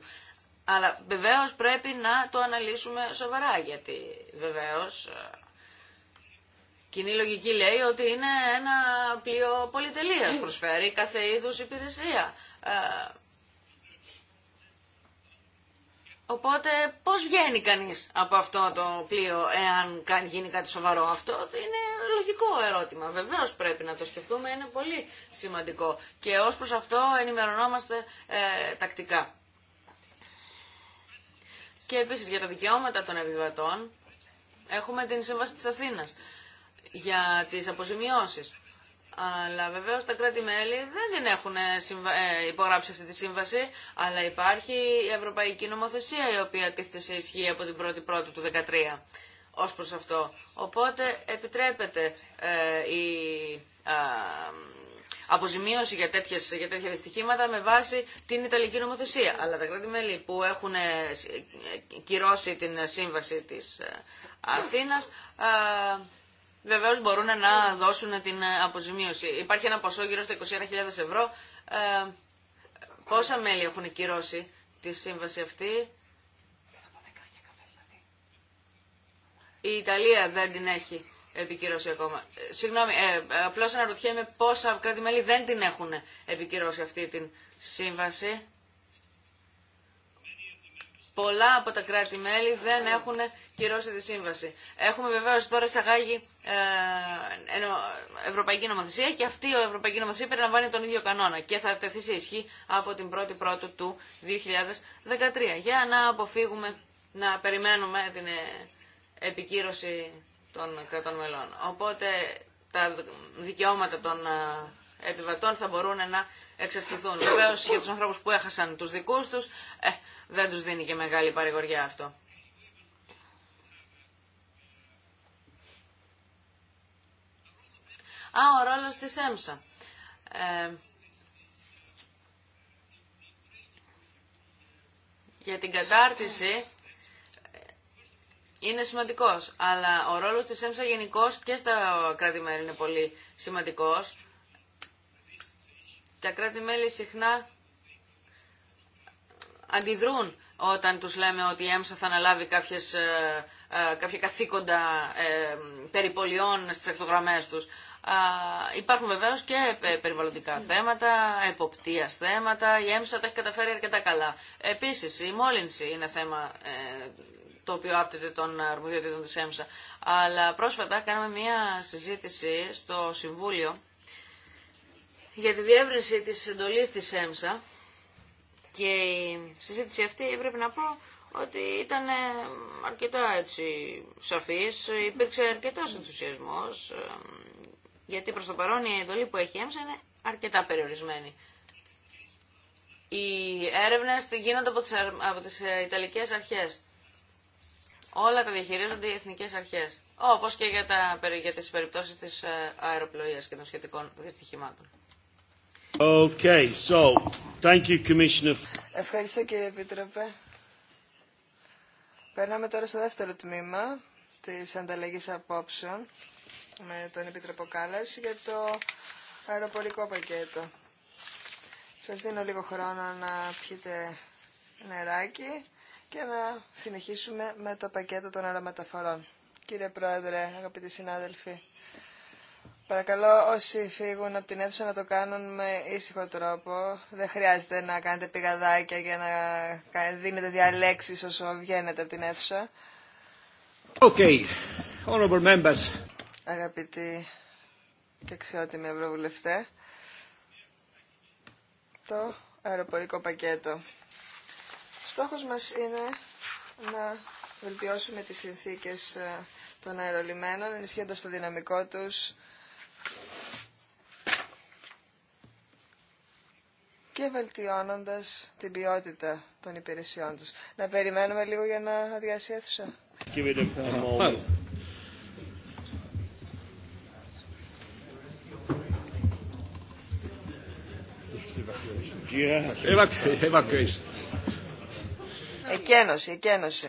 Αλλά βεβαίως πρέπει να το αναλύσουμε σοβαρά, γιατί βεβαίως ε, κοινή λογική λέει ότι είναι ένα πλοίο πολυτελεία προσφέρει κάθε είδου υπηρεσία. Ε, οπότε πώς βγαίνει κανείς από αυτό το πλοίο εάν γίνει κάτι σοβαρό αυτό είναι λογικό ερώτημα. Βεβαίως πρέπει να το σκεφτούμε, είναι πολύ σημαντικό και ως προς αυτό ενημερωνόμαστε ε, τακτικά και επίσης για τα δικαιώματα των επιβατών έχουμε την Σύμβαση της Αθήνας για τις αποζημιώσεις. Αλλά βεβαίω τα κράτη-μέλη δεν έχουν ε, ε, υπογράψει αυτή τη σύμβαση, αλλά υπάρχει η Ευρωπαϊκή Νομοθεσία η οποία τίθεται σε ισχύ από την 1η Πρώτη του 2013 ως προς αυτό. Οπότε επιτρέπεται ε, η, αποζημίωση για, τέτοιες, για τέτοια δυστυχήματα με βάση την Ιταλική νομοθεσία. Αλλά τα κράτη-μέλη που έχουν ε, ε, κυρώσει την σύμβαση της ε, Αθήνας βεβαίως μπορούν να δώσουν την αποζημίωση. Υπάρχει ένα ποσό γύρω στα 21.000 ευρώ. Πόσα μέλη έχουν κυρώσει τη σύμβαση αυτή. Η Ιταλία δεν την έχει επικυρώσει ακόμα. Ε, συγγνώμη, ε, απλώ αναρωτιέμαι πόσα κράτη-μέλη δεν την έχουν επικυρώσει αυτή την σύμβαση. Πολλά από τα κράτη-μέλη δεν έχουν κυρώσει τη σύμβαση. Έχουμε βεβαίω τώρα εισαγάγει ε, ευρωπαϊκή νομοθεσία και αυτή η ευρωπαϊκή νομοθεσία περιλαμβάνει τον ίδιο κανόνα και θα τεθεί σε ισχύ από την 1η Πρώτου του 2013 για να αποφύγουμε να περιμένουμε την ε, επικύρωση των κρατών μελών. Οπότε τα δικαιώματα των ε, επιβατών θα μπορούν να εξασκηθούν. Βεβαίω για του ανθρώπου που έχασαν του δικού του, ε, δεν του δίνει και μεγάλη παρηγοριά αυτό. Α, ο ρόλος της ΕΜΣΑ. Ε, για την κατάρτιση είναι σημαντικό. αλλά ο ρόλος της ΕΜΣΑ γενικώ και στα κράτη-μέλη είναι πολύ σημαντικός. Τα κράτη-μέλη συχνά αντιδρούν όταν τους λέμε ότι η ΕΜΣΑ θα αναλάβει κάποιες, ε, ε, κάποια καθήκοντα ε, περιπολιών στις εκτογραμμές τους. Υπάρχουν βεβαίως και περιβαλλοντικά θέματα, εποπτείας θέματα, η ΕΜΣΑ τα έχει καταφέρει αρκετά καλά. Επίσης η μόλυνση είναι θέμα το οποίο άπτεται των αρμοδιότητων της ΕΜΣΑ. Αλλά πρόσφατα κάναμε μια συζήτηση στο Συμβούλιο για τη διεύρυνση της εντολής της ΕΜΣΑ και η συζήτηση αυτή πρέπει να πω ότι ήταν ε, αρκετά έτσι σαφής, υπήρξε αρκετός ενθουσιασμός, ε, γιατί προς το παρόν η εντολή που έχει η ΕΜΣΑ είναι αρκετά περιορισμένη. Οι έρευνες γίνονται από τις, από τις ε, Ιταλικές αρχές όλα τα διαχειρίζονται οι εθνικές αρχές. Όπως και για, τα, για τις περιπτώσεις της ε, αεροπλοεία και των σχετικών δυστυχημάτων.
Okay, so, thank you, Commissioner.
Ευχαριστώ κύριε Επίτροπε. Περνάμε τώρα στο δεύτερο τμήμα τη ανταλλαγής απόψεων με τον Επίτροπο Κάλλας για το αεροπορικό πακέτο. Σας δίνω λίγο χρόνο να πιείτε νεράκι και να συνεχίσουμε με το πακέτο των αερομεταφορών. Κύριε Πρόεδρε, αγαπητοί συνάδελφοι, παρακαλώ όσοι φύγουν από την αίθουσα να το κάνουν με ήσυχο τρόπο. Δεν χρειάζεται να κάνετε πηγαδάκια για να δίνετε διαλέξεις όσο βγαίνετε από την αίθουσα.
Okay. Honorable members.
Αγαπητοί και αξιότιμοι ευρωβουλευτέ, το αεροπορικό πακέτο Στόχος μας είναι να βελτιώσουμε τις συνθήκες ε, των αερολιμένων, ενισχύοντας το δυναμικό τους και βελτιώνοντας την ποιότητα των υπηρεσιών τους. Να περιμένουμε λίγο για να αδειάσει αίθουσα. Εκένωση, εκένωση.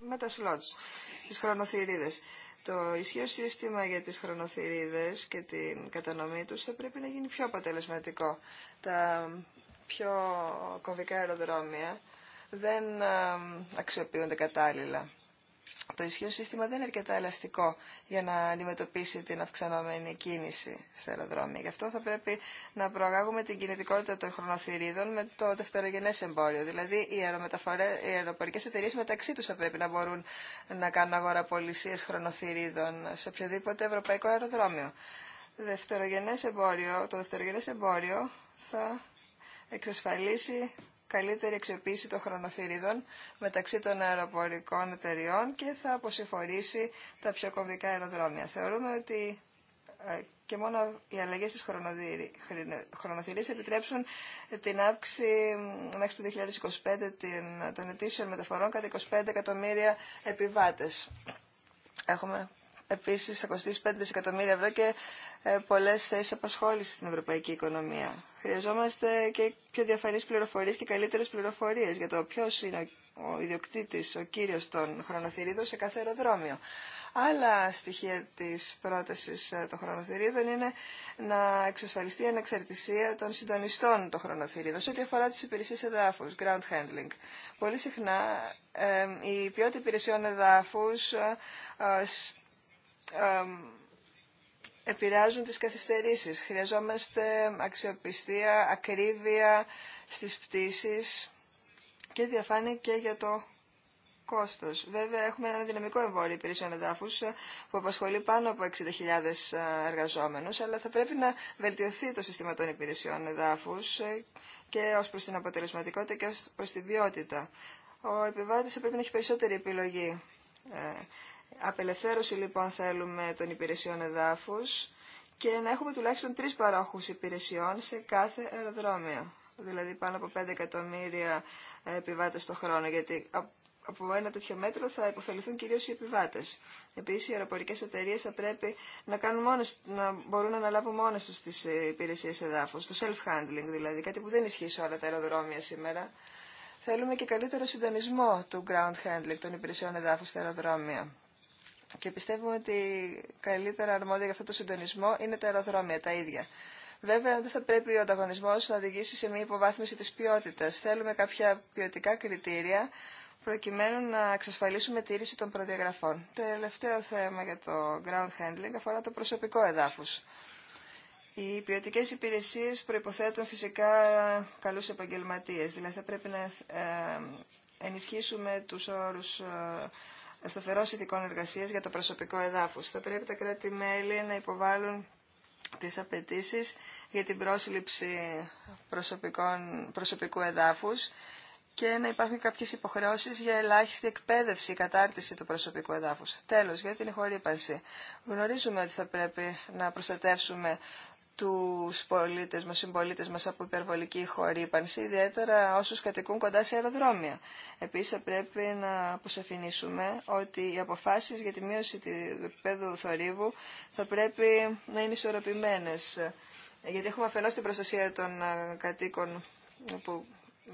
με τα σλότς, τις χρονοθυρίδες. Το ισχυρό σύστημα για τις χρονοθυρίδες και την κατανομή τους θα πρέπει να γίνει πιο αποτελεσματικό. Τα πιο κομβικά αεροδρόμια δεν ε, αξιοποιούνται κατάλληλα το ισχύον σύστημα δεν είναι αρκετά ελαστικό για να αντιμετωπίσει την αυξανόμενη κίνηση στα αεροδρόμια. Γι' αυτό θα πρέπει να προαγάγουμε την κινητικότητα των χρονοθυρίδων με το δευτερογενέ εμπόριο. Δηλαδή, οι, οι αεροπορικέ εταιρείε μεταξύ του θα πρέπει να μπορούν να κάνουν αγοραπολισίε χρονοθυρίδων σε οποιοδήποτε ευρωπαϊκό αεροδρόμιο. Δευτερογενές εμπόριο, το δευτερογενέ εμπόριο θα εξασφαλίσει καλύτερη αξιοποίηση των χρονοθυρίδων μεταξύ των αεροπορικών εταιριών και θα αποσυφορήσει τα πιο κομβικά αεροδρόμια. Θεωρούμε ότι ε, και μόνο οι αλλαγές στις χρονοθυρίες επιτρέψουν την αύξηση μέχρι το 2025 των ετήσιων μεταφορών κατά 25 εκατομμύρια επιβάτες. Έχουμε Επίσης θα κοστίσει 5 δισεκατομμύρια ευρώ και ε, πολλές θέσεις απασχόληση στην ευρωπαϊκή οικονομία. Χρειαζόμαστε και πιο διαφανείς πληροφορίες και καλύτερες πληροφορίες για το ποιο είναι ο ιδιοκτήτης, ο κύριος των χρονοθυρίδων σε κάθε αεροδρόμιο. Άλλα στοιχεία της πρότασης ε, των χρονοθυρίδων είναι να εξασφαλιστεί η ανεξαρτησία των συντονιστών των χρονοθυρίδων σε ό,τι αφορά τις υπηρεσίες εδάφους, ground handling. Πολύ συχνά ε, η ποιότητα υπηρεσιών εδάφους επηρεάζουν τις καθυστερήσεις. Χρειαζόμαστε αξιοπιστία, ακρίβεια στις πτήσεις και διαφάνεια και για το κόστος. Βέβαια έχουμε ένα δυναμικό εμβόλιο υπηρεσιών εδάφου ε, που απασχολεί πάνω από 60.000 ε, εργαζόμενους, αλλά θα πρέπει να βελτιωθεί το σύστημα των υπηρεσιών εδάφου ε, και ως προς την αποτελεσματικότητα και ως προς την ποιότητα. Ο επιβάτης θα πρέπει να έχει περισσότερη επιλογή Απελευθέρωση λοιπόν θέλουμε των υπηρεσιών εδάφους και να έχουμε τουλάχιστον τρεις παρόχους υπηρεσιών σε κάθε αεροδρόμιο. Δηλαδή πάνω από 5 εκατομμύρια ε, επιβάτες το χρόνο, γιατί από ένα τέτοιο μέτρο θα υποφεληθούν κυρίω οι επιβάτε. Επίση, οι αεροπορικέ εταιρείε θα πρέπει να, κάνουν μόνες, να μπορούν να αναλάβουν μόνε του τι ε, υπηρεσίε εδάφου, το self-handling δηλαδή, κάτι που δεν ισχύει σε όλα τα αεροδρόμια σήμερα. Θέλουμε και καλύτερο συντονισμό του ground handling των υπηρεσιών εδάφου στα αεροδρόμια. Και πιστεύουμε ότι καλύτερα αρμόδια για αυτό το συντονισμό είναι τα αεροδρόμια τα ίδια. Βέβαια, δεν θα πρέπει ο ανταγωνισμό να οδηγήσει σε μια υποβάθμιση τη ποιότητα. Θέλουμε κάποια ποιοτικά κριτήρια προκειμένου να εξασφαλίσουμε τη των προδιαγραφών. Τελευταίο θέμα για το ground handling αφορά το προσωπικό εδάφους. Οι ποιοτικέ υπηρεσίε προποθέτουν φυσικά καλού επαγγελματίε. Δηλαδή, θα πρέπει να ε, ενισχύσουμε του όρου ε, Σταθερό ηθικών εργασία για το προσωπικό εδάφους. Θα πρέπει τα κράτη-μέλη να υποβάλουν τις απαιτήσει για την πρόσληψη προσωπικού εδάφους και να υπάρχουν κάποιες υποχρεώσεις για ελάχιστη εκπαίδευση ή κατάρτιση του προσωπικού εδάφους. Τέλος, για την χορύπανση. Γνωρίζουμε ότι θα πρέπει να προστατεύσουμε τους πολίτες μας, συμπολίτες μας από υπερβολική χορύπανση, ιδιαίτερα όσους κατοικούν κοντά σε αεροδρόμια. Επίσης θα πρέπει να αποσαφηνίσουμε ότι οι αποφάσεις για τη μείωση του επίπεδου θορύβου θα πρέπει να είναι ισορροπημένες. Γιατί έχουμε αφενός την προστασία των ε, κατοίκων που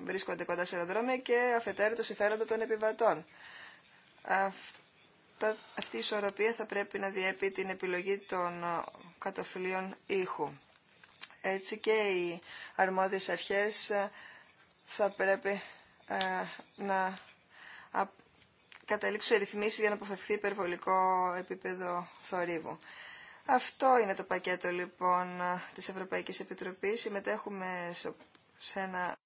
βρίσκονται κοντά σε αεροδρόμια και αφετέρου το συμφέροντα των επιβατών αυτή η ισορροπία θα πρέπει να διέπει την επιλογή των ε, κατοφυλίων ήχου. Έτσι και οι αρμόδιες αρχές ε, θα πρέπει ε, να καταλήξουν ρυθμίσεις για να αποφευθεί υπερβολικό επίπεδο θορύβου. Αυτό είναι το πακέτο λοιπόν της Ευρωπαϊκής Επιτροπής. Συμμετέχουμε σε ένα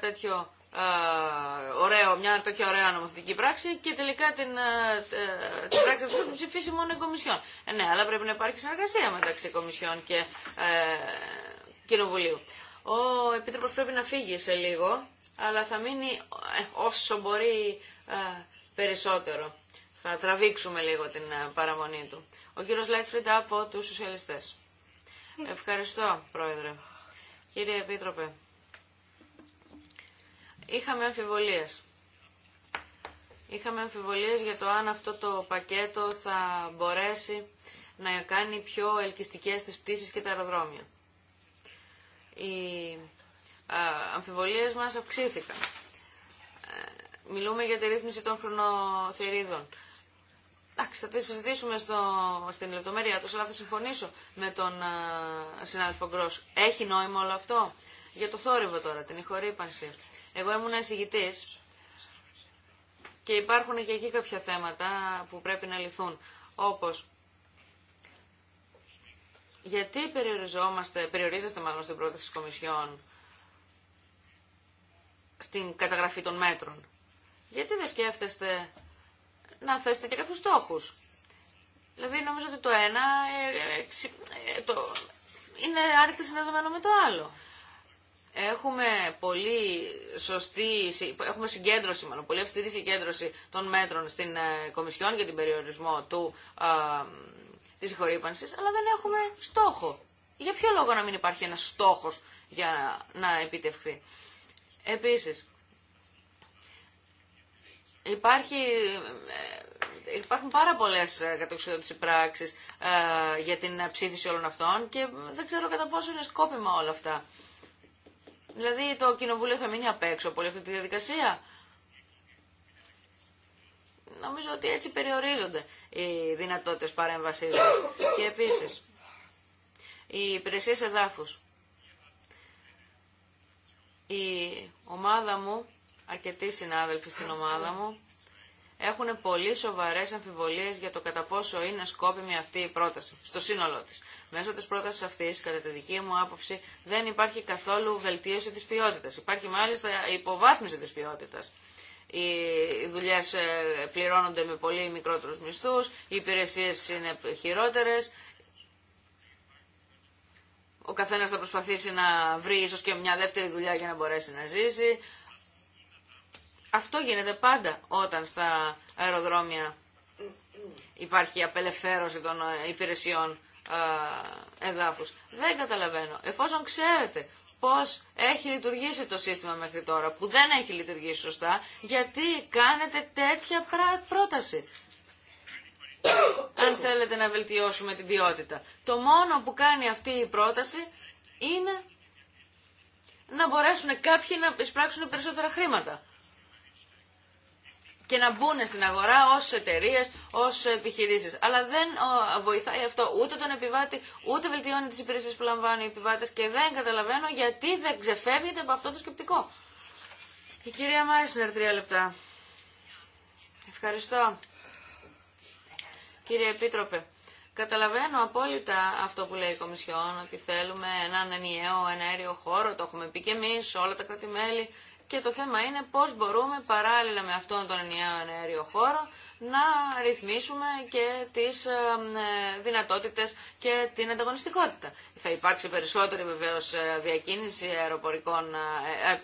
τέτοιο ε, ωραίο, μια τέτοια ωραία νομοθετική πράξη και τελικά την, ε, ε, την πράξη αυτή θα την ψηφίσει μόνο η Κομισιόν. Ε, ναι, αλλά πρέπει να υπάρχει συνεργασία μεταξύ Κομισιόν και ε, Κοινοβουλίου. Ο Επίτροπος πρέπει να φύγει σε λίγο, αλλά θα μείνει όσο μπορεί περισσότερο. Θα τραβήξουμε λίγο την παραμονή του. Ο κύριος Λάιτφριντ από τους Σοσιαλιστές. Ευχαριστώ, Πρόεδρε. Κύριε Επίτροπε είχαμε αμφιβολίες. Είχαμε αμφιβολίες για το αν αυτό το πακέτο θα μπορέσει να κάνει πιο ελκυστικές τις πτήσεις και τα αεροδρόμια. Οι αμφιβολίες μας αυξήθηκαν. Ε, μιλούμε για τη ρύθμιση των χρονοθερίδων. Εντάξει, θα τη συζητήσουμε στο, στην λεπτομέρεια του, αλλά θα συμφωνήσω με τον συνάδελφο Γκρό. Έχει νόημα όλο αυτό. Για το θόρυβο τώρα, την ηχορύπανση. Εγώ ήμουν εισηγητή και υπάρχουν και εκεί κάποια θέματα που πρέπει να λυθούν. Όπως γιατί περιοριζόμαστε, περιορίζεστε μάλλον στην πρόταση της Κομισιόν στην καταγραφή των μέτρων. Γιατί δεν σκέφτεστε να θέσετε και κάποιους στόχους. Δηλαδή νομίζω ότι το ένα ε, ε, ε, το, είναι άρρηκτα συνδεδεμένο με το άλλο. Έχουμε πολύ σωστή, έχουμε συγκέντρωση, μάλλον πολύ αυστηρή συγκέντρωση των μέτρων στην ε, Κομισιόν για την περιορισμό του, α, ε, της συγχωρήπανσης, αλλά δεν έχουμε στόχο. Για ποιο λόγο να μην υπάρχει ένας στόχος για να επιτευχθεί. Επίσης, υπάρχει, ε, υπάρχουν πάρα πολλές κατοξιδότητες πράξεις για την ψήφιση όλων αυτών και δεν ξέρω κατά πόσο είναι σκόπιμα όλα αυτά. Δηλαδή το κοινοβούλιο θα μείνει απ' έξω από όλη αυτή τη διαδικασία. Νομίζω ότι έτσι περιορίζονται οι δυνατότητες παρέμβασής μας. Και επίσης, οι υπηρεσίε εδάφους. Η ομάδα μου, αρκετοί συνάδελφοι στην ομάδα μου, έχουν πολύ σοβαρές αμφιβολίε για το κατά πόσο είναι σκόπιμη αυτή η πρόταση, στο σύνολό της. Μέσω τη πρόταση αυτή κατά τη δική μου άποψη, δεν υπάρχει καθόλου βελτίωση τη ποιότητα. Υπάρχει μάλιστα υποβάθμιση τη ποιότητα. Οι δουλειέ ε, πληρώνονται με πολύ μικρότερου μισθούς, οι υπηρεσίε είναι χειρότερε. ο καθένας θα προσπαθήσει να βρει ίσως και μια δεύτερη δουλειά για να μπορέσει να ζήσει. Αυτό γίνεται πάντα όταν στα αεροδρόμια υπάρχει απελευθέρωση των ε, υπηρεσιών ε, εδάφους. Δεν καταλαβαίνω. Εφόσον ξέρετε πώς έχει λειτουργήσει το σύστημα μέχρι τώρα, που δεν έχει λειτουργήσει σωστά, γιατί κάνετε τέτοια πρόταση. Αν θέλετε να βελτιώσουμε την ποιότητα. Το μόνο που κάνει αυτή η πρόταση είναι να μπορέσουν κάποιοι να εισπράξουν περισσότερα χρήματα και να μπουν στην αγορά ω εταιρείε, ω επιχειρήσει. Αλλά δεν βοηθάει αυτό ούτε τον επιβάτη, ούτε βελτιώνει τι υπηρεσίες που λαμβάνουν οι επιβάτε και δεν καταλαβαίνω γιατί δεν ξεφεύγεται από αυτό το σκεπτικό. Η κυρία Μάισνερ, τρία λεπτά. Ευχαριστώ. Κύριε Επίτροπε. Καταλαβαίνω απόλυτα αυτό που λέει η Κομισιόν, ότι θέλουμε έναν ενιαίο αέριο χώρο, το έχουμε πει και εμείς, όλα τα κρατημέλη και το θέμα είναι πώς μπορούμε παράλληλα με αυτόν τον ενιαίο αέριο χώρο να ρυθμίσουμε και τις ε, ε, δυνατότητες και την ανταγωνιστικότητα. Θα υπάρξει περισσότερη βεβαίως ε, διακίνηση αεροπορικών,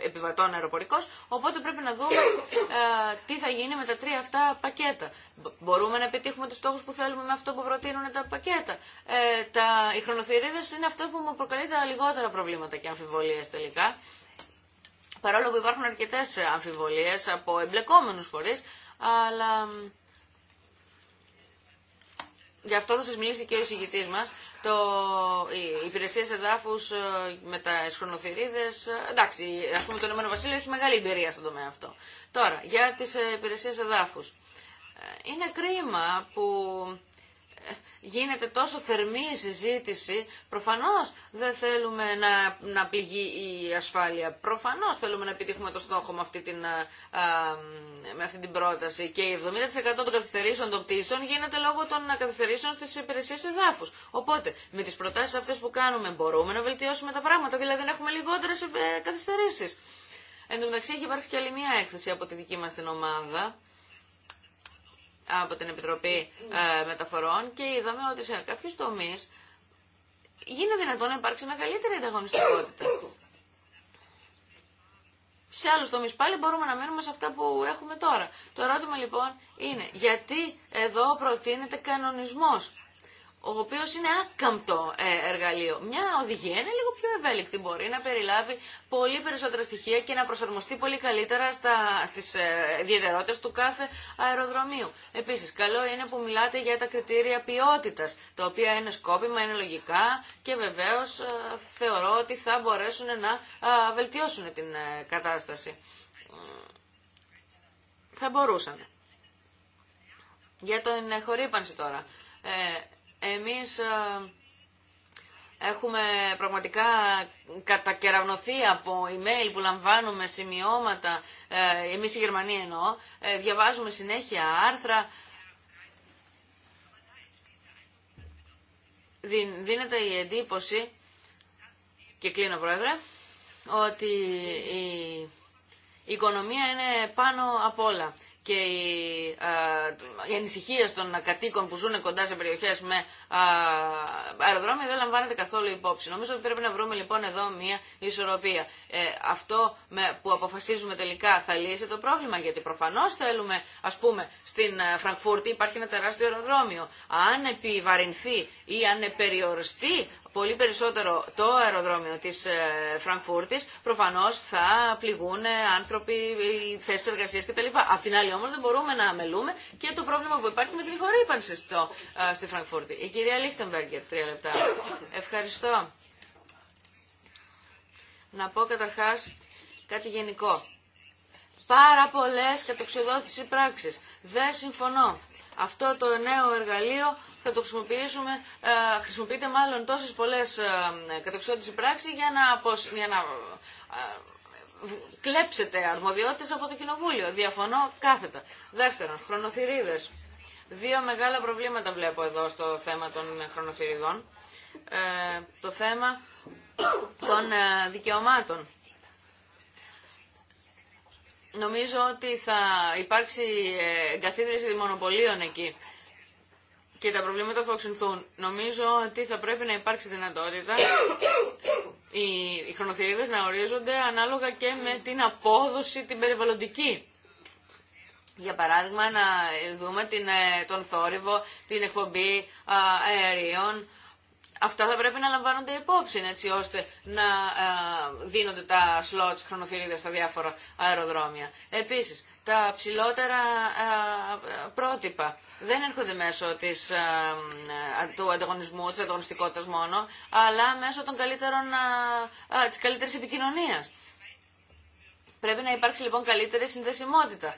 επιβατών αεροπορικός, οπότε πρέπει να δούμε τι θα γίνει με τα τρία αυτά πακέτα. Μπορούμε να επιτύχουμε τους στόχους που θέλουμε με αυτό που προτείνουν τα πακέτα. τα, οι χρονοθυρίδες είναι αυτό που μου προκαλεί τα λιγότερα προβλήματα και αμφιβολίες τελικά παρόλο που υπάρχουν αρκετές αμφιβολίες από εμπλεκόμενους φορείς, αλλά Γι' αυτό θα σας μιλήσει και ο εισηγητής μας. Το, οι υπηρεσίε εδάφους ε, με τα χρονοθυρίδες, ε, εντάξει, ας πούμε το Ηνωμένο Βασίλειο έχει μεγάλη εμπειρία στον τομέα αυτό. Τώρα, για τις ε, υπηρεσίε εδάφους. Είναι κρίμα που γίνεται τόσο θερμή η συζήτηση, προφανώς δεν θέλουμε να, να πληγεί η ασφάλεια. Προφανώς θέλουμε να επιτύχουμε το στόχο με αυτή την, με αυτή την πρόταση. Και 70% των καθυστερήσεων των πτήσεων γίνεται λόγω των καθυστερήσεων στις υπηρεσίες εδάφους. Οπότε, με τις προτάσεις αυτές που κάνουμε μπορούμε να βελτιώσουμε τα πράγματα, δηλαδή να έχουμε λιγότερες ε, καθυστερήσεις. Εν τω μεταξύ έχει υπάρξει και άλλη μια έκθεση από τη δική μας την ομάδα, από την Επιτροπή ε, Μεταφορών και είδαμε ότι σε κάποιους τομείς γίνεται δυνατόν να υπάρξει μεγαλύτερη καλύτερη ανταγωνιστικότητα. Σε άλλου τομεί πάλι μπορούμε να μείνουμε σε αυτά που έχουμε τώρα. Το ερώτημα λοιπόν είναι γιατί εδώ προτείνεται κανονισμός ο οποίο είναι άκαμπτο ε, εργαλείο. Μια οδηγία είναι λίγο πιο ευέλικτη. Μπορεί να περιλάβει πολύ περισσότερα στοιχεία και να προσαρμοστεί πολύ καλύτερα στι ε, ιδιαιτερότητε του κάθε αεροδρομίου. Επίση, καλό είναι που μιλάτε για τα κριτήρια ποιότητα, τα οποία είναι σκόπιμα, είναι λογικά και βεβαίω ε, θεωρώ ότι θα μπορέσουν να βελτιώσουν την κατάσταση. Θα μπορούσαν. Για τον χορύπανση τώρα. Ε, εμείς ε, έχουμε πραγματικά κατακεραυνοθεί από email που λαμβάνουμε, σημειώματα, ε, εμείς οι Γερμανοί εννοώ, ε, διαβάζουμε συνέχεια άρθρα, δίνεται η εντύπωση, και κλείνω πρόεδρε, ότι η οικονομία είναι πάνω απ' όλα και οι, η των κατοίκων που ζουν κοντά σε περιοχές με αεροδρόμια δεν λαμβάνεται καθόλου υπόψη. Νομίζω ότι πρέπει να βρούμε λοιπόν εδώ μια ισορροπία. Ε, αυτό με, που αποφασίζουμε τελικά θα λύσει το πρόβλημα γιατί προφανώς θέλουμε ας πούμε στην ε, Φραγκφούρτη υπάρχει ένα τεράστιο αεροδρόμιο. Αν επιβαρυνθεί ή αν περιοριστεί πολύ περισσότερο το αεροδρόμιο της ε, Φραγκφούρτης, προφανώς θα πληγούν ε, άνθρωποι, θέσεις εργασίας κτλ. Απ' την άλλη όμως δεν μπορούμε να αμελούμε και το πρόβλημα που υπάρχει με την χορύπανση στο, ε, στη Φραγκφούρτη. Η κυρία Λίχτεμπεργκερ, τρία λεπτά. Ευχαριστώ. Να πω καταρχάς κάτι γενικό. Πάρα πολλές κατοξιδότηση πράξεις. Δεν συμφωνώ. Αυτό το νέο εργαλείο θα το χρησιμοποιήσουμε, ε, χρησιμοποιείται μάλλον τόσες πολλές ε, κατεξιότητες πράξη για να, πως, για να ε, κλέψετε αρμοδιότητες από το Κοινοβούλιο. Διαφωνώ κάθετα. Δεύτερον, χρονοθυρίδες. Δύο μεγάλα προβλήματα βλέπω εδώ στο θέμα των χρονοθυριδών. Ε, το θέμα των δικαιωμάτων. Νομίζω ότι θα υπάρξει εγκαθίδρυση μονοπωλίων εκεί και τα προβλήματα θα οξυνθούν. Νομίζω ότι θα πρέπει να υπάρξει δυνατότητα οι, οι χρονοθυρίδες να ορίζονται ανάλογα και με την απόδοση την περιβαλλοντική. Για παράδειγμα, να δούμε την, ε, τον θόρυβο, την εκπομπή αερίων. Αυτά θα πρέπει να λαμβάνονται υπόψη, έτσι ώστε να ε, δίνονται τα σλότς χρονοθυρίδες στα διάφορα αεροδρόμια. Επίσης, τα ψηλότερα ε, πρότυπα. Δεν έρχονται μέσω της, ε, ε, του ανταγωνισμού, της ανταγωνιστικότητας μόνο, αλλά μέσω των καλύτερων, της καλύτερης επικοινωνίας. Πρέπει να υπάρξει λοιπόν καλύτερη συνδεσιμότητα.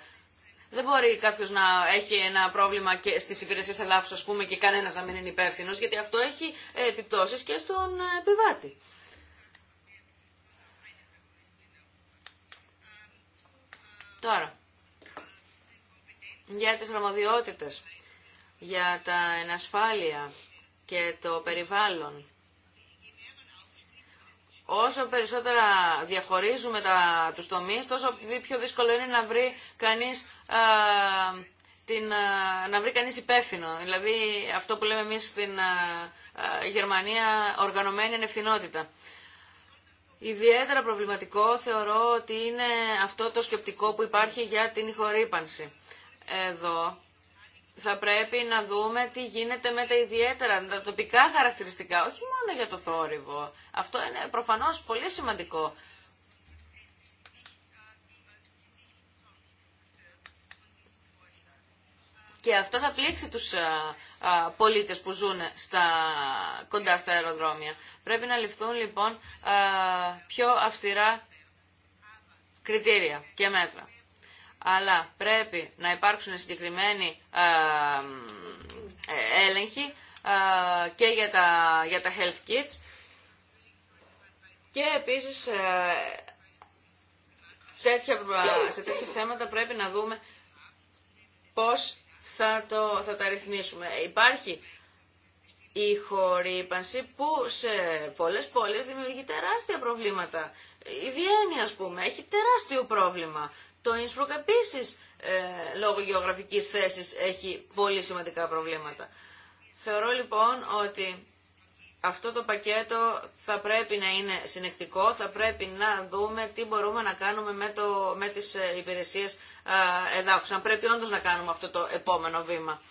Δεν μπορεί κάποιο να έχει ένα πρόβλημα και στι υπηρεσίε ελάφου, α πούμε, και κανένα να μην είναι υπεύθυνο, γιατί αυτό έχει επιπτώσει και στον επιβάτη. Τώρα, για τις αρμοδιότητες, για τα ενασφάλεια και το περιβάλλον. Όσο περισσότερα διαχωρίζουμε τα, τους τομείς, τόσο πιο δύσκολο είναι να βρει κανείς, την, να βρει κανείς υπεύθυνο. Δηλαδή αυτό που λέμε εμείς στην Γερμανία οργανωμένη ανευθυνότητα. Ιδιαίτερα προβληματικό θεωρώ ότι είναι αυτό το σκεπτικό που υπάρχει για την ηχορύπανση εδώ θα πρέπει να δούμε τι γίνεται με τα ιδιαίτερα, τα τοπικά χαρακτηριστικά, όχι μόνο για το θόρυβο. Αυτό είναι προφανώς πολύ σημαντικό. Και αυτό θα πλήξει τους α, πολίτες που ζουν στα, κοντά στα αεροδρόμια. Πρέπει να ληφθούν λοιπόν πιο αυστηρά κριτήρια και μέτρα αλλά πρέπει να υπάρξουν συγκεκριμένοι έλεγχοι και για τα, για τα health kits και επίσης ε, τέτοια, σε τέτοια θέματα πρέπει να δούμε πώς θα, το, θα τα ρυθμίσουμε. Υπάρχει η χορύπανση που σε πολλές πόλεις δημιουργεί τεράστια προβλήματα. Η Βιέννη ας πούμε έχει τεράστιο πρόβλημα το Ινσπρουκ επίση ε, λόγω γεωγραφική θέση έχει πολύ σημαντικά προβλήματα. Θεωρώ λοιπόν ότι αυτό το πακέτο θα πρέπει να είναι συνεκτικό, θα πρέπει να δούμε τι μπορούμε να κάνουμε με, το, με τις ε, υπηρεσίες ε, εδάφους. Αν πρέπει όντως να κάνουμε αυτό το επόμενο βήμα.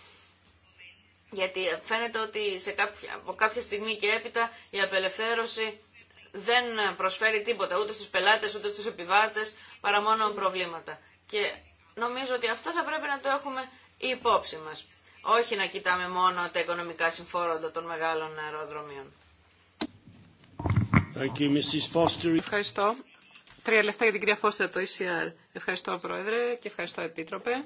Γιατί φαίνεται ότι σε κάποια, από κάποια στιγμή και έπειτα η απελευθέρωση δεν προσφέρει τίποτα ούτε στους πελάτες ούτε στους επιβάτες παρά μόνο προβλήματα. Και νομίζω ότι αυτό θα πρέπει να το έχουμε υπόψη μας. Όχι να κοιτάμε μόνο τα οικονομικά συμφόροντα των μεγάλων αεροδρομίων.
Ευχαριστώ. Τρία λεφτά για την κυρία Φώστερ το ECR. Ευχαριστώ Πρόεδρε και ευχαριστώ Επίτροπε.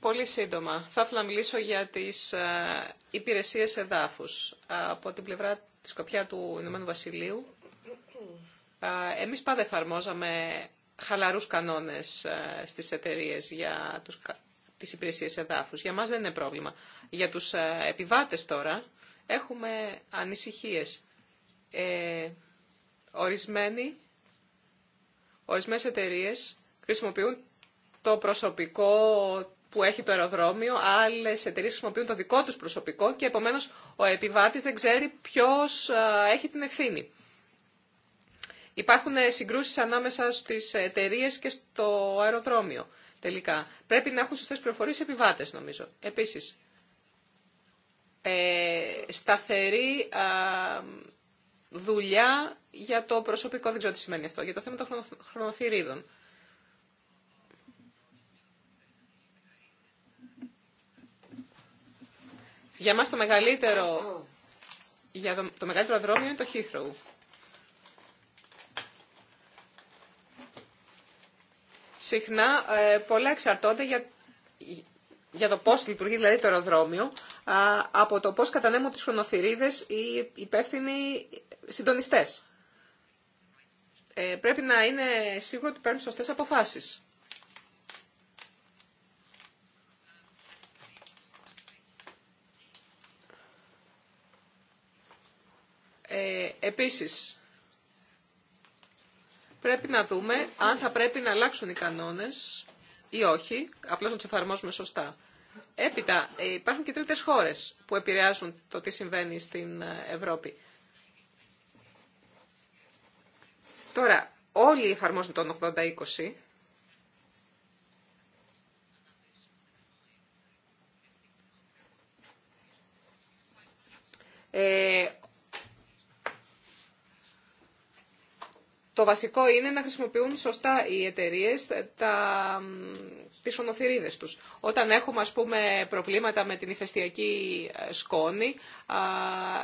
Πολύ σύντομα. Θα ήθελα να μιλήσω για τις ε, υπηρεσίες εδάφους από την πλευρά τη σκοπιά του Ηνωμένου Βασιλείου, εμείς πάντα εφαρμόζαμε χαλαρούς κανόνες στις εταιρείε για τους, τις υπηρεσίες εδάφους. Για μας δεν είναι πρόβλημα. Για τους επιβάτες τώρα έχουμε ανησυχίες. Ε, ορισμένοι, ορισμένες εταιρείε χρησιμοποιούν το προσωπικό που έχει το αεροδρόμιο, άλλε εταιρείε χρησιμοποιούν το δικό του προσωπικό και επομένω ο επιβάτη δεν ξέρει ποιο έχει την ευθύνη. Υπάρχουν συγκρούσει ανάμεσα στι εταιρείε και στο αεροδρόμιο τελικά. Πρέπει να έχουν σωστέ πληροφορίε οι επιβάτε, νομίζω. Επίση, ε, σταθερή α, δουλειά για το προσωπικό, δεν ξέρω τι σημαίνει αυτό, για το θέμα των χρονοθυρίδων. Για μας το μεγαλύτερο, για το, μεγαλύτερο είναι το Heathrow. Συχνά ε, πολλά εξαρτώνται για, το πώς λειτουργεί δηλαδή το αεροδρόμιο από το πώς κατανέμουν τις χρονοθυρίδες οι υπεύθυνοι συντονιστές. Ε, πρέπει να είναι σίγουρο ότι παίρνουν σωστές αποφάσεις. Ε, επίσης, πρέπει να δούμε αν θα πρέπει να αλλάξουν οι κανόνες ή όχι, απλώς να τους εφαρμόσουμε σωστά. Έπειτα, ε, υπάρχουν και τρίτες χώρες που επηρεάζουν το τι συμβαίνει στην ε, Ευρώπη. Τώρα, όλοι εφαρμόζουν τον 80-20. Ε, Το βασικό είναι να χρησιμοποιούν σωστά οι εταιρείε τα... τις του. τους. Όταν έχουμε ας πούμε, προβλήματα με την ηφαιστειακή ε, σκόνη, α,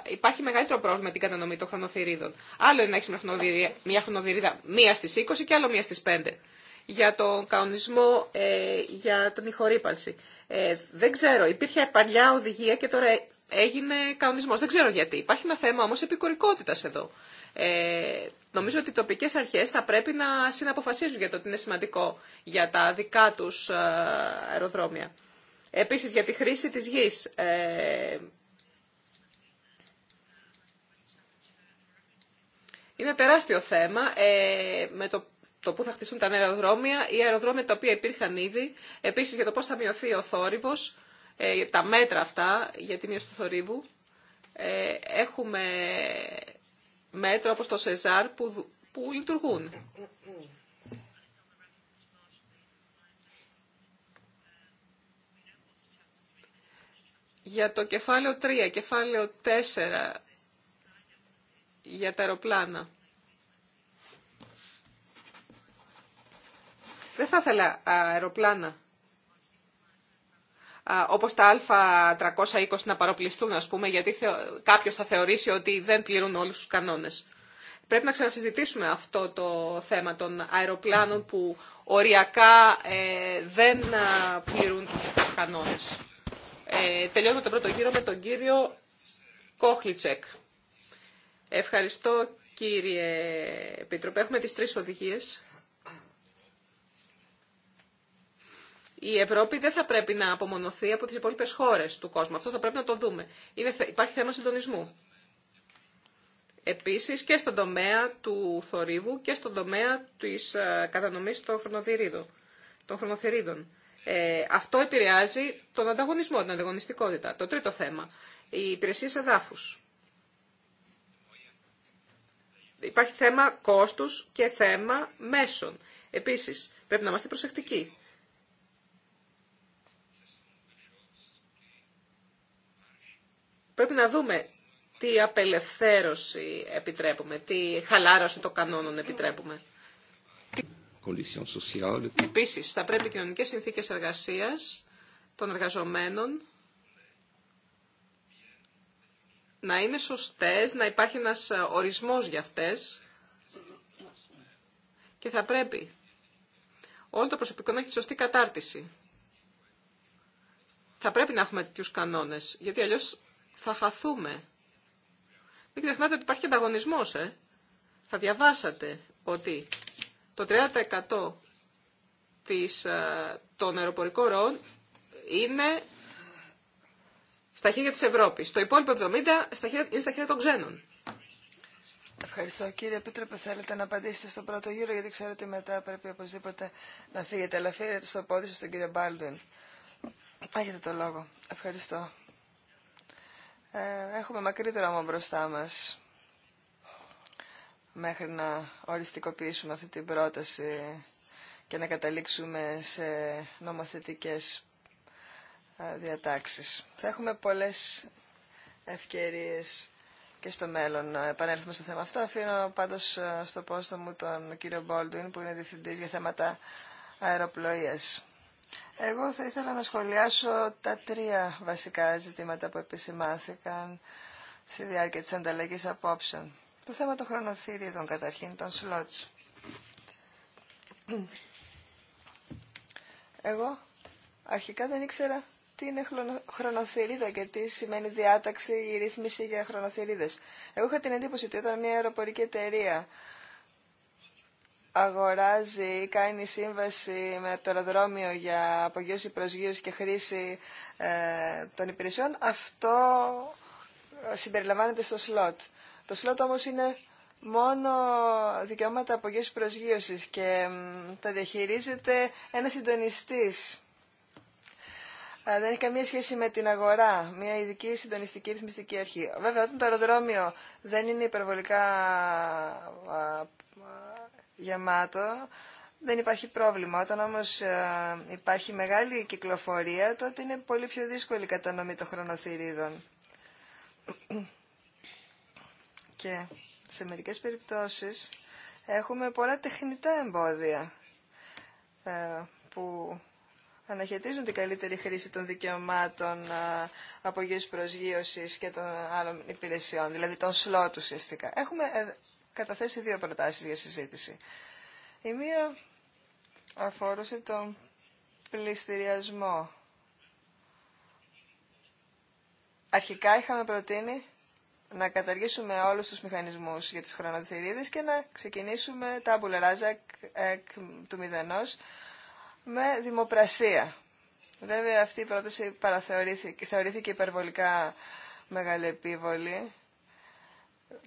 υπάρχει μεγαλύτερο πρόβλημα με την κατανομή των χρονοθυρίδων. Άλλο είναι να έχει μια χρονοθυρίδα μία στις 20 και άλλο μία στις 5 για τον κανονισμό ε, για την ηχορύπανση. Ε, δεν ξέρω, υπήρχε παλιά οδηγία και τώρα έγινε καονισμό. Δεν ξέρω γιατί. Υπάρχει ένα θέμα όμως επικουρικότητα εδώ. Ε, νομίζω ότι οι τοπικές αρχές θα πρέπει να συναποφασίζουν για το ότι είναι σημαντικό για τα δικά τους ε, αεροδρόμια. Επίσης για τη χρήση της γης. Ε, είναι τεράστιο θέμα ε, με το το πού θα χτιστούν τα αεροδρόμια, ή αεροδρόμια τα οποία υπήρχαν ήδη, επίσης για το πώς θα μειωθεί ο θόρυβος, τα μέτρα αυτά για τη μείωση του θορύβου. Έχουμε μέτρα όπως το ΣΕΖΑΡ που, που λειτουργούν. Για το κεφάλαιο 3, κεφάλαιο 4 για τα αεροπλάνα. Δεν θα ήθελα αεροπλάνα όπως τα Α320 να παροπληστούν, ας πούμε, γιατί των κάποιος θα θεωρήσει ότι δεν πληρούν όλους τους κανόνες. Πρέπει να ξανασυζητήσουμε αυτό το θέμα των αεροπλάνων που οριακά ε, δεν πληρούν τους κανόνες. Ε, τελειώνω τον πρώτο γύρο με τον κύριο Κόχλιτσεκ. Ευχαριστώ κύριε Επίτροπε. Έχουμε τις τρεις οδηγίες η Ευρώπη δεν θα πρέπει να απομονωθεί από τις υπόλοιπε χώρε του κόσμου. Αυτό θα πρέπει να το δούμε. υπάρχει θέμα συντονισμού. Επίσης και στον τομέα του θορύβου και στον τομέα της ε, κατανομής των, των ε, αυτό επηρεάζει τον ανταγωνισμό, την ανταγωνιστικότητα. Το τρίτο θέμα, οι υπηρεσίε εδάφου. Υπάρχει θέμα κόστους και θέμα μέσων. Επίσης, πρέπει να είμαστε προσεκτικοί Πρέπει να δούμε τι απελευθέρωση επιτρέπουμε, τι χαλάρωση των κανόνων επιτρέπουμε. Επίση, θα πρέπει οι κοινωνικέ συνθήκε εργασία των εργαζομένων να είναι σωστέ, να υπάρχει ένα ορισμός για αυτές και θα πρέπει όλο το προσωπικό να έχει τη σωστή κατάρτιση. Θα πρέπει να έχουμε τέτοιου κανόνε, γιατί αλλιώ θα χαθούμε. Μην ξεχνάτε ότι υπάρχει ανταγωνισμό. ε. Θα διαβάσατε ότι το 30% της, ε, των αεροπορικών ροών είναι στα χέρια της Ευρώπης. Το υπόλοιπο 70% είναι στα χέρια των ξένων.
Ευχαριστώ. Κύριε Επίτροπε, θέλετε να απαντήσετε στο πρώτο γύρο, γιατί ξέρω ότι μετά πρέπει οπωσδήποτε να φύγετε. Αλλά φύγετε στο πόδι σας τον κύριο Μπάλντουιν. έχετε το λόγο. Ευχαριστώ. Ε, έχουμε μακρύ δρόμο μπροστά μας μέχρι να οριστικοποιήσουμε αυτή την πρόταση και να καταλήξουμε σε νομοθετικές ε, διατάξεις. Θα έχουμε πολλές ευκαιρίες και στο μέλλον να επανέλθουμε στο θέμα αυτό. Αφήνω πάντως ε, στο πόστο μου τον κύριο Μπόλτουιν που είναι διευθυντής για θέματα αεροπλοείας. Εγώ θα ήθελα να σχολιάσω τα τρία βασικά ζητήματα που επισημάθηκαν στη διάρκεια της ανταλλαγής απόψεων. Το θέμα των χρονοθύριδων καταρχήν, των σλότς. Εγώ αρχικά δεν ήξερα τι είναι χρονοθυρίδα και τι σημαίνει διάταξη ή ρύθμιση για χρονοθυρίδες. Εγώ είχα την εντύπωση ότι ήταν μια αεροπορική εταιρεία αγοράζει ή κάνει σύμβαση με το αεροδρόμιο για απογείωση, προσγείωση και χρήση ε, των υπηρεσιών, αυτό ε, συμπεριλαμβάνεται στο σλότ. Το σλότ όμως είναι μόνο δικαιώματα απογείωσης προσγείωσης και τα διαχειρίζεται ένας συντονιστής. Ε, δεν έχει καμία σχέση με την αγορά, μια ειδική συντονιστική ρυθμιστική αρχή. Βέβαια, όταν το αεροδρόμιο δεν είναι υπερβολικά γεμάτο, δεν υπάρχει πρόβλημα. Όταν όμως ε, υπάρχει μεγάλη κυκλοφορία, τότε είναι πολύ πιο δύσκολη η κατανομή των χρονοθυρίδων. Και σε μερικές περιπτώσεις έχουμε πολλά τεχνητά εμπόδια ε, που αναχαιτίζουν την καλύτερη χρήση των δικαιωμάτων ε, απογείωσης προσγείωσης και των άλλων υπηρεσιών, δηλαδή των σλότ ουσιαστικά. Έχουμε καταθέσει δύο προτάσεις για συζήτηση. Η μία αφορούσε τον πληστηριασμό. Αρχικά είχαμε προτείνει να καταργήσουμε όλους τους μηχανισμούς για τις χρονοθυρίδες και να ξεκινήσουμε τα μπουλεράζα του μηδενός με δημοπρασία. Βέβαια αυτή η πρόταση παραθεωρήθηκε, θεωρήθηκε υπερβολικά μεγάλη επίβολη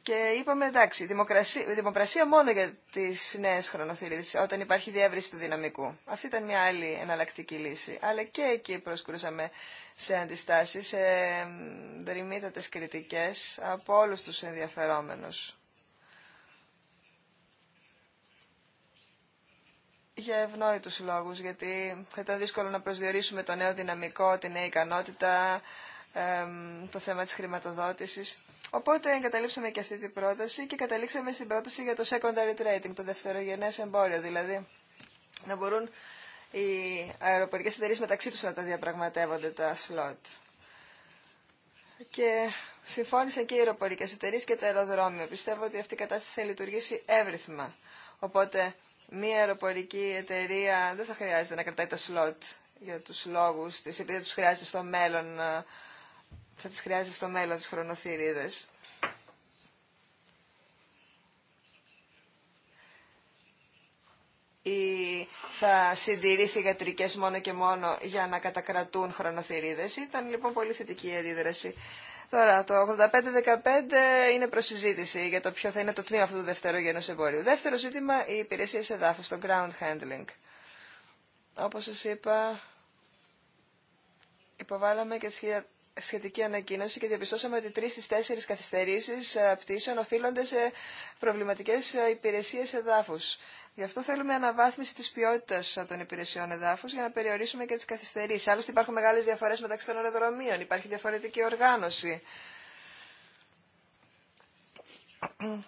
και είπαμε εντάξει, δημοκρασία, δημοκρασία μόνο για τις νέε χρονοθύριδε, όταν υπάρχει διεύρυνση του δυναμικού. Αυτή ήταν μια άλλη εναλλακτική λύση. Αλλά και εκεί προσκρούσαμε σε αντιστάσεις, σε δρυμύτατε κριτικέ από όλους τους ενδιαφερόμενους. για ευνόητους λόγους, γιατί θα ήταν δύσκολο να προσδιορίσουμε το νέο δυναμικό, τη νέα ικανότητα, το θέμα της χρηματοδότησης. Οπότε εγκαταλείψαμε και αυτή την πρόταση και καταλήξαμε στην πρόταση για το secondary trading, το δευτερογενές εμπόριο, δηλαδή να μπορούν οι αεροπορικές εταιρείε μεταξύ τους να τα διαπραγματεύονται τα σλότ. Και συμφώνησαν και οι αεροπορικέ εταιρείε και τα αεροδρόμια. Πιστεύω ότι αυτή η κατάσταση θα λειτουργήσει εύρυθμα. Οπότε μία αεροπορική εταιρεία δεν θα χρειάζεται να κρατάει τα σλότ για τους λόγους της, επειδή τους χρειάζεται στο μέλλον ε, θα τις χρειάζεται στο μέλλον τις χρονοθυρίδες. ή θα συντηρεί γατρικές μόνο και μόνο για να κατακρατούν χρονοθυρίδες. Ήταν λοιπόν πολύ θετική η αντίδραση. Τώρα, το 85-15 είναι προσυζήτηση για το ποιο θα είναι το τμήμα αυτού του δεύτερου γενούς εμπορίου. Δεύτερο ζήτημα, η υπηρεσία σε δάφος, το ground handling. Όπω σας είπα, υποβάλαμε και τις σχετική ανακοίνωση και διαπιστώσαμε ότι τρει στι τέσσερι καθυστερήσει ε, πτήσεων οφείλονται σε προβληματικέ ε, υπηρεσίε εδάφου. Γι' αυτό θέλουμε αναβάθμιση τη ποιότητα ε, των υπηρεσιών εδάφου για να περιορίσουμε και τι καθυστερήσει. Άλλωστε υπάρχουν μεγάλε διαφορέ μεταξύ των αεροδρομίων, υπάρχει διαφορετική οργάνωση.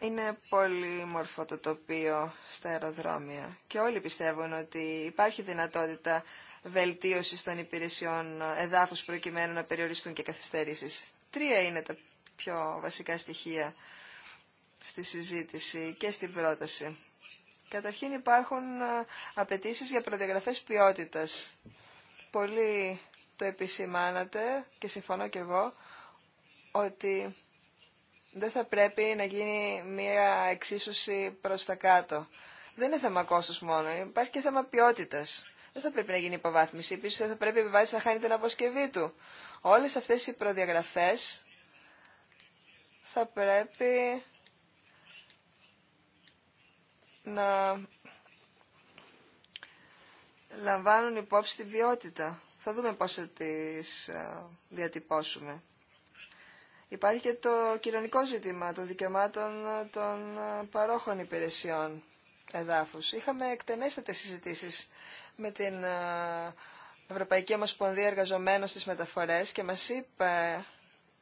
Είναι πολύ μορφό το τοπίο στα αεροδρόμια και όλοι πιστεύουν ότι υπάρχει δυνατότητα Βελτίωση των υπηρεσιών εδάφους προκειμένου να περιοριστούν και καθυστερήσεις. Τρία είναι τα πιο βασικά στοιχεία στη συζήτηση και στην πρόταση. Καταρχήν υπάρχουν ε, απαιτήσεις για προδιαγραφές ποιότητας. Πολύ το επισημάνατε και συμφωνώ και εγώ ότι δεν θα πρέπει να γίνει μία εξίσωση προς τα κάτω. Δεν είναι θέμα κόστος μόνο, υπάρχει και θέμα ποιότητας δεν θα πρέπει να γίνει υποβάθμιση. Επίση, δεν θα πρέπει επιβάτη να χάνει την αποσκευή του. Όλε αυτέ οι προδιαγραφέ θα πρέπει να λαμβάνουν υπόψη την ποιότητα. Θα δούμε πώς θα τις ε, διατυπώσουμε. Υπάρχει και το κοινωνικό ζήτημα των δικαιωμάτων των ε, παρόχων υπηρεσιών εδάφους. Είχαμε εκτενέστατες συζητήσεις με την ε, Ευρωπαϊκή Ομοσπονδία Εργαζομένων στις Μεταφορές και μας είπε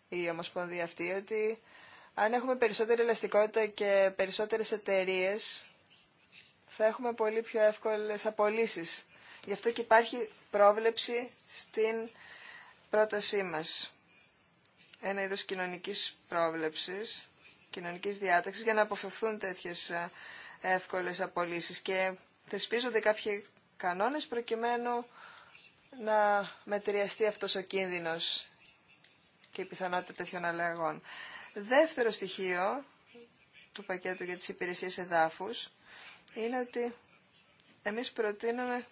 η Ομοσπονδία αυτή ότι αν έχουμε περισσότερη ελαστικότητα και περισσότερες εταιρείε, θα έχουμε πολύ πιο εύκολες απολύσεις. Γι' αυτό και υπάρχει πρόβλεψη στην πρότασή μας. Ένα είδος κοινωνικής πρόβλεψης, κοινωνικής διάταξης, για να αποφευθούν τέτοιες ε, εύκολες απολύσεις και θεσπίζονται κάποιοι κανόνες προκειμένου να μετριαστεί αυτός ο κίνδυνος και η πιθανότητα τέτοιων αλλαγών. Δεύτερο στοιχείο του πακέτου για τις υπηρεσίες εδάφους είναι ότι εμείς προτείνουμε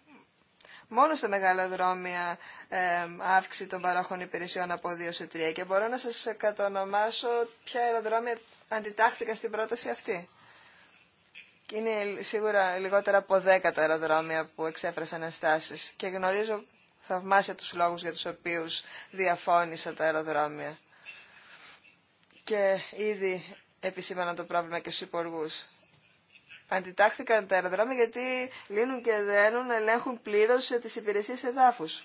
μόνο στα μεγάλα δρόμια αύξηση των παρόχων υπηρεσιών από 2 σε 3 και μπορώ να σας κατονομάσω ποια αεροδρόμια αντιτάχθηκα στην πρόταση αυτή είναι σίγουρα λιγότερα από δέκα τα αεροδρόμια που εξέφρασαν αστάσεις και γνωρίζω θαυμάσια τους λόγους για τους οποίους διαφώνησα τα αεροδρόμια. Και ήδη επισήμαναν το πρόβλημα και στους υπουργού. Αντιτάχθηκαν τα αεροδρόμια γιατί λύνουν και δένουν, ελέγχουν πλήρως τις υπηρεσίες εδάφους.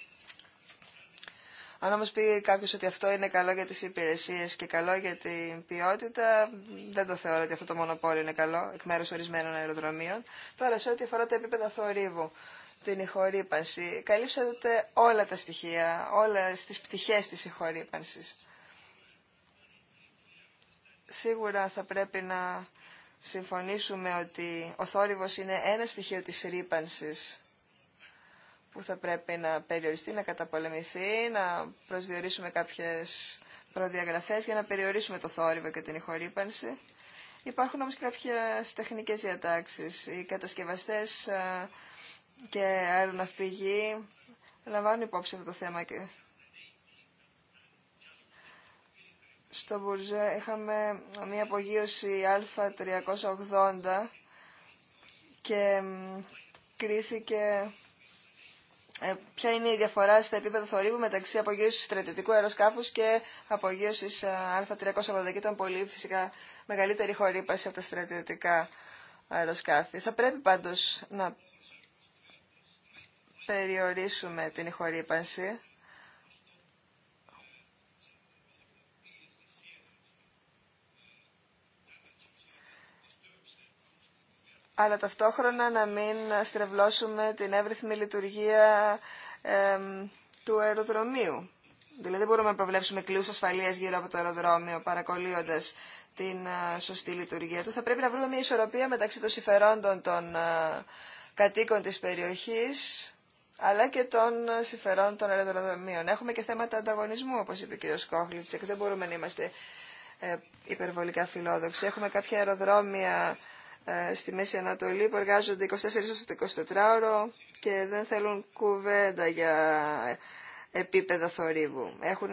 Αν όμω πει κάποιο ότι αυτό είναι καλό για τι υπηρεσίε και καλό για την ποιότητα, δεν το θεωρώ ότι αυτό το μονοπόλιο είναι καλό, εκ μέρου ορισμένων αεροδρομίων. Τώρα, σε ό,τι αφορά τα επίπεδα θορύβου, την ηχορύπανση, καλύψατε όλα τα στοιχεία, όλε τι πτυχέ τη ηχορύπανση. Σίγουρα θα πρέπει να συμφωνήσουμε ότι ο θόρυβος είναι ένα στοιχείο της ρήπανσης που θα πρέπει να περιοριστεί, να καταπολεμηθεί, να προσδιορίσουμε κάποιες προδιαγραφές για να περιορίσουμε το θόρυβο και την ηχορύπανση. Υπάρχουν όμως και κάποιες τεχνικές διατάξεις. Οι κατασκευαστές ε, και αεροναυπηγοί λαμβάνουν υπόψη αυτό το θέμα και στο Μπουρζέ είχαμε μια απογείωση Α380 και κρίθηκε ε, ποια είναι η διαφορά στα επίπεδα θορύβου μεταξύ απογείωση στρατιωτικού αεροσκάφους και απογειωση ε, α Α380 ήταν πολύ φυσικά μεγαλύτερη χορύπαση από τα στρατιωτικά αεροσκάφη. Θα πρέπει πάντως να περιορίσουμε την ηχορύπανση αλλά ταυτόχρονα να μην στρεβλώσουμε την εύρυθμη λειτουργία ε, του αεροδρομίου. Δηλαδή δεν μπορούμε να προβλέψουμε κλείους ασφαλείας γύρω από το αεροδρόμιο παρακολύοντας την ε, σωστή λειτουργία του. Θα πρέπει να βρούμε μια ισορροπία μεταξύ των συμφερόντων των ε, κατοίκων της περιοχής αλλά και των συμφερόντων των αεροδρομίων. Έχουμε και θέματα ανταγωνισμού, όπως είπε ο κ. και Δεν μπορούμε να είμαστε ε, υπερβολικά φιλόδοξοι. Έχουμε κάποια αεροδρόμια ε, στη Μέση Ανατολή που εργάζονται 24 ώρες το 24ωρο και δεν θέλουν κουβέντα για επίπεδα θορύβου. Έχουν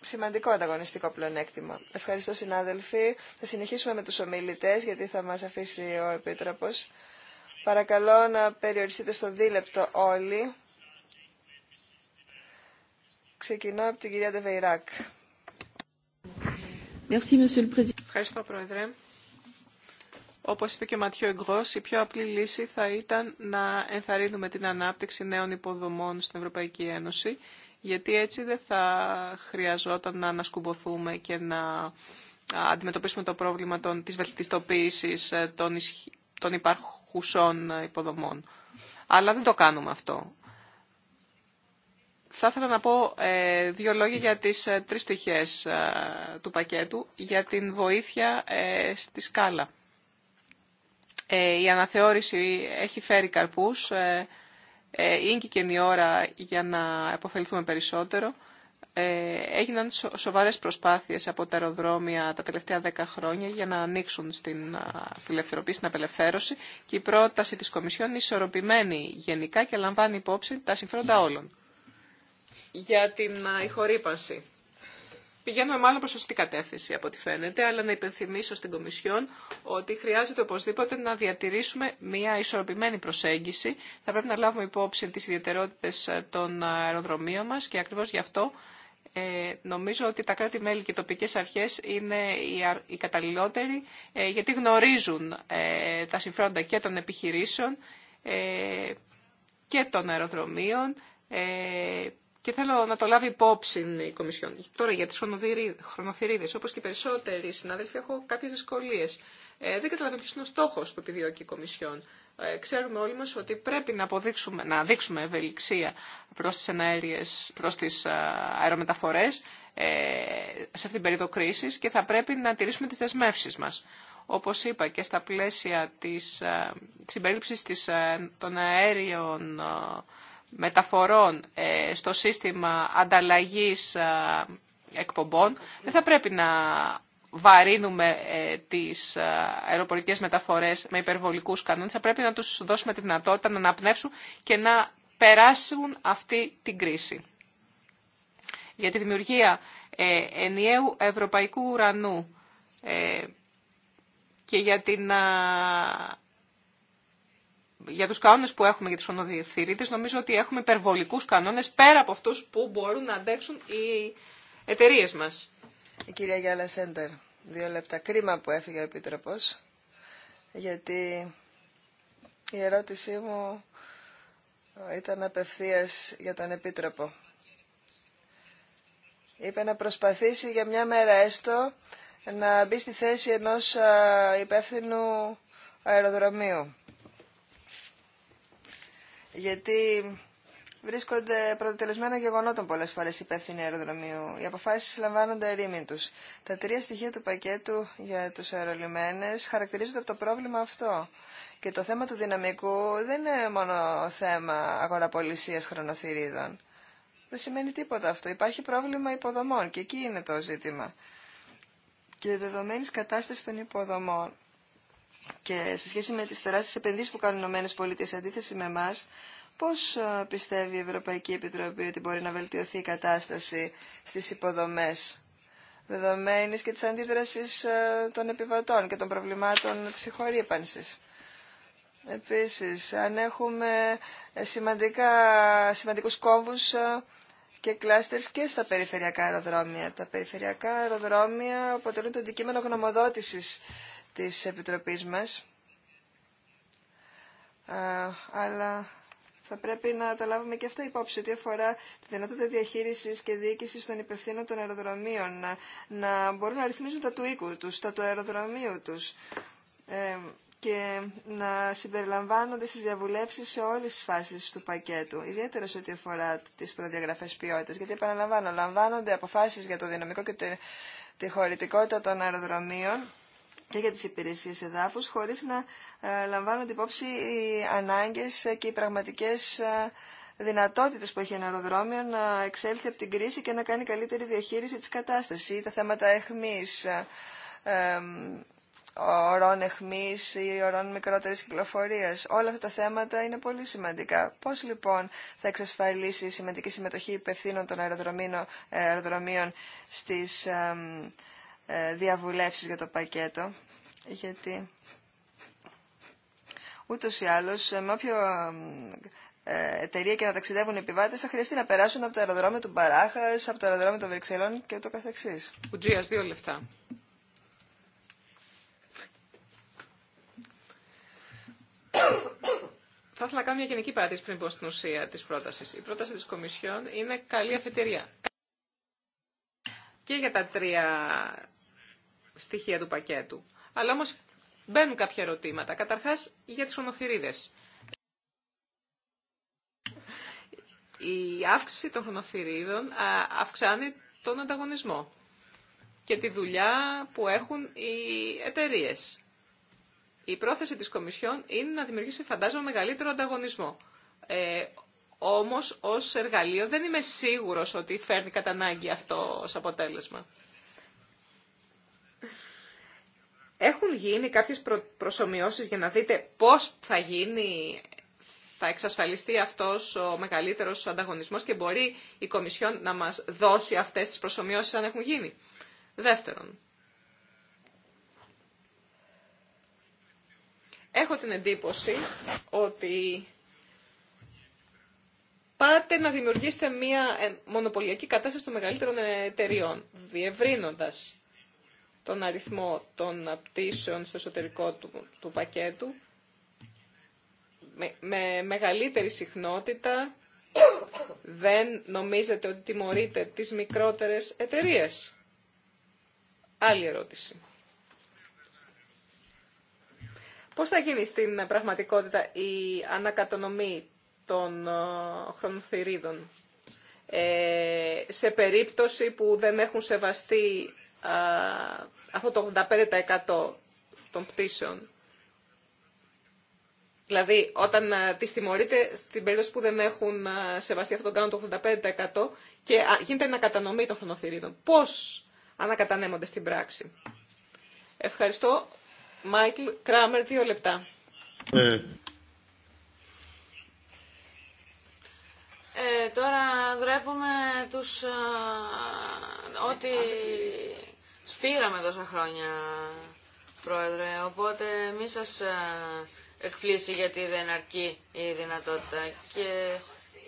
σημαντικό ανταγωνιστικό πλεονέκτημα. Ευχαριστώ συνάδελφοι. Θα συνεχίσουμε με τους ομιλητές γιατί θα μας αφήσει ο Επίτροπος. Παρακαλώ να περιοριστείτε στο δίλεπτο όλοι.
Ξεκινώ από την κυρία Ντεβεϊράκ. Ευχαριστώ, Πρόεδρε. Όπως είπε και ο Ματιό Εγκρός, η πιο απλή λύση θα ήταν να ενθαρρύνουμε την ανάπτυξη νέων υποδομών στην Ευρωπαϊκή Ένωση, γιατί έτσι δεν θα χρειαζόταν να ανασκουμποθούμε και να αντιμετωπίσουμε το πρόβλημα των, της βελτιστοποίησης ε, των, υπαρχουσών ε, υποδομών. Αλλά δεν το κάνουμε αυτό. Θα ήθελα να πω ε, δύο λόγια για τις τρεις πτυχές του πακέτου, για την βοήθεια στη σκάλα. Ε, η αναθεώρηση έχει φέρει καρπούς. Ε, ε, είναι και η ώρα για να επωφεληθούμε περισσότερο. έγιναν σοβαρές προσπάθειες από τα αεροδρόμια τα τελευταία δέκα χρόνια για να ανοίξουν στην στην απελευθέρωση και η πρόταση της Κομισιόν είναι ισορροπημένη γενικά και λαμβάνει υπόψη τα συμφέροντα όλων. Για την ηχορύπανση. Πηγαίνουμε μάλλον προς σωστή κατεύθυνση από ό,τι φαίνεται, αλλά να υπενθυμίσω στην Κομισιόν ότι χρειάζεται οπωσδήποτε να διατηρήσουμε μια ισορροπημένη προσέγγιση. Θα πρέπει να λάβουμε υπόψη τι ιδιαιτερότητες ε, των αεροδρομίων μας και ακριβώς γι' αυτό ε, νομίζω ότι τα κράτη-μέλη και οι τοπικές αρχές είναι οι, α, καταλληλότεροι ε, γιατί γνωρίζουν τα συμφέροντα και των επιχειρήσεων και των αεροδρομίων και θέλω να το λάβει υπόψη η Κομισιόν. Τώρα για τι χρονοθυρίδε, όπω και οι περισσότεροι συνάδελφοι, έχω κάποιε δυσκολίε. Ε, δεν καταλαβαίνω ποιο είναι ο στόχο που επιδιώκει η Κομισιόν. Ε, ξέρουμε όλοι μας ότι πρέπει να, αποδείξουμε, να δείξουμε ευελιξία προ τι προς τις ε, αερομεταφορές ε, σε αυτήν την περίοδο κρίση και θα πρέπει να τηρήσουμε τι δεσμεύσει μα. Όπω είπα και στα πλαίσια της ε, συμπερίληψης των αέριων μεταφορών ε, στο σύστημα ανταλλαγής ε, εκπομπών. Δεν θα πρέπει να βαρύνουμε ε, τις αεροπορικές μεταφορές με υπερβολικούς κανόνες. Θα πρέπει να τους δώσουμε τη δυνατότητα να αναπνεύσουν και να περάσουν αυτή την κρίση. Για τη δημιουργία ενιαίου ευρωπαϊκού ουρανού και για την για τους κανόνες που έχουμε για τις ονοδηθυρίδες, νομίζω ότι έχουμε υπερβολικούς κανόνες πέρα από αυτούς που μπορούν να αντέξουν οι εταιρείε μας. Η κυρία Γιάλα Σέντερ,
δύο λεπτά. Κρίμα που έφυγε ο Επίτροπος, γιατί η ερώτησή μου ήταν απευθείας για τον Επίτροπο. Είπε να προσπαθήσει για μια μέρα έστω να μπει στη θέση ενός υπεύθυνου αεροδρομίου γιατί βρίσκονται πρωτοτελεσμένα γεγονότων πολλέ φορέ υπεύθυνοι αεροδρομίου. Οι αποφάσει λαμβάνονται ερήμην του. Τα τρία στοιχεία του πακέτου για του αερολιμένε χαρακτηρίζονται από το πρόβλημα αυτό. Και το θέμα του δυναμικού δεν είναι μόνο θέμα αγοραπολισία χρονοθυρίδων. Δεν σημαίνει τίποτα αυτό. Υπάρχει πρόβλημα υποδομών και εκεί είναι το ζήτημα. Και δεδομένη κατάσταση των υποδομών, και σε σχέση με τις τεράστιες επενδύσεις που κάνουν οι ΗΠΑ σε αντίθεση με εμά, πώς ε, πιστεύει η Ευρωπαϊκή Επιτροπή ότι μπορεί να βελτιωθεί η κατάσταση στις υποδομές δεδομένης και της αντίδρασης ε, των επιβατών και των προβλημάτων της συγχωρήπανσης. Επίσης, αν έχουμε ε, σημαντικά, σημαντικούς κόμβους και κλάστερς και στα περιφερειακά αεροδρόμια. Τα περιφερειακά αεροδρόμια αποτελούν το αντικείμενο γνωμοδότηση της Επιτροπής μας, αλλά θα πρέπει να τα λάβουμε και αυτά υπόψη ότι αφορά τη δυνατότητα διαχείριση και διοίκηση των υπευθύνων των αεροδρομίων, να, να μπορούν να ρυθμίζουν τα του οίκου του, τα του αεροδρομίου του ε, και να συμπεριλαμβάνονται στι διαβουλεύσει σε όλε τι φάσει του πακέτου, ιδιαίτερα σε ό,τι αφορά τι προδιαγραφέ ποιότητα. Γιατί, επαναλαμβάνω, λαμβάνονται αποφάσει για το δυναμικό και τη χωρητικότητα των αεροδρομίων και για τις υπηρεσίες εδάφους χωρίς να ε, λαμβάνονται υπόψη οι ανάγκες και οι πραγματικές ε, δυνατότητες που έχει ένα αεροδρόμιο να εξέλθει από την κρίση και να κάνει καλύτερη διαχείριση της κατάστασης ή τα θέματα εχμής, ορών ε, εχμής ή ορών μικρότερης κυκλοφορίας. Όλα αυτά τα θέματα είναι πολύ σημαντικά. Πώς λοιπόν θα εξασφαλίσει η σημαντική συμμετοχή υπευθύνων των αεροδρομίων στις ε, διαβουλεύσεις για το πακέτο, γιατί ούτως ή άλλως ε, με όποια ε, εταιρεία και να ταξιδεύουν οι επιβάτες θα χρειαστεί να περάσουν από το αεροδρόμιο του Μπαράχας, από το αεροδρόμιο των Βρυξελών και ούτω καθεξής.
Ουτζίας, δύο λεφτά. Θα ήθελα να κάνω μια γενική παρατήρηση πριν πω στην ουσία τη πρόταση. Η πρόταση τη Κομισιόν είναι καλή αφετηρία. Και για τα τρία στοιχεία του πακέτου. Αλλά όμως μπαίνουν κάποια ερωτήματα. Καταρχάς για τις χρονοθυρίδες. Η αύξηση των χρονοθυρίδων αυξάνει τον ανταγωνισμό και τη δουλειά που έχουν οι εταιρείε. Η πρόθεση της Κομισιόν είναι να δημιουργήσει φαντάζομαι μεγαλύτερο ανταγωνισμό. Ε, όμως ως εργαλείο δεν είμαι σίγουρος ότι φέρνει κατά ανάγκη αυτό ως αποτέλεσμα. Έχουν γίνει κάποιες προ, για να δείτε πώς θα γίνει, θα εξασφαλιστεί αυτός ο μεγαλύτερος ανταγωνισμός και μπορεί η Κομισιόν να μας δώσει αυτές τις προσωμιώσεις αν έχουν γίνει. Δεύτερον, έχω την εντύπωση ότι πάτε να δημιουργήσετε μια ε, μονοπωλιακή κατάσταση των μεγαλύτερων εταιριών, διευρύνοντας τον αριθμό των πτήσεων στο εσωτερικό του, του πακέτου με, μεγαλύτερη συχνότητα δεν νομίζετε ότι τιμωρείτε τις μικρότερες εταιρείες. Άλλη ερώτηση. Πώς θα γίνει στην πραγματικότητα η ανακατονομή των ε, χρονοθυρίδων ε, σε περίπτωση που δεν έχουν σεβαστεί αυτό το 85% των πτήσεων. Δηλαδή, όταν ε, τις τιμωρείτε στην περίπτωση που δεν έχουν ε, σεβαστεί αυτό τον το 85% και γίνεται ανακατανομή των χρονοθυρίδων. Πώς ανακατανέμονται στην πράξη. Ευχαριστώ. Μάικλ Κράμερ, δύο λεπτά.
Ε.
ε τώρα βλέπουμε τους, ότι Σπήραμε τόσα χρόνια, Πρόεδρε, οπότε μη σας ε, εκπλήσει γιατί δεν αρκεί η δυνατότητα. Και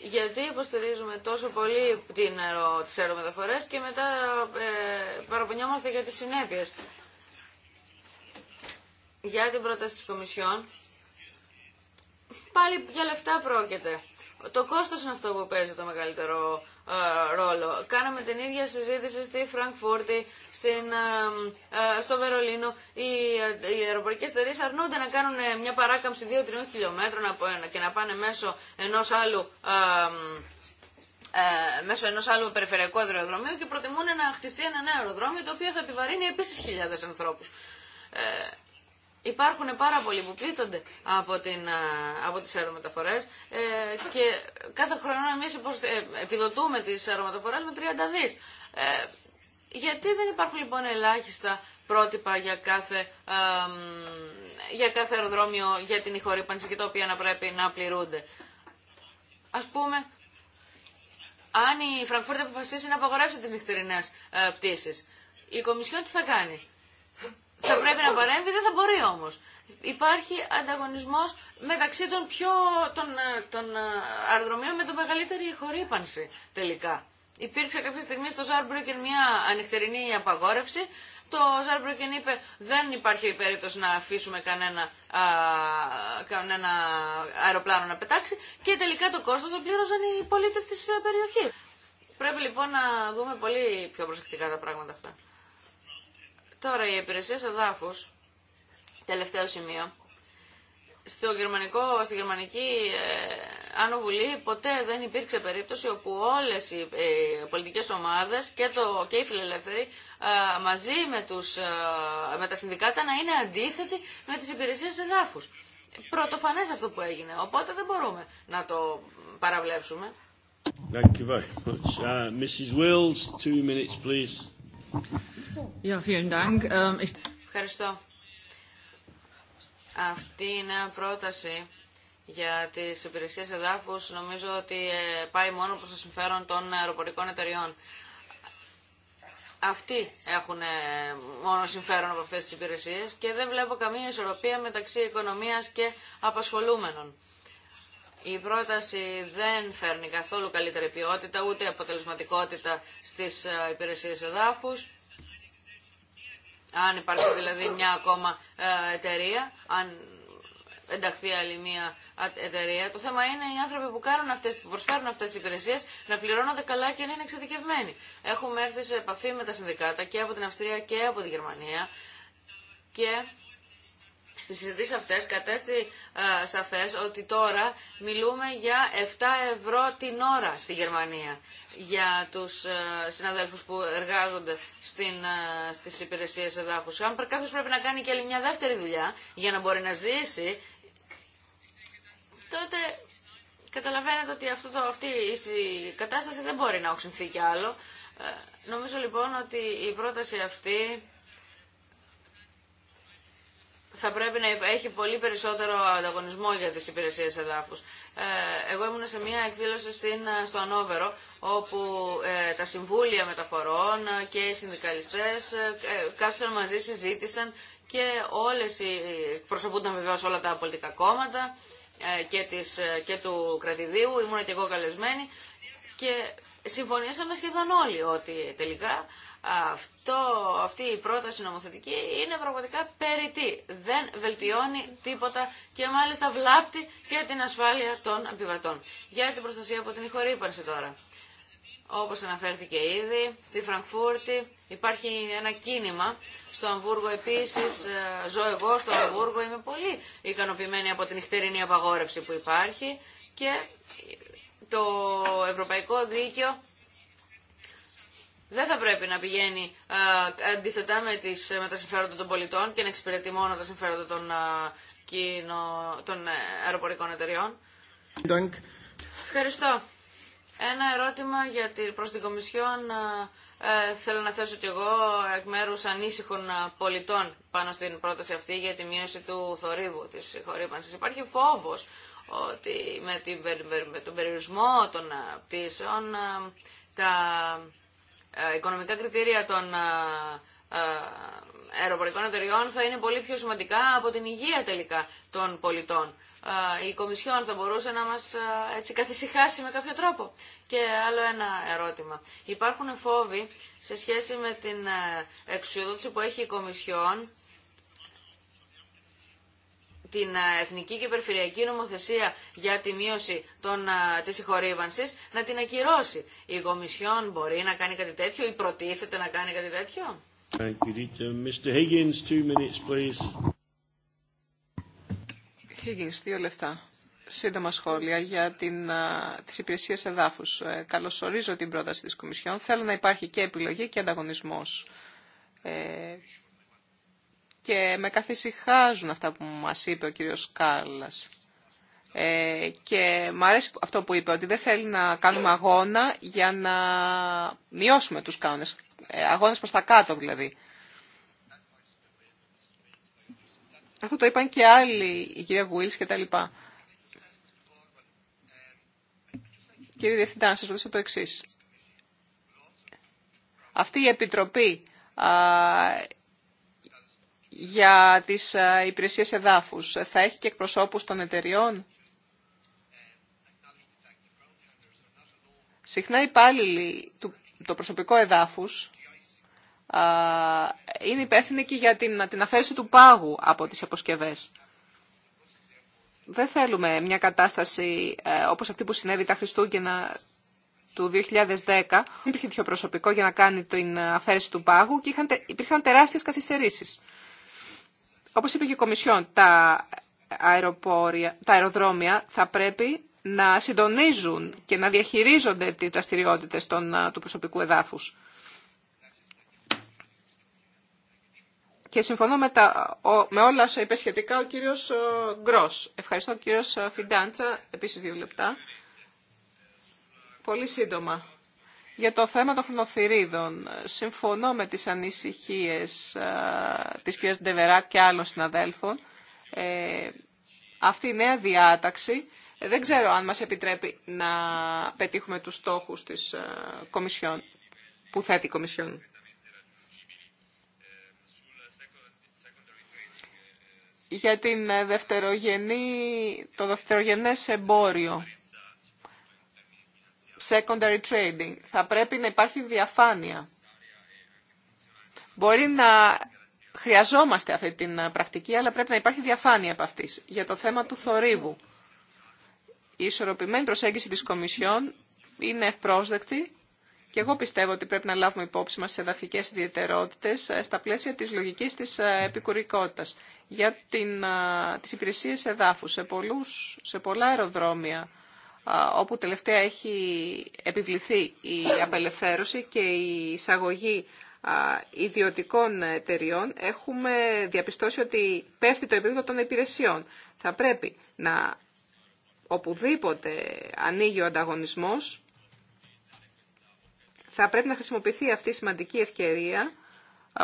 γιατί υποστηρίζουμε τόσο πολύ την αερο, τις αερομεταφορές και μετά ε, παραπονιόμαστε για τις συνέπειες. Για την πρόταση της Κομισιόν, πάλι για λεφτά πρόκειται το κόστο είναι αυτό που παίζει το μεγαλύτερο ε, ρόλο. Κάναμε την ίδια συζήτηση στη Φραγκφούρτη, ε, ε, στο Βερολίνο. Οι, οι αεροπορικέ εταιρείε αρνούνται να κάνουν μια παράκαμψη 2-3 χιλιόμετρων και να πάνε μέσω ενός άλλου μέσω ενό άλλου περιφερειακού αεροδρομίου και προτιμούν να χτιστεί ένα νέο αεροδρόμιο το οποίο θα επιβαρύνει επίση χιλιάδε ανθρώπου. Υπάρχουν πάρα πολλοί που πλήττονται από, την, από τις αερομεταφορές ε, και κάθε χρόνο εμείς ε, επιδοτούμε τις αερομεταφορές με 30 δις. Ε, γιατί δεν υπάρχουν λοιπόν ελάχιστα πρότυπα για κάθε, για κάθε αεροδρόμιο για την ηχορύπανση και τα οποία να πρέπει να πληρούνται. Ας πούμε, αν η Φραγκφούρτη αποφασίσει να απαγορεύσει τις νυχτερινές ε, πτήσεις, η Κομισιόν τι θα κάνει θα πρέπει να παρέμβει, δεν θα μπορεί όμω. Υπάρχει ανταγωνισμό μεταξύ των, πιο, των, των αεροδρομίων με το μεγαλύτερη χορύπανση τελικά. Υπήρξε κάποια στιγμή στο Ζάρμπρουκεν μια ανοιχτερινή απαγόρευση. Το Ζάρμπρουκεν είπε δεν υπάρχει περίπτωση να αφήσουμε κανένα, α, κανένα αεροπλάνο να πετάξει και τελικά το κόστος το πλήρωσαν οι πολίτες της περιοχής. Πρέπει λοιπόν να δούμε πολύ πιο προσεκτικά τα πράγματα αυτά. Τώρα οι υπηρεσίε εδάφου. Τελευταίο σημείο. Στο γερμανικό, στη γερμανική ε, Άνω Βουλή ποτέ δεν υπήρξε περίπτωση όπου όλες οι ε, πολιτικές ομάδες και, το, και οι φιλελεύθεροι ε, μαζί με, τους, ε, με τα συνδικάτα να είναι αντίθετοι με τις υπηρεσίες εδάφους. Πρωτοφανές αυτό που έγινε, οπότε δεν μπορούμε να το παραβλέψουμε. Uh, Ähm, Ευχαριστώ. Αυτή η νέα πρόταση για τις υπηρεσίες εδάφους νομίζω ότι ε, πάει μόνο προς το συμφέρον των αεροπορικών εταιριών. Αυτοί έχουν ε, μόνο συμφέρον από αυτές τις υπηρεσίες και δεν βλέπω καμία ισορροπία μεταξύ οικονομίας και απασχολούμενων. Η πρόταση δεν φέρνει καθόλου καλύτερη ποιότητα ούτε αποτελεσματικότητα στις ε, υπηρεσίες εδάφους αν υπάρχει δηλαδή μια ακόμα ε, εταιρεία, αν ενταχθεί άλλη μια εταιρεία. Το θέμα είναι οι άνθρωποι που, κάνουν αυτές, που προσφέρουν αυτέ τι υπηρεσίε να πληρώνονται καλά και να είναι εξειδικευμένοι. Έχουμε έρθει σε επαφή με τα συνδικάτα και από την Αυστρία και από τη Γερμανία και στις συζητήσεις αυτές κατέστη ε, σαφές ότι τώρα μιλούμε για 7 ευρώ την ώρα στη Γερμανία για τους ε, συναδέλφους που εργάζονται στην, ε, στις υπηρεσίες εδάφους. Αν κάποιος πρέπει να κάνει και άλλη μια δεύτερη δουλειά για να μπορεί να ζήσει, τότε καταλαβαίνετε ότι αυτό το, αυτή η κατάσταση δεν μπορεί να οξυνθεί κι άλλο. νομίζω λοιπόν ότι η πρόταση αυτή θα πρέπει να έχει πολύ περισσότερο ανταγωνισμό για τις υπηρεσίες εδάφους. Ε, εγώ ήμουν σε μια εκδήλωση στην, ε, στο Ανόβερο, όπου ε, τα συμβούλια μεταφορών και οι συνδικαλιστές ε, κάθισαν μαζί, συζήτησαν και όλες οι, προσωπούνταν βεβαίω όλα τα πολιτικά κόμματα και, και του κρατηδίου, ήμουν και εγώ καλεσμένη και συμφωνήσαμε σχεδόν όλοι ότι τελικά αυτό, αυτή η πρόταση νομοθετική είναι πραγματικά περιττή. Δεν βελτιώνει τίποτα και μάλιστα βλάπτει και την ασφάλεια των επιβατών. Για την προστασία από την ηχορύπανση τώρα. Όπως αναφέρθηκε ήδη, στη Φραγκφούρτη υπάρχει ένα κίνημα. Στο Αμβούργο επίσης ε, ζω εγώ, στο Αμβούργο είμαι πολύ ικανοποιημένη από την νυχτερινή απαγόρευση που υπάρχει και το ευρωπαϊκό δίκαιο δεν θα πρέπει να πηγαίνει α, αντίθετα με, τα συμφέροντα των πολιτών και να εξυπηρετεί μόνο τα συμφέροντα των, α, των ε, αεροπορικών εταιριών. Ευχαριστώ. Ένα ερώτημα για τη, προς την Κομισιόν ε, θέλω να θέσω κι εγώ εκ μέρου ανήσυχων πολιτών πάνω στην πρόταση αυτή για τη μείωση του θορύβου, της χορύπανσης. Υπάρχει φόβος ότι με, την, με τον περιορισμό των πτήσεων τα ε, οικονομικά κριτήρια των ε, ε, αεροπορικών εταιριών θα είναι πολύ πιο σημαντικά από την υγεία τελικά των πολιτών. Η Κομισιόν θα μπορούσε να μας έτσι καθησυχάσει με κάποιο τρόπο. Και άλλο ένα ερώτημα. Υπάρχουν φόβοι σε σχέση με την εξουσιοδότηση που έχει η Κομισιόν την ε, εθνική και περιφερειακή νομοθεσία για τη μείωση των, ε, της συγχωρήβανσης να την ακυρώσει. Η Κομισιόν μπορεί να κάνει κάτι τέτοιο ή προτίθεται να κάνει κάτι τέτοιο.
Mr. Higgins, two minutes, please.
Higgins, δύο λεφτά.
Σύντομα σχόλια για την, ε, τις υπηρεσίες εδάφους. καλωσορίζω την πρόταση της Κομισιόν. Θέλω να υπάρχει και επιλογή και ανταγωνισμός. Ε, και με καθησυχάζουν αυτά που μας είπε ο κύριος Κάλλας. Ε, και μου αρέσει αυτό που είπε, ότι δεν θέλει να κάνουμε αγώνα για να μειώσουμε τους κανόνες. Ε, αγώνας προς τα κάτω δηλαδή. Αυτό το είπαν και άλλοι, η κυρία Βουίλς και τα λοιπά. Κύριε Διευθυντά, να σας ρωτήσω το εξής. Αυτή η Επιτροπή για τις ε, υπηρεσίες εδάφους. Θα έχει και εκπροσώπους των εταιριών. Συχνά υπάλληλοι του, το προσωπικό εδάφους είναι υπεύθυνοι και για την, την αφαίρεση του πάγου από τις αποσκευές. Δεν θέλουμε μια κατάσταση ε, όπως αυτή που συνέβη τα Χριστούγεννα του 2010. Υπήρχε τέτοιο προσωπικό για να κάνει την αφαίρεση του πάγου και είχαν, υπήρχαν τεράστιες καθυστερήσεις. Όπως είπε και η Κομισιόν, τα, αεροπόρια, τα αεροδρόμια θα πρέπει να συντονίζουν και να διαχειρίζονται τις δραστηριότητες του προσωπικού εδάφους. Και συμφωνώ με, τα, με όλα όσα είπε σχετικά ο κύριος Γκρός. Ευχαριστώ ο κύριος Φιντάντσα, επίσης δύο λεπτά. Πολύ σύντομα. Για το θέμα των χρονοθυρίδων, συμφωνώ με τις ανησυχίες α, ε, της κ. και άλλων συναδέλφων. Ε, αυτή η νέα διάταξη δεν ξέρω αν μας επιτρέπει να πετύχουμε τους στόχους της α, ε, Κομισιόν, που θέτει η Κομισιόν. Για την δευτερογενή, το δευτερογενές εμπόριο secondary trading. Θα πρέπει να υπάρχει διαφάνεια. Μπορεί να χρειαζόμαστε αυτή την ε, πρακτική, αλλά πρέπει να υπάρχει διαφάνεια από αυτής. Για το θέμα του θορύβου. Η ισορροπημένη προσέγγιση της Κομισιόν είναι ευπρόσδεκτη και εγώ πιστεύω ότι πρέπει να λάβουμε υπόψη μας σε εδαφικές ιδιαιτερότητες ε, στα πλαίσια της λογικής της ε, επικουρικότητας για την, τις υπηρεσίες εδάφους σε, σε πολλά αεροδρόμια όπου τελευταία έχει επιβληθεί η απελευθέρωση και η εισαγωγή ιδιωτικών εταιριών, έχουμε διαπιστώσει ότι πέφτει το επίπεδο των υπηρεσιών. Θα πρέπει να οπουδήποτε ανοίγει ο ανταγωνισμός, θα πρέπει να χρησιμοποιηθεί αυτή η σημαντική ευκαιρία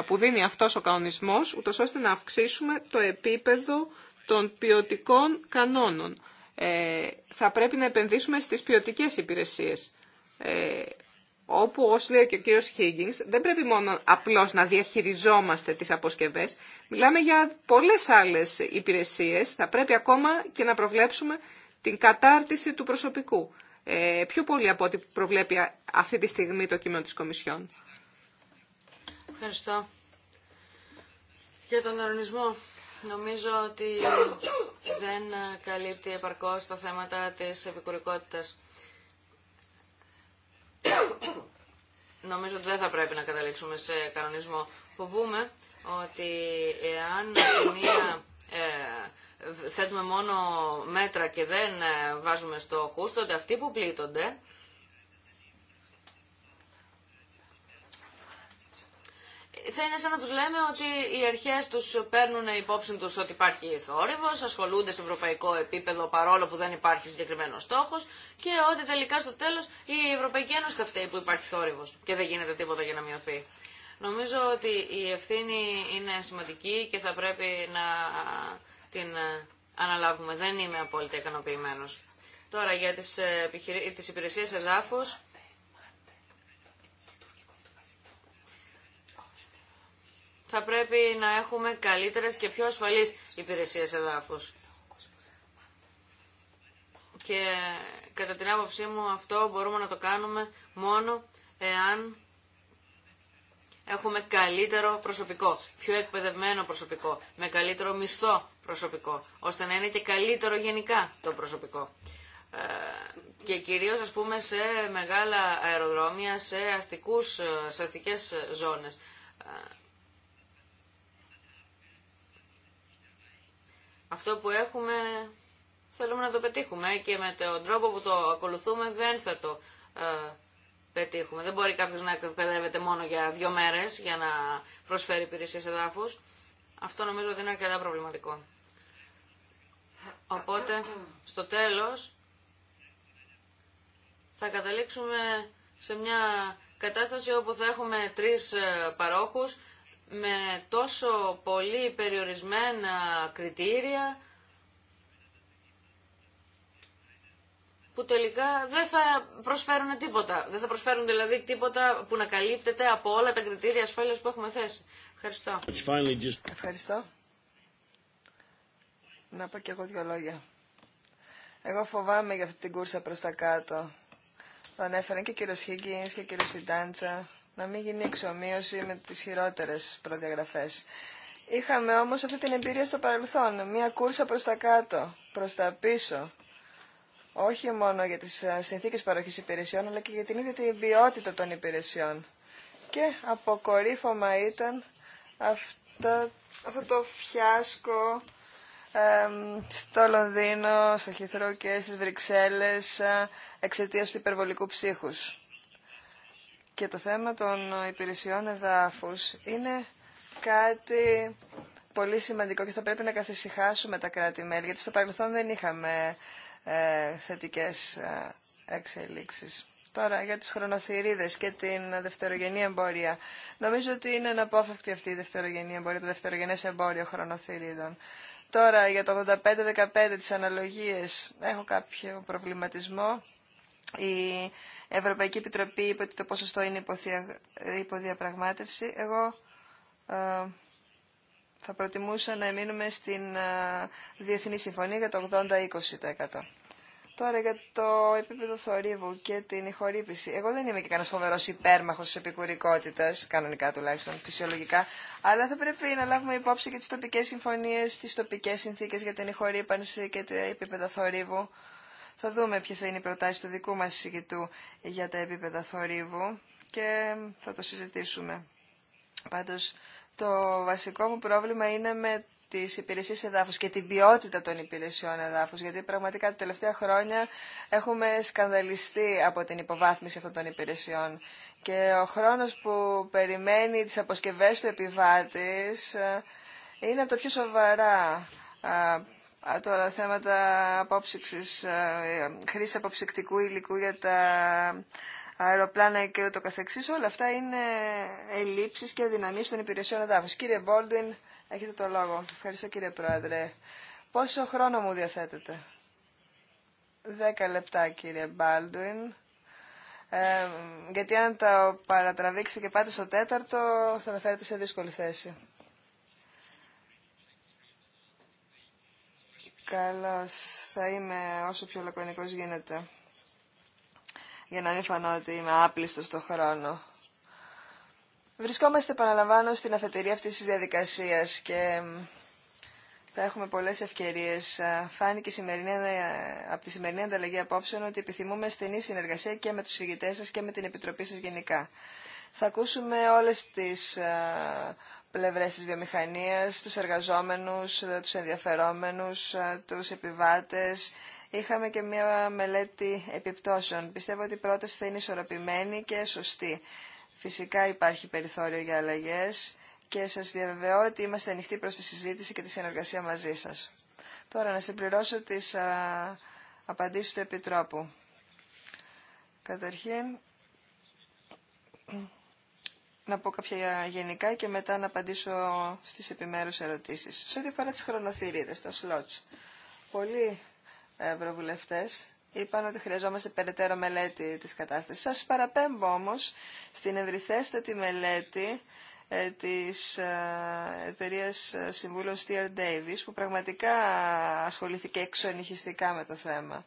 που δίνει αυτός ο κανονισμός, ούτως ώστε να αυξήσουμε το επίπεδο των ποιοτικών κανόνων ε, θα πρέπει να επενδύσουμε στις ποιοτικές υπηρεσίες. Ε, όπου, ως λέει και ο κύριος Higgins, δεν πρέπει μόνο απλώς να διαχειριζόμαστε τις αποσκευές. Μιλάμε για πολλές άλλες υπηρεσίες. Θα πρέπει ακόμα και να προβλέψουμε την κατάρτιση του προσωπικού. Ε, πιο πολύ από ό,τι προβλέπει αυτή τη στιγμή το κείμενο της Κομισιόν.
Ευχαριστώ. Για τον οργανισμό, νομίζω ότι δεν ε, καλύπτει επαρκώς τα θέματα της επικουρικότητας. Νομίζω ότι δεν θα πρέπει να καταλήξουμε σε κανονισμό. Φοβούμε ότι εάν μία ε, θέτουμε μόνο μέτρα και δεν ε, βάζουμε στόχους, τότε αυτοί που πλήττονται θα είναι σαν να του λέμε ότι οι αρχές τους παίρνουν υπόψη τους ότι υπάρχει θόρυβος, ασχολούνται σε ευρωπαϊκό επίπεδο παρόλο που δεν υπάρχει συγκεκριμένος στόχος και ότι τελικά στο τέλος η Ευρωπαϊκή Ένωση θα φταίει που υπάρχει θόρυβος και δεν γίνεται τίποτα για να μειωθεί. Νομίζω ότι η ευθύνη είναι σημαντική και θα πρέπει να την αναλάβουμε. Δεν είμαι απόλυτα ικανοποιημένο. Τώρα για τις, ε, τις υπηρεσίες θα πρέπει να έχουμε καλύτερες και πιο ασφαλείς υπηρεσίες εδάφους. Και κατά την άποψή μου αυτό μπορούμε να το κάνουμε μόνο εάν έχουμε καλύτερο προσωπικό, πιο εκπαιδευμένο προσωπικό, με καλύτερο μισθό προσωπικό, ώστε να είναι και καλύτερο γενικά το προσωπικό. Ε, και κυρίως ας πούμε σε μεγάλα αεροδρόμια, σε, αστικούς, ε, σε αστικές ζώνες. Ε, Αυτό που έχουμε θέλουμε να το πετύχουμε και με τον τρόπο που το ακολουθούμε δεν θα το ε, πετύχουμε. Δεν μπορεί κάποιος να εκπαιδεύεται μόνο για δύο μέρες για να προσφέρει υπηρεσίες εδάφους. Αυτό νομίζω ότι είναι αρκετά προβληματικό. Οπότε, στο τέλος, θα καταλήξουμε σε μια κατάσταση όπου θα έχουμε τρεις ε, παρόχους με τόσο πολύ περιορισμένα κριτήρια που τελικά δεν θα προσφέρουν τίποτα. Δεν θα προσφέρουν δηλαδή τίποτα που να καλύπτεται από όλα τα κριτήρια ασφάλειας που έχουμε θέσει. Ευχαριστώ.
Ευχαριστώ.
Να πω και εγώ δύο λόγια. Εγώ φοβάμαι για αυτή την κούρσα προς τα κάτω. Το ανέφεραν και ο κύριος Χίγκινς και ο κύριος Φιντάντσα να μην γίνει εξομοίωση με τις χειρότερες προδιαγραφές. Είχαμε όμως αυτή την εμπειρία στο παρελθόν, μία κούρσα προς τα κάτω, προς τα πίσω, όχι μόνο για τις ε, συνθήκες παροχής υπηρεσιών, αλλά και για την ίδια την ποιότητα των υπηρεσιών. Και αποκορύφωμα ήταν αυτό, αυτό το φιάσκο στο Λονδίνο, στο Χιθρό και στις Βρυξέλλες ε, εξαιτίας του υπερβολικού ψύχους. Και το θέμα των υπηρεσιών εδάφους είναι κάτι πολύ σημαντικό και θα πρέπει να καθησυχάσουμε τα κράτη-μέλη, γιατί στο παρελθόν δεν είχαμε ε, θετικές ε, εξελίξεις. Τώρα για τις χρονοθυρίδες και την δευτερογενή εμπόρια. Νομίζω ότι είναι αναπόφευκτη αυτή η δευτερογενή εμπόρια, το δευτερογενές εμπόριο χρονοθυρίδων. Τώρα για το 85-15 τις αναλογίες έχω κάποιο προβληματισμό η Ευρωπαϊκή Επιτροπή είπε ότι το ποσοστό είναι υποδιαπραγμάτευση. Εγώ ε, θα προτιμούσα να εμείνουμε στην ε, Διεθνή Συμφωνία για το 80-20%. Τώρα για το επίπεδο θορύβου και την ηχορύπηση. Εγώ δεν είμαι και κανένα φοβερό υπέρμαχο τη επικουρικότητα, κανονικά τουλάχιστον, φυσιολογικά, αλλά θα πρέπει να λάβουμε υπόψη και τι τοπικέ συμφωνίε, τι τοπικέ συνθήκε για την ηχορύπανση και τα επίπεδα θορύβου. Θα δούμε ποιες θα είναι οι προτάσεις του δικού μας συγκητού για τα επίπεδα θορύβου και θα το συζητήσουμε. Πάντως, το βασικό μου πρόβλημα είναι με τις υπηρεσίες εδάφους και την ποιότητα των υπηρεσιών εδάφους, γιατί πραγματικά τα τελευταία χρόνια έχουμε σκανδαλιστεί από την υποβάθμιση αυτών των υπηρεσιών. Και ο χρόνος που περιμένει τις αποσκευές του επιβάτης ε, είναι από τα πιο σοβαρά τώρα θέματα απόψυξης, ε, χρήση αποψυκτικού υλικού για τα αεροπλάνα και ούτω καθεξής. Όλα αυτά είναι ελλείψεις και αδυναμίες των υπηρεσιών εδάφους. Κύριε Μπόλντουιν, έχετε το λόγο. Ευχαριστώ κύριε Πρόεδρε. Πόσο χρόνο μου διαθέτετε. Δέκα λεπτά κύριε Μπάλντουιν. Ε, γιατί αν τα παρατραβήξετε και πάτε στο τέταρτο θα με φέρετε σε δύσκολη θέση. Καλώς, θα είμαι όσο πιο λακωνικός γίνεται. Για να μην φανώ ότι είμαι άπλιστο στο χρόνο. Βρισκόμαστε, παραλαμβάνω, στην αφετηρία αυτής της διαδικασίας και θα έχουμε πολλές ευκαιρίες. Φάνηκε σημερινή, ε, από τη σημερινή ανταλλαγή απόψεων ότι επιθυμούμε στενή συνεργασία και με τους ηγητές σας και με την Επιτροπή σας γενικά. Θα ακούσουμε όλες τις πλευρές της βιομηχανίας, τους εργαζόμενους, ε, τους ενδιαφερόμενους, ε, τους επιβάτες. Είχαμε και μία μελέτη επιπτώσεων. Πιστεύω ότι η πρόταση θα είναι ισορροπημένη και σωστή. Φυσικά υπάρχει περιθώριο για αλλαγές και σας διαβεβαιώ ότι είμαστε ανοιχτοί προς τη συζήτηση και τη συνεργασία μαζί σας. Τώρα να συμπληρώσω τις α, ε, απαντήσεις του Επιτρόπου. Καταρχήν, να πω κάποια γενικά και μετά να απαντήσω στις επιμέρους ερωτήσεις. Σε ό,τι αφορά τις χρονοθυρίδες, τα σλότς, πολλοί ευρωβουλευτές είπαν ότι χρειαζόμαστε περαιτέρω μελέτη της κατάστασης. Σας παραπέμπω όμως στην ευρυθέστατη μελέτη ε, της ε, εταιρεία ε, Συμβούλων Steer Davis που πραγματικά ασχολήθηκε εξονυχιστικά με το θέμα.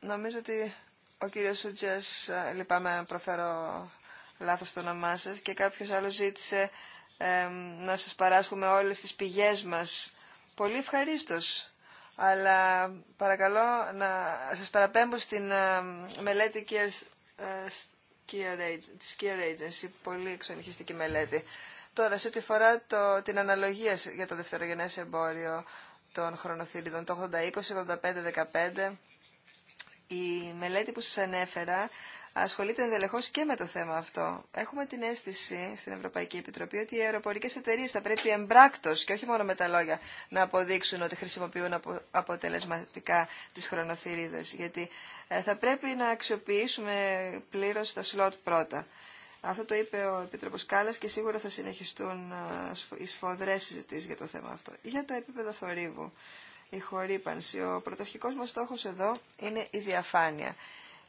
νομίζω ότι ο κύριος Σούτζας, λυπάμαι να προφέρω λάθος το όνομά σας και κάποιος άλλος ζήτησε να σας παράσχουμε όλες τις πηγές μας. Πολύ ευχαρίστω. Αλλά παρακαλώ να σας παραπέμπω στην ε, μελέτη τη Care Agency, πολύ εξονυχιστική μελέτη. Τώρα, σε ό,τι φορά το, την αναλογία για το δευτερογενές εμπόριο των χρονοθυρίδων, το 80-20, 85-15, η μελέτη που σας ανέφερα ασχολείται ενδελεχώ και με το θέμα αυτό. Έχουμε την αίσθηση στην Ευρωπαϊκή Επιτροπή ότι οι αεροπορικέ εταιρείε θα πρέπει εμπράκτο και όχι μόνο με τα λόγια να αποδείξουν ότι χρησιμοποιούν αποτελεσματικά τι χρονοθυρίδε. Γιατί ε, θα πρέπει να αξιοποιήσουμε πλήρω τα σλότ πρώτα. Αυτό το είπε ο Επίτροπο Κάλλα και σίγουρα θα συνεχιστούν ε, οι σφοδρέ συζητήσει για το θέμα αυτό. Για τα επίπεδα θορύβου, η χορύπανση. Ο πρωτορχικό μα στόχο εδώ είναι η διαφάνεια.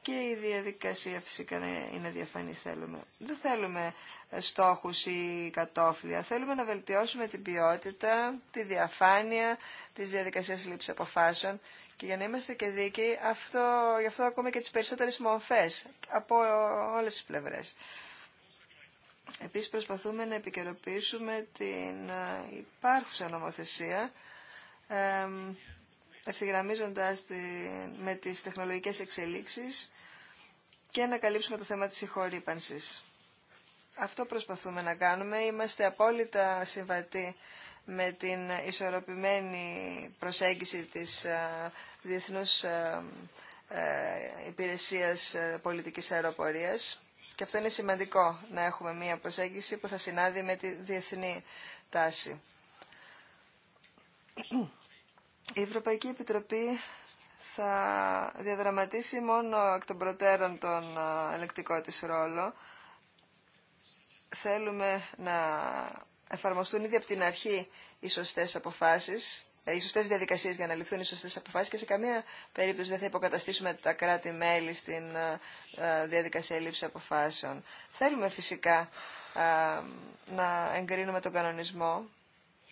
Και η διαδικασία φυσικά είναι διαφανής θέλουμε. Δεν θέλουμε στόχους ή κατόφλια. Θέλουμε να βελτιώσουμε την ποιότητα, τη διαφάνεια της διαδικασίας λήψης αποφάσεων και για να είμαστε και δίκαιοι, αυτό, γι' αυτό ακούμε και τις περισσότερες μορφές από όλες τις πλευρές. Επίσης προσπαθούμε να επικαιροποιήσουμε την ε, υπάρχουσα νομοθεσία ευθυγραμμίζοντας με τις τεχνολογικές εξελίξεις και να καλύψουμε το θέμα της συγχωρήπανσης. Αυτό προσπαθούμε να κάνουμε. Είμαστε απόλυτα συμβατοί με την ισορροπημένη προσέγγιση της ε, Διεθνούς ε, ε, Υπηρεσίας Πολιτικής Αεροπορίας. Και αυτό είναι σημαντικό να έχουμε μία προσέγγιση που θα συνάδει με τη διεθνή τάση η Ευρωπαϊκή Επιτροπή θα διαδραματίσει μόνο εκ των προτέρων τον ελεκτικό της ρόλο. Θέλουμε να εφαρμοστούν ήδη από την αρχή οι σωστές αποφάσεις, ε, οι σωστές διαδικασίες για να ληφθούν οι σωστές αποφάσεις και σε καμία περίπτωση δεν θα υποκαταστήσουμε τα κράτη-μέλη στην διαδικασία λήψη αποφάσεων. Θέλουμε φυσικά να εγκρίνουμε τον κανονισμό,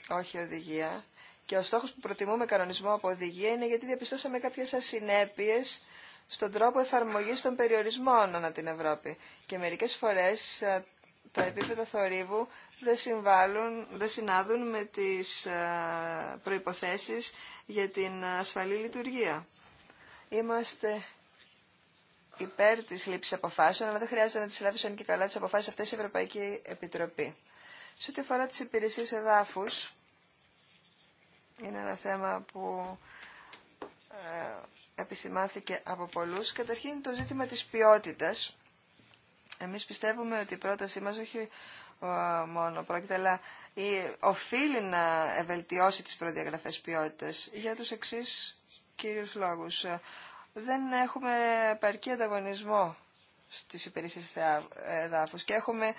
όχι οδηγία, και ο στόχος που προτιμούμε κανονισμό από οδηγία είναι γιατί διαπιστώσαμε κάποιες ασυνέπειες στον τρόπο εφαρμογής των περιορισμών ανά την Ευρώπη. Και μερικές φορές ε, τα επίπεδα θορύβου δεν, συνάδουν με τις ε, προϋποθέσεις για την ασφαλή λειτουργία. Είμαστε υπέρ της λήψης αποφάσεων, αλλά δεν χρειάζεται να τις λάβει και καλά τις αποφάσεις αυτές η Ευρωπαϊκή Επιτροπή. Σε ό,τι αφορά τις υπηρεσίες εδάφους, είναι ένα θέμα που ε, επισημάθηκε από πολλούς. Καταρχήν το ζήτημα της ποιότητας. Εμείς πιστεύουμε ότι η πρότασή μας όχι ε, μόνο πρόκειται, αλλά η, οφείλει να ευελτιώσει τις προδιαγραφές ποιότητας για τους εξής κύριους λόγους. Ε, δεν έχουμε επαρκή ανταγωνισμό στις υπηρεσίες εδάφους και έχουμε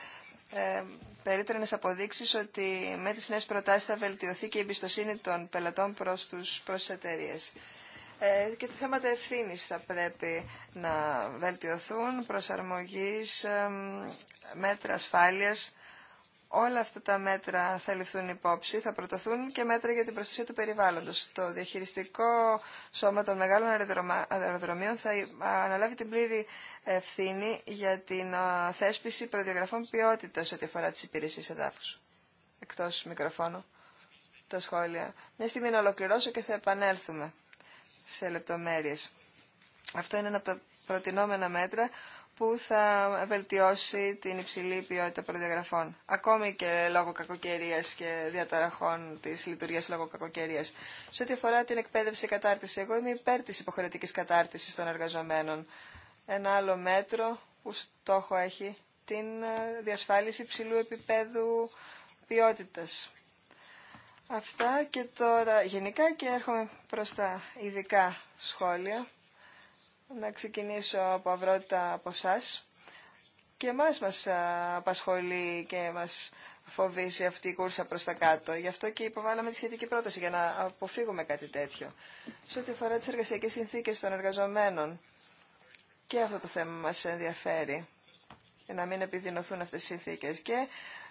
ε, περίτρανες αποδείξεις ότι με τις νέες προτάσεις θα βελτιωθεί και η εμπιστοσύνη των πελατών προς, τους, εταιρείε. Ε, και τα θέματα ευθύνη θα πρέπει να βελτιωθούν, προσαρμογής, μέτρα ασφάλειας όλα αυτά τα μέτρα θα ληφθούν υπόψη, θα προταθούν και μέτρα για την προστασία του περιβάλλοντος. Το διαχειριστικό σώμα των μεγάλων αεροδρομίων θα ε, αναλάβει την πλήρη ευθύνη για την ε, θέσπιση προδιαγραφών ποιότητας ό,τι αφορά τις υπηρεσίες εδάφους. Εκτός μικροφώνου τα σχόλια. Μια στιγμή να ολοκληρώσω και θα επανέλθουμε σε λεπτομέρειες. Αυτό είναι ένα από τα προτινόμενα μέτρα που θα βελτιώσει την υψηλή ποιότητα προδιαγραφών. Ακόμη και λόγω κακοκαιρία και διαταραχών τη λειτουργία λόγω κακοκαιρία. Σε ό,τι αφορά την εκπαίδευση κατάρτιση, εγώ είμαι υπέρ τη υποχρεωτική κατάρτιση των εργαζομένων. Ένα άλλο μέτρο που στόχο έχει την ε, διασφάλιση υψηλού επίπεδου ποιότητα. Αυτά και τώρα γενικά και έρχομαι προς τα ειδικά σχόλια να ξεκινήσω από αυρότητα από εσά. Και εμά μας απασχολεί και μας φοβίζει αυτή η κούρσα προς τα κάτω. Γι' αυτό και υποβάλαμε τη σχετική πρόταση για να αποφύγουμε κάτι τέτοιο. Σε ό,τι αφορά τι εργασιακέ συνθήκες των εργαζομένων, και αυτό το θέμα μας ενδιαφέρει, για να μην επιδεινωθούν αυτές οι συνθήκες. Και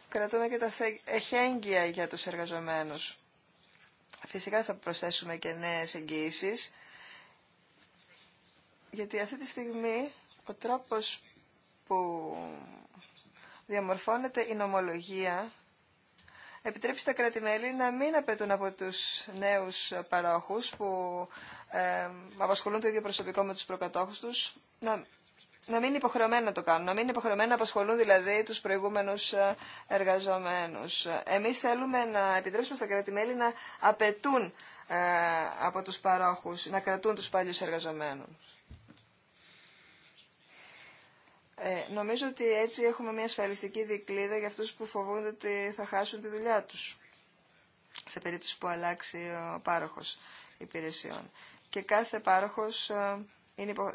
κρατούμε και τα εχέγγυα για του εργαζομένου. Φυσικά θα προσθέσουμε και νέε εγγυήσει. Γιατί αυτή τη στιγμή ο τρόπος που διαμορφώνεται η νομολογία επιτρέπει στα κράτη-μέλη να μην απαιτούν από τους νέους παρόχους που ε, απασχολούν το ίδιο προσωπικό με τους προκατόχους τους να, να μην είναι υποχρεωμένοι να το κάνουν, να μην είναι υποχρεωμένοι να απασχολούν δηλαδή τους προηγούμενους ε, εργαζομένους. Εμείς θέλουμε να επιτρέψουμε στα κράτη-μέλη να απαιτούν ε, από τους παρόχους, να κρατούν τους παλιούς εργαζομένους. Ε, νομίζω ότι έτσι έχουμε μια ασφαλιστική δικλίδα για αυτούς που φοβούνται ότι θα χάσουν τη δουλειά τους σε περίπτωση που αλλάξει ο πάροχος υπηρεσιών. Και κάθε πάροχος ε,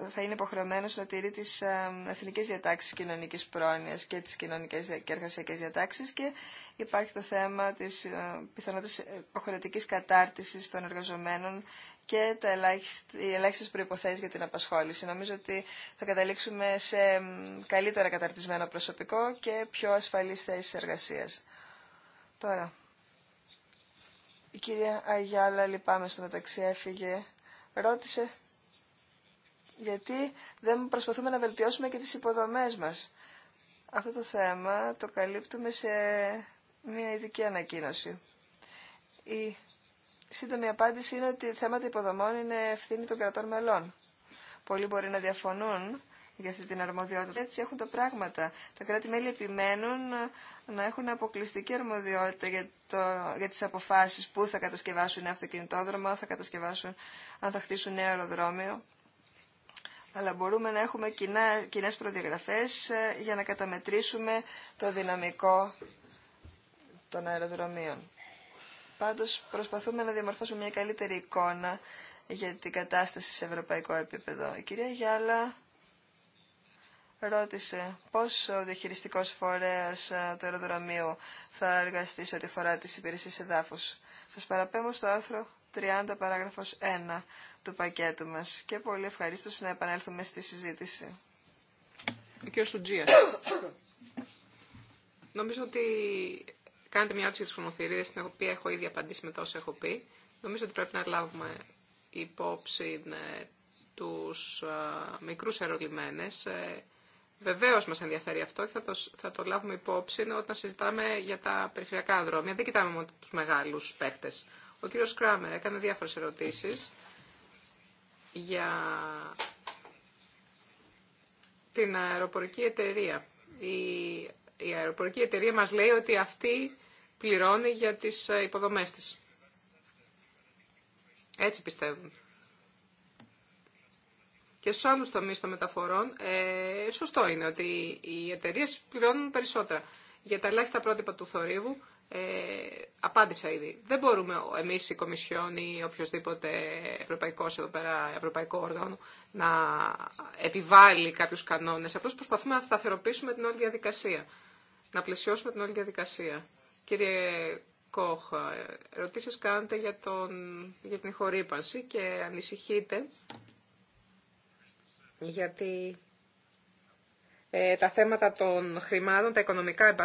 θα είναι υποχρεωμένος να τηρεί τις ε, εθνικές διατάξεις κοινωνικής πρόνοιας και τις κοινωνικές και εργασιακές διατάξεις και υπάρχει το θέμα της πιθανότητας υποχρεωτικής κατάρτισης των εργαζομένων και τα ελάχιστη, οι ελάχιστες προϋποθέσεις για την απασχόληση. Νομίζω ότι θα καταλήξουμε σε καλύτερα καταρτισμένο προσωπικό και πιο ασφαλείς θέσεις εργασίας. Τώρα, η κυρία Αγιάλα, λυπάμαι στο μεταξύ, έφυγε, ρώτησε γιατί δεν προσπαθούμε να βελτιώσουμε και τις υποδομές μας. Αυτό το θέμα το καλύπτουμε σε μια ειδική ανακοίνωση σύντομη απάντηση είναι ότι θέματα υποδομών είναι ευθύνη των κρατών μελών. Πολλοί μπορεί να διαφωνούν για αυτή την αρμοδιότητα. Έτσι έχουν τα πράγματα. Τα κράτη-μέλη επιμένουν να έχουν αποκλειστική αρμοδιότητα για, το, για τις αποφάσεις που θα κατασκευάσουν ένα αυτοκινητόδρομο, θα κατασκευάσουν, αν θα χτίσουν νέο αεροδρόμιο. Αλλά μπορούμε να έχουμε κοινά, κοινές προδιαγραφές ε, για να καταμετρήσουμε το δυναμικό των αεροδρομίων. Πάντως προσπαθούμε να διαμορφώσουμε μια καλύτερη εικόνα για την κατάσταση σε ευρωπαϊκό επίπεδο. Η κυρία Γιάλα ρώτησε πώς ο διαχειριστικός φορέας του αεροδρομίου θα εργαστεί σε ό,τι φορά τις υπηρεσίες εδάφους. Σας παραπέμπω στο άρθρο 30 παράγραφος 1 του πακέτου μας και πολύ ευχαρίστω να επανέλθουμε στη συζήτηση. Ο
Νομίζω ότι κάντε μια ερώτηση για τι χρωμοθυρίδε, στην οποία έχω ήδη απαντήσει με τα όσα έχω πει. Νομίζω ότι πρέπει να λάβουμε υπόψη ναι, ε, του ε, μικρού αερολιμένε. Ε, Βεβαίω μα ενδιαφέρει αυτό και θα το, θα το λάβουμε υπόψη όταν συζητάμε για τα περιφερειακά δρόμια. Δεν κοιτάμε μόνο του μεγάλου παίκτε. Ο κύριο Κράμερ έκανε διάφορε ερωτήσει για την αεροπορική εταιρεία. Η η αεροπορική εταιρεία μας λέει ότι αυτή πληρώνει για τις ε, υποδομές της. Έτσι πιστεύουν. Και στους άλλους τομείς των μεταφορών, ε, σωστό είναι ότι οι εταιρείες πληρώνουν περισσότερα. Για τα ελάχιστα πρότυπα του θορύβου, ε, απάντησα ήδη. Δεν μπορούμε εμείς η Κομισιόν ή οποιοδήποτε ευρωπαϊκός εδώ πέρα, ευρωπαϊκό όργανο, να επιβάλλει κάποιους κανόνες. Απλώς προσπαθούμε να σταθεροποιήσουμε την όλη διαδικασία να πλαισιώσουμε την όλη διαδικασία. Κύριε Κόχ, ε, ερωτήσεις κάνετε για, τον, για την χορύπανση και ανησυχείτε γιατί ε, τα θέματα των χρημάτων, τα οικονομικά, εν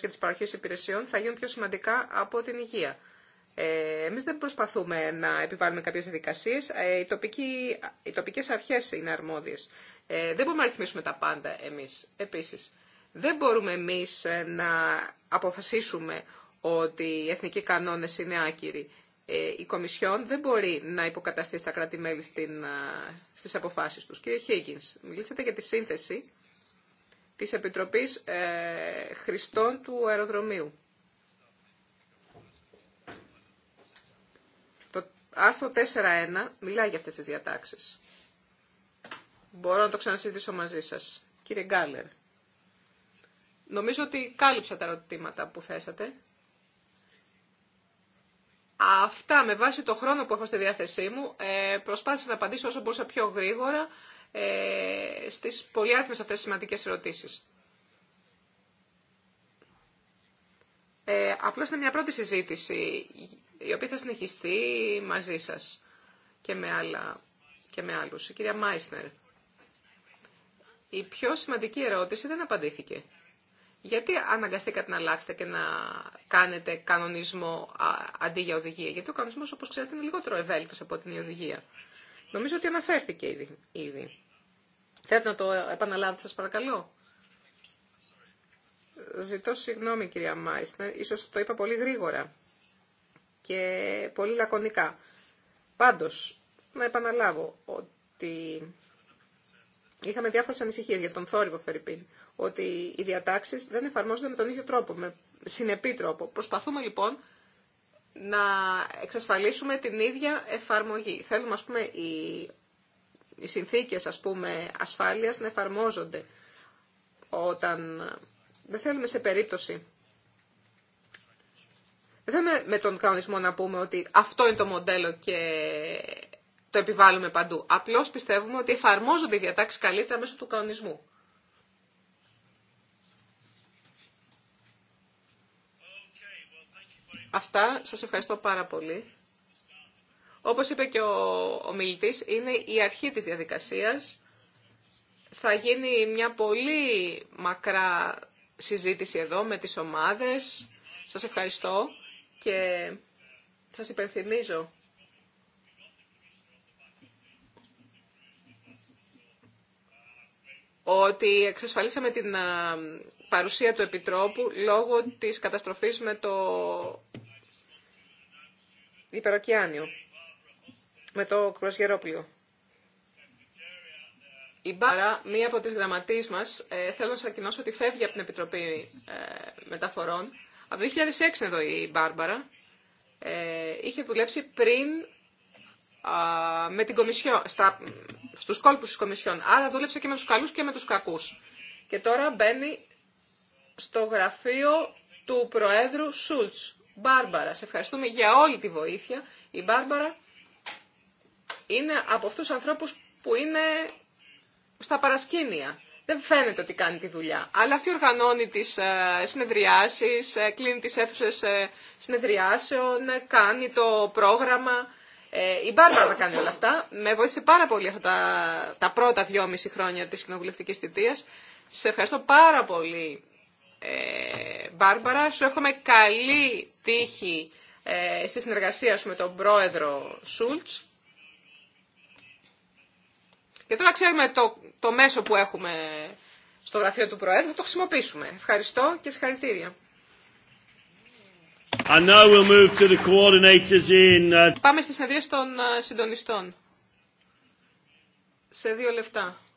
και τις παροχές υπηρεσιών θα γίνουν πιο σημαντικά από την υγεία. Ε, εμείς δεν προσπαθούμε να επιβάλλουμε κάποιες διαδικασίες. Ε, οι, τοπικοί, οι τοπικές αρχές είναι αρμόδιες. δεν μπορούμε να ρυθμίσουμε τα πάντα εμείς. Επίσης, δεν μπορούμε εμείς ε, να αποφασίσουμε ότι οι εθνικοί κανόνες είναι άκυροι. Ε, η Κομισιόν δεν μπορεί να υποκαταστήσει τα κράτη-μέλη ε, στις αποφάσεις τους. Κύριε Χίγγινς, μιλήσατε για τη σύνθεση της Επιτροπής Χριστών του Αεροδρομίου. Το άρθρο 4.1 μιλάει για αυτές τις διατάξεις. Μπορώ να το ξανασυζητήσω μαζί σας. Κύριε Γκάλερ. Νομίζω ότι κάλυψα τα ερωτήματα που θέσατε. Αυτά με βάση το χρόνο που έχω στη διάθεσή μου ε, προσπάθησα να απαντήσω όσο μπορούσα πιο γρήγορα ε, στις άρθμες αυτές σημαντικές ερωτήσεις. Ε, απλώς είναι μια πρώτη συζήτηση η οποία θα συνεχιστεί μαζί σας και με, άλλα, και με άλλους. Η κυρία Μάισνερ. Η πιο σημαντική ερώτηση δεν απαντήθηκε. Γιατί αναγκαστήκατε να αλλάξετε και να κάνετε κανονισμό αντί για οδηγία. Γιατί ο κανονισμό, όπω ξέρετε, είναι λιγότερο ευέλικτο από την οδηγία. Νομίζω ότι αναφέρθηκε ήδη. ήδη. Θέλετε να το επαναλάβετε, σα παρακαλώ. Ζητώ συγγνώμη, κυρία Μάισνερ. Ίσως το είπα πολύ γρήγορα και πολύ λακωνικά. Πάντως, να επαναλάβω ότι είχαμε διάφορε ανησυχίε για τον θόρυβο Φερρυπίν ότι οι διατάξεις δεν εφαρμόζονται με τον ίδιο τρόπο, με συνεπή τρόπο. Προσπαθούμε λοιπόν να εξασφαλίσουμε την ίδια εφαρμογή. Θέλουμε ας πούμε οι, οι συνθήκες ας πούμε, ασφάλειας να εφαρμόζονται όταν δεν θέλουμε σε περίπτωση δεν θέλουμε με τον κανονισμό να πούμε ότι αυτό είναι το μοντέλο και το επιβάλλουμε παντού. Απλώς πιστεύουμε ότι εφαρμόζονται οι διατάξεις καλύτερα μέσω του κανονισμού. Αυτά σας ευχαριστώ πάρα πολύ. Όπως είπε και ο ομιλητής, είναι η αρχή της διαδικασίας. Θα γίνει μια πολύ μακρά συζήτηση εδώ με τις ομάδες. Σας ευχαριστώ και σας υπενθυμίζω. ότι εξασφαλίσαμε την παρουσία του Επιτρόπου λόγω της καταστροφής με το υπεροκειάνιο, με το κροσγερόπλιο. Η Μπάρα, μία από τις γραμματείς μας, ε, θέλω να σας ότι φεύγει από την Επιτροπή ε, Μεταφορών. Από το 2006 εδώ η Μπάρμπαρα ε, είχε δουλέψει πριν με την Κομισιό, στα, στους κόλπους της Κομισιόν. Άρα δούλεψε και με τους καλούς και με τους κακούς. Και τώρα μπαίνει στο γραφείο του Προέδρου Σούλτς. Μπάρμπαρα, σε ευχαριστούμε για όλη τη βοήθεια. Η Μπάρμπαρα είναι από αυτούς τους ανθρώπους που είναι στα παρασκήνια. Δεν φαίνεται ότι κάνει τη δουλειά. Αλλά αυτή οργανώνει τις ε, συνεδριάσεις, ε, κλείνει τις αίθουσες ε, συνεδριάσεων, κάνει το πρόγραμμα. Η Μπάρμπαρα τα κάνει όλα αυτά. Με βοήθησε πάρα πολύ αυτά τα, τα πρώτα δυόμιση χρόνια της κοινοβουλευτικής θητείας. Σε ευχαριστώ πάρα πολύ ε, Μπάρμπαρα, σου εύχομαι καλή τύχη ε, στη συνεργασία σου με τον πρόεδρο Σούλτς. Και τώρα ξέρουμε το, το μέσο που έχουμε στο γραφείο του Προέδρου, θα το χρησιμοποιήσουμε. Ευχαριστώ και συγχαρητήρια.
Uh,
Πάμε στις συνεδρίες των ε, συντονιστών. Σε δύο λεπτά.